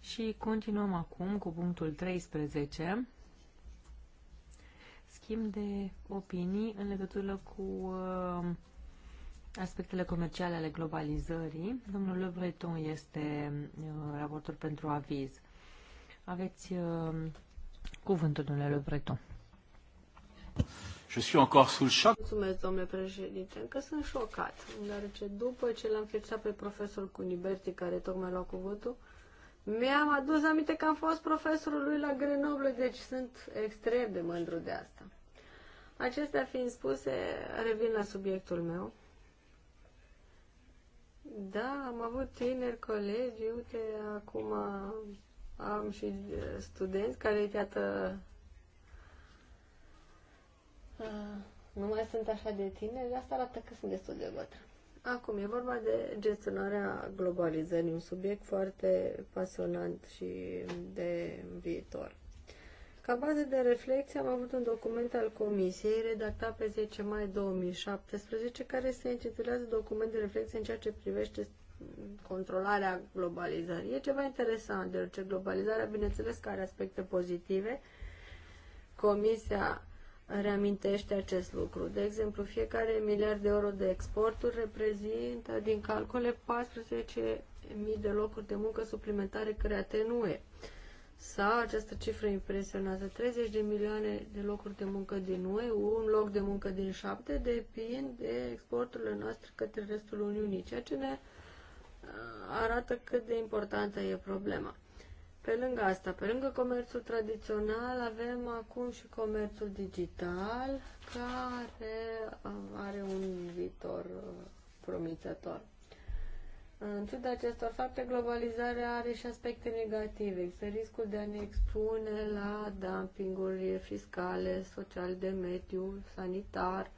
și continuăm acum cu punctul 13. Schimb de opinii în legătură cu uh, aspectele comerciale ale globalizării. Domnul Le Breton este uh, raportor pentru aviz. Aveți cuvântul, domnule Le Breton. Je suis encore sous le choc. Mulțumesc, domnule președinte. Încă sunt șocat, deoarece după ce l-am fixat pe profesorul Cuniberti, care tocmai lua cuvântul, mi-am adus aminte că am fost profesorul lui la Grenoble, deci sunt extrem de mândru de asta. Acestea fiind spuse, revin la subiectul meu. Da, am avut tineri colegi, uite, acum am și studenți care, iată, nu mai sunt așa de tineri, asta arată că sunt destul de bătrân. Acum, e vorba de gestionarea globalizării, un subiect foarte pasionant și de viitor. Ca bază de reflexie am avut un document al Comisiei redactat pe 10 mai 2017 care se intitulează Document de reflexie în ceea ce privește controlarea globalizării. E ceva interesant, deoarece globalizarea, bineînțeles, că are aspecte pozitive. Comisia reamintește acest lucru. De exemplu, fiecare miliard de euro de exporturi reprezintă din calcule 14.000 de locuri de muncă suplimentare create în UE. Sau această cifră impresionează 30 de milioane de locuri de muncă din UE, un loc de muncă din șapte depind de exporturile noastre către restul Uniunii, ceea ce ne uh, arată cât de importantă e problema. Pe lângă asta, pe lângă comerțul tradițional, avem acum și comerțul digital, care are un viitor uh, promițător. În ciuda acestor fapte, globalizarea are și aspecte negative. Există riscul de a ne expune la dumpinguri fiscale, sociale, de mediu, sanitar.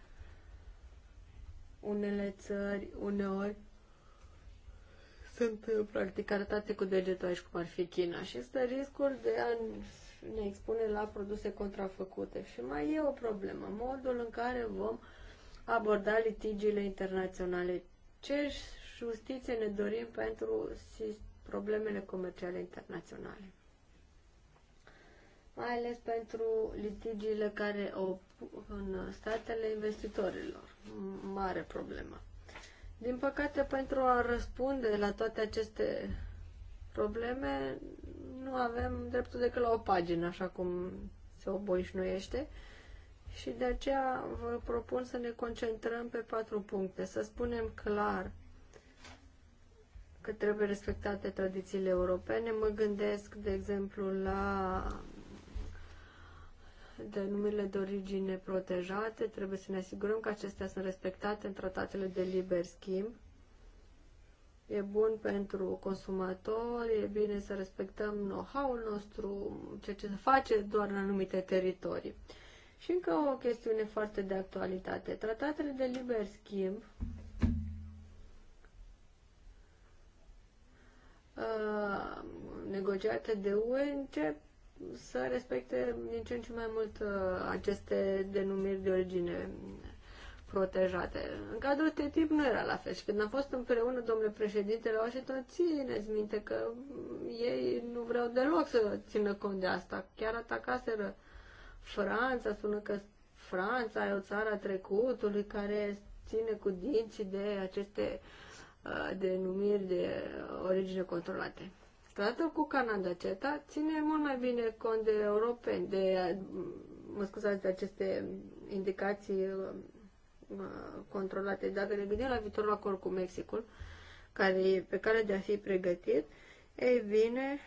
Unele țări uneori sunt uh, practic arătate cu degetul aici cum ar fi China și este riscul de a ne expune la produse contrafăcute. Și mai e o problemă, modul în care vom aborda litigiile internaționale. Ce justiție ne dorim pentru problemele comerciale internaționale? Mai ales pentru litigiile care au în statele investitorilor. Mare problemă. Din păcate, pentru a răspunde la toate aceste probleme, nu avem dreptul decât la o pagină, așa cum se obișnuiește, Și de aceea vă propun să ne concentrăm pe patru puncte, să spunem clar că trebuie respectate tradițiile europene. Mă gândesc, de exemplu, la de numirile de origine protejate. Trebuie să ne asigurăm că acestea sunt respectate în tratatele de liber schimb. E bun pentru consumatori, e bine să respectăm know-how-ul nostru, ceea ce se face doar în anumite teritorii. Și încă o chestiune foarte de actualitate. Tratatele de liber schimb uh, negociate de UE încep să respecte din ce în ce mai mult uh, aceste denumiri de origine protejate. În cadrul TTIP nu era la fel și când am fost împreună, domnule președinte, la Washington, țineți minte că ei nu vreau deloc să țină cont de asta. Chiar atacaseră Franța, spună că Franța e o țară a trecutului care ține cu dinții de aceste uh, denumiri de origine controlate. Odată cu Canada CETA, ține mult mai bine cont de europeni, de, mă scuzați, de aceste indicații uh, controlate. dar ne gândim la viitorul acord cu Mexicul, care e pe care de a fi pregătit, ei bine,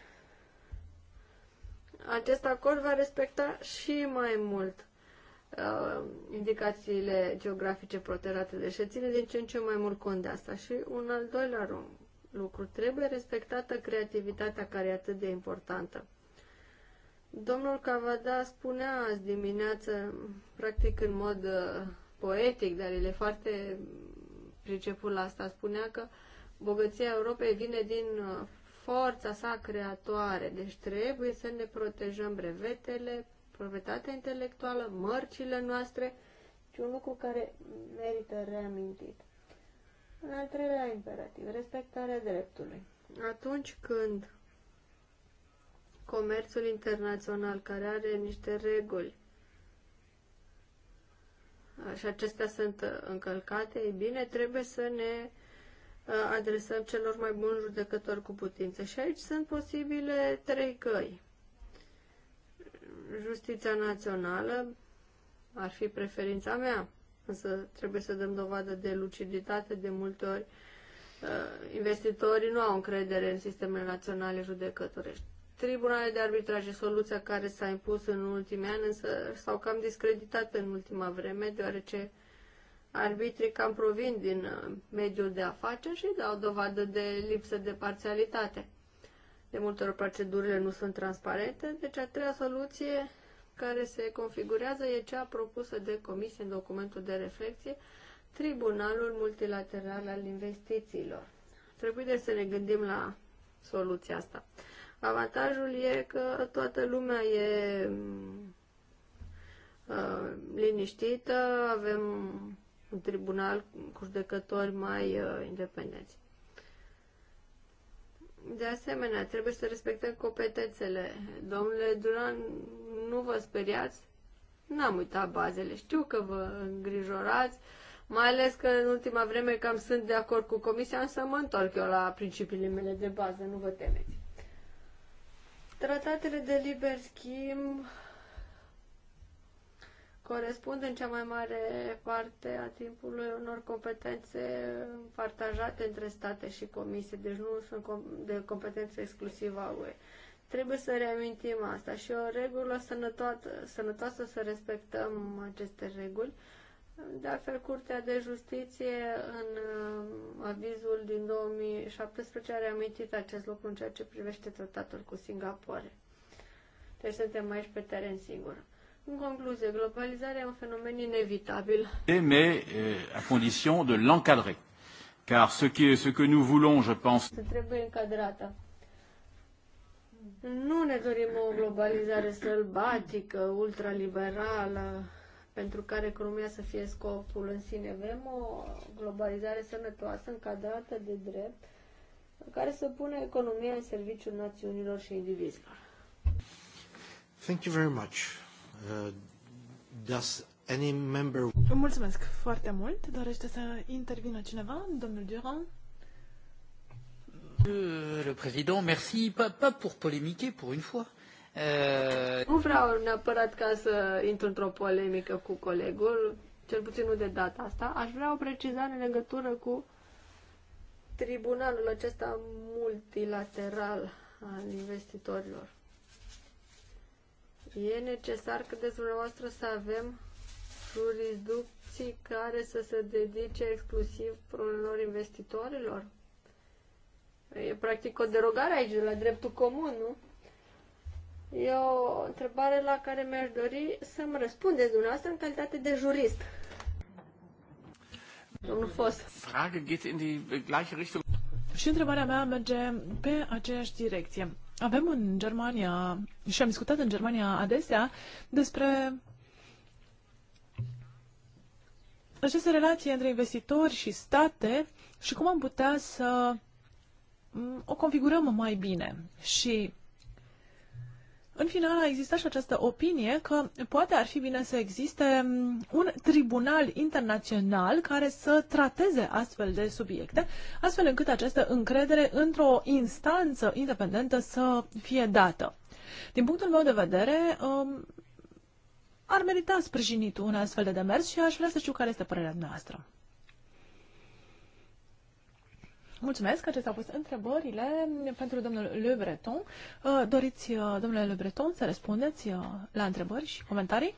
acest acord va respecta și mai mult uh, indicațiile geografice protejate, deși ține din ce în ce mai mult cont de asta. Și un al doilea rând, lucru. Trebuie respectată creativitatea care e atât de importantă. Domnul Cavada spunea azi dimineață, practic în mod uh, poetic, dar el e foarte priceput la asta, spunea că bogăția Europei vine din uh, forța sa creatoare, deci trebuie să ne protejăm brevetele, proprietatea intelectuală, mărcile noastre, și un lucru care merită reamintit. În al treilea imperativ, respectarea dreptului. Atunci când comerțul internațional care are niște reguli și acestea sunt uh, încălcate, e bine, trebuie să ne uh, adresăm celor mai buni judecători cu putință. Și aici sunt posibile trei căi. Justiția națională ar fi preferința mea, Însă trebuie să dăm dovadă de luciditate de multe ori. Uh, investitorii nu au încredere în sistemele naționale judecătorești. Tribunale de arbitraj e soluția care s-a impus în ultimii ani, însă s-au cam discreditat în ultima vreme, deoarece arbitrii cam provin din uh, mediul de afaceri și dau dovadă de lipsă de parțialitate. De multe ori procedurile nu sunt transparente, deci a treia soluție care se configurează e cea propusă de comisie în documentul de reflexie, Tribunalul Multilateral al Investițiilor. Trebuie să ne gândim la soluția asta. Avantajul e că toată lumea e uh, liniștită, avem un tribunal cu judecători mai uh, independenți. De asemenea, trebuie să respectăm competențele. Domnule Duran, nu vă speriați, n-am uitat bazele, știu că vă îngrijorați, mai ales că în ultima vreme cam sunt de acord cu comisia, însă mă întorc eu la principiile mele de bază, nu vă temeți. Tratatele de liber schimb corespund în cea mai mare parte a timpului unor competențe partajate între state și comisie, deci nu sunt de competență exclusivă a UE. Trebuie să reamintim asta și o regulă sănătoasă, sănătoasă să respectăm aceste reguli. De altfel, Curtea de Justiție, în uh, avizul din 2017, a reamintit acest lucru în ceea ce privește tratatul cu Singapore. Deci suntem aici pe teren sigur. În concluzie, globalizarea e un fenomen inevitabil. Mais à condition de l'encadrer. Car ce que, ce que nous voulons, je pense... trebuie încadrată. Nu ne dorim o globalizare sălbatică, ultraliberală, pentru care economia să fie scopul în sine. Vrem o globalizare sănătoasă, încadrată de drept, care să pune economia în serviciul națiunilor și indivizilor. Thank you very much. Uh, does any member... Mulțumesc foarte mult. Dorește să intervină cineva? Domnul Durand? Le président, merci, pas, pas pour pour une fois. Euh, nu vreau neapărat ca să intru într-o polemică cu colegul, cel puțin nu de data asta. Aș vrea o precizare în legătură cu tribunalul acesta multilateral al investitorilor. E necesar că de dumneavoastră să avem jurisdicții care să se dedice exclusiv problemelor investitorilor? E practic o derogare aici la dreptul comun, nu? E o întrebare la care mi-aș dori să-mi răspundeți dumneavoastră în calitate de jurist. Domnul Fost. Frage geht in die gleiche Richtung. Și întrebarea mea merge pe aceeași direcție. Avem în Germania, și am discutat în Germania adesea, despre această relație între investitori și state și cum am putea să o configurăm mai bine. Și în final a existat și această opinie că poate ar fi bine să existe un tribunal internațional care să trateze astfel de subiecte, astfel încât această încredere într-o instanță independentă să fie dată. Din punctul meu de vedere, ar merita sprijinit un astfel de demers și aș vrea să știu care este părerea noastră. Mulțumesc, acestea au fost întrebările pentru domnul Le Breton. Uh, doriți, uh, domnule Le Breton, să răspundeți uh, la întrebări și comentarii?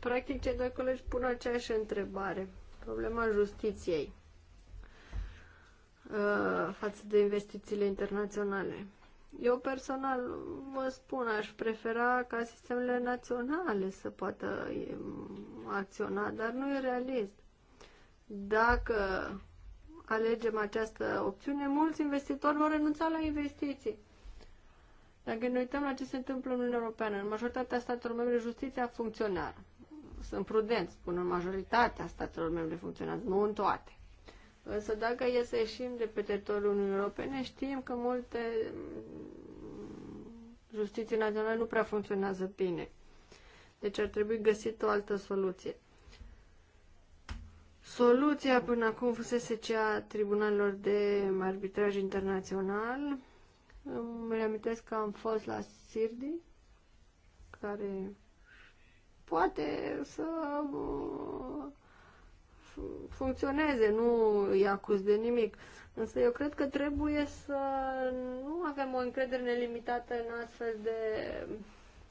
Practic, cei doi colegi pun aceeași întrebare. Problema justiției față de investițiile internaționale. Eu personal vă spun, aș prefera ca sistemele naționale să poată um, acționa, dar nu e realist. Dacă alegem această opțiune, mulți investitori vor renunța la investiții. Dacă ne uităm la ce se întâmplă în Uniunea Europeană, în majoritatea statelor membre justiția funcționează. Sunt prudenți, spun în majoritatea statelor membre funcționează, nu în toate. Însă dacă e să ieșim de pe teritoriul Uniunii Europene, știm că multe mm, justiții naționale nu prea funcționează bine. Deci ar trebui găsit o altă soluție. Soluția până acum fusese cea a tribunalelor de arbitraj internațional. Îmi reamintesc că am fost la Sirdi, care poate să uh, funcționeze, nu îi acuz de nimic. Însă eu cred că trebuie să nu avem o încredere nelimitată în astfel de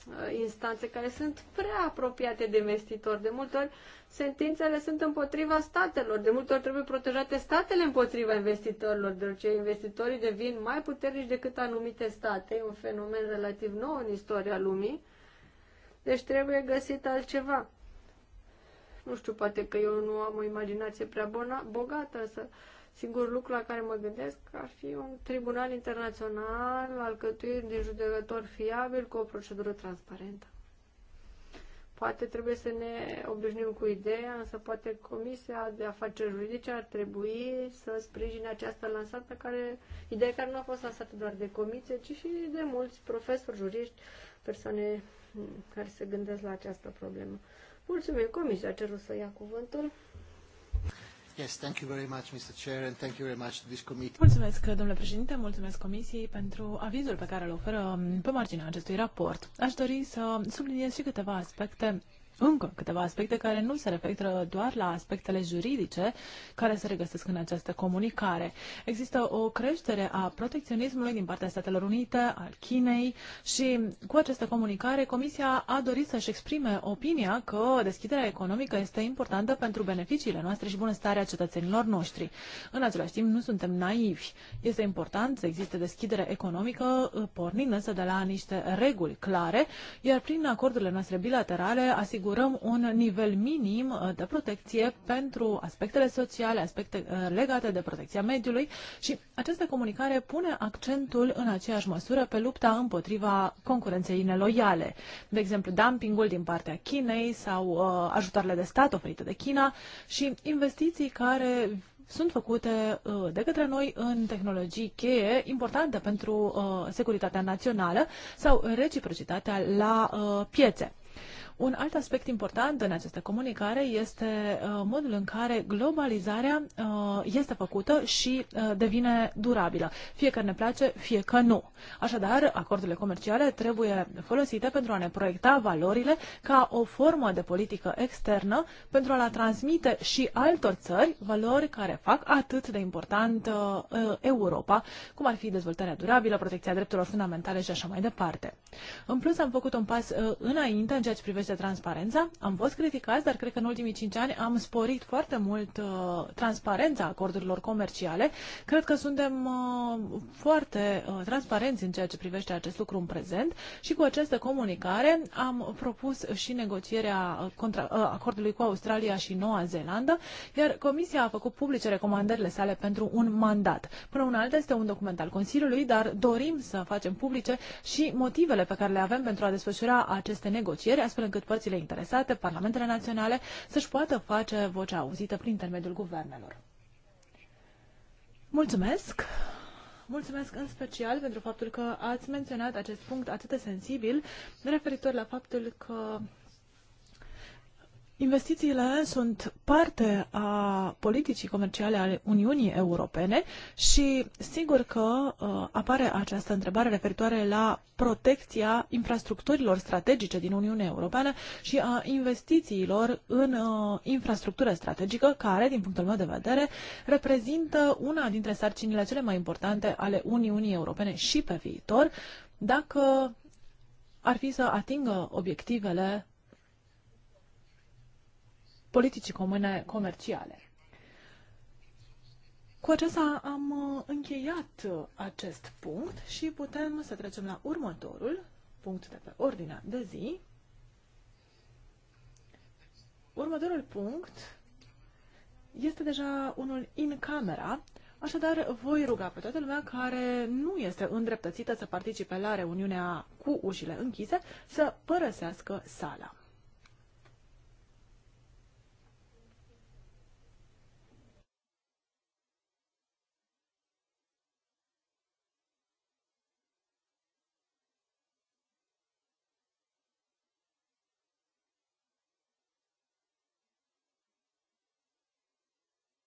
Uh, instanțe care sunt prea apropiate de investitori. De multe ori sentințele sunt împotriva statelor, de multe ori trebuie protejate statele împotriva investitorilor, deoarece investitorii devin mai puternici decât anumite state, e un fenomen relativ nou în istoria lumii, deci trebuie găsit altceva. Nu știu, poate că eu nu am o imaginație prea bona, bogată, însă Singurul lucru la care mă gândesc ar fi un tribunal internațional alcătuit de judecători fiabil, cu o procedură transparentă. Poate trebuie să ne obișnim cu ideea, însă poate Comisia de Afaceri Juridice ar trebui să sprijine această lansată care, ideea care nu a fost lansată doar de Comisie, ci și de mulți profesori, juriști, persoane hmm, care se gândesc la această problemă. Mulțumim, Comisia a cerut să ia cuvântul. Yes, thank you very much, Mr. Chair, and thank you very much to this committee. Mulțumesc, domnule președinte, mulțumesc Comisiei pentru avizul pe care îl oferă um, pe marginea acestui raport. Aș dori să subliniez și câteva aspecte încă câteva aspecte care nu se referă doar la aspectele juridice care se regăsesc în această comunicare. Există o creștere a protecționismului din partea Statelor Unite, al Chinei și cu această comunicare Comisia a dorit să-și exprime opinia că deschiderea economică este importantă pentru beneficiile noastre și bunăstarea cetățenilor noștri. În același timp, nu suntem naivi. Este important să existe deschidere economică, pornind însă de la niște reguli clare, iar prin acordurile noastre bilaterale asigurăm asigurăm un nivel minim uh, de protecție pentru aspectele sociale, aspecte uh, legate de protecția mediului și această comunicare pune accentul în aceeași măsură pe lupta împotriva concurenței neloiale. De exemplu, dumpingul din partea Chinei sau uh, ajutoarele de stat oferite de China și investiții care sunt făcute de către noi în tehnologii cheie importante pentru securitatea națională sau reciprocitatea la piețe. Un alt aspect important în această comunicare este uh, modul în care globalizarea uh, este făcută și uh, devine durabilă. Fie că ne place, fie că nu. Așadar, acordurile comerciale trebuie folosite pentru a ne proiecta valorile ca o formă de politică externă pentru a la transmite și altor țări valori care fac atât de important Europa, cum ar fi dezvoltarea durabilă, protecția drepturilor fundamentale și așa mai departe. În plus, am făcut un pas înainte în ceea ce privește este transparența. Am fost criticați, dar cred că în ultimii cinci ani am sporit foarte mult uh, transparența acordurilor comerciale. Cred că suntem uh, foarte uh, transparenți în ceea ce privește acest lucru în prezent și cu această comunicare am propus și negocierea uh, contra, uh, acordului cu Australia și Noua Zeelandă, iar Comisia a făcut publice recomandările sale pentru un mandat. Până un alt este un document al Consiliului, dar dorim să facem publice și motivele pe care le avem pentru a desfășura aceste negocieri, astfel încât încât părțile interesate, parlamentele naționale, să-și poată face vocea auzită prin intermediul guvernelor. Mulțumesc! Mulțumesc în special pentru faptul că ați menționat acest punct atât de sensibil referitor la faptul că Investițiile sunt parte a politicii comerciale ale Uniunii Europene și sigur că uh, apare această întrebare referitoare la protecția infrastructurilor strategice din Uniunea Europeană și a investițiilor în uh, infrastructură strategică, care, din punctul meu de vedere, reprezintă una dintre sarcinile cele mai importante ale Uniunii Europene și pe viitor, dacă ar fi să atingă obiectivele politicii comune comerciale. Cu acesta am uh, încheiat uh, acest punct și putem să trecem la următorul punct de pe ordinea de zi. Următorul punct este deja unul in camera, așadar voi ruga pe toată lumea care nu este îndreptățită să participe la reuniunea cu ușile închise să părăsească sala.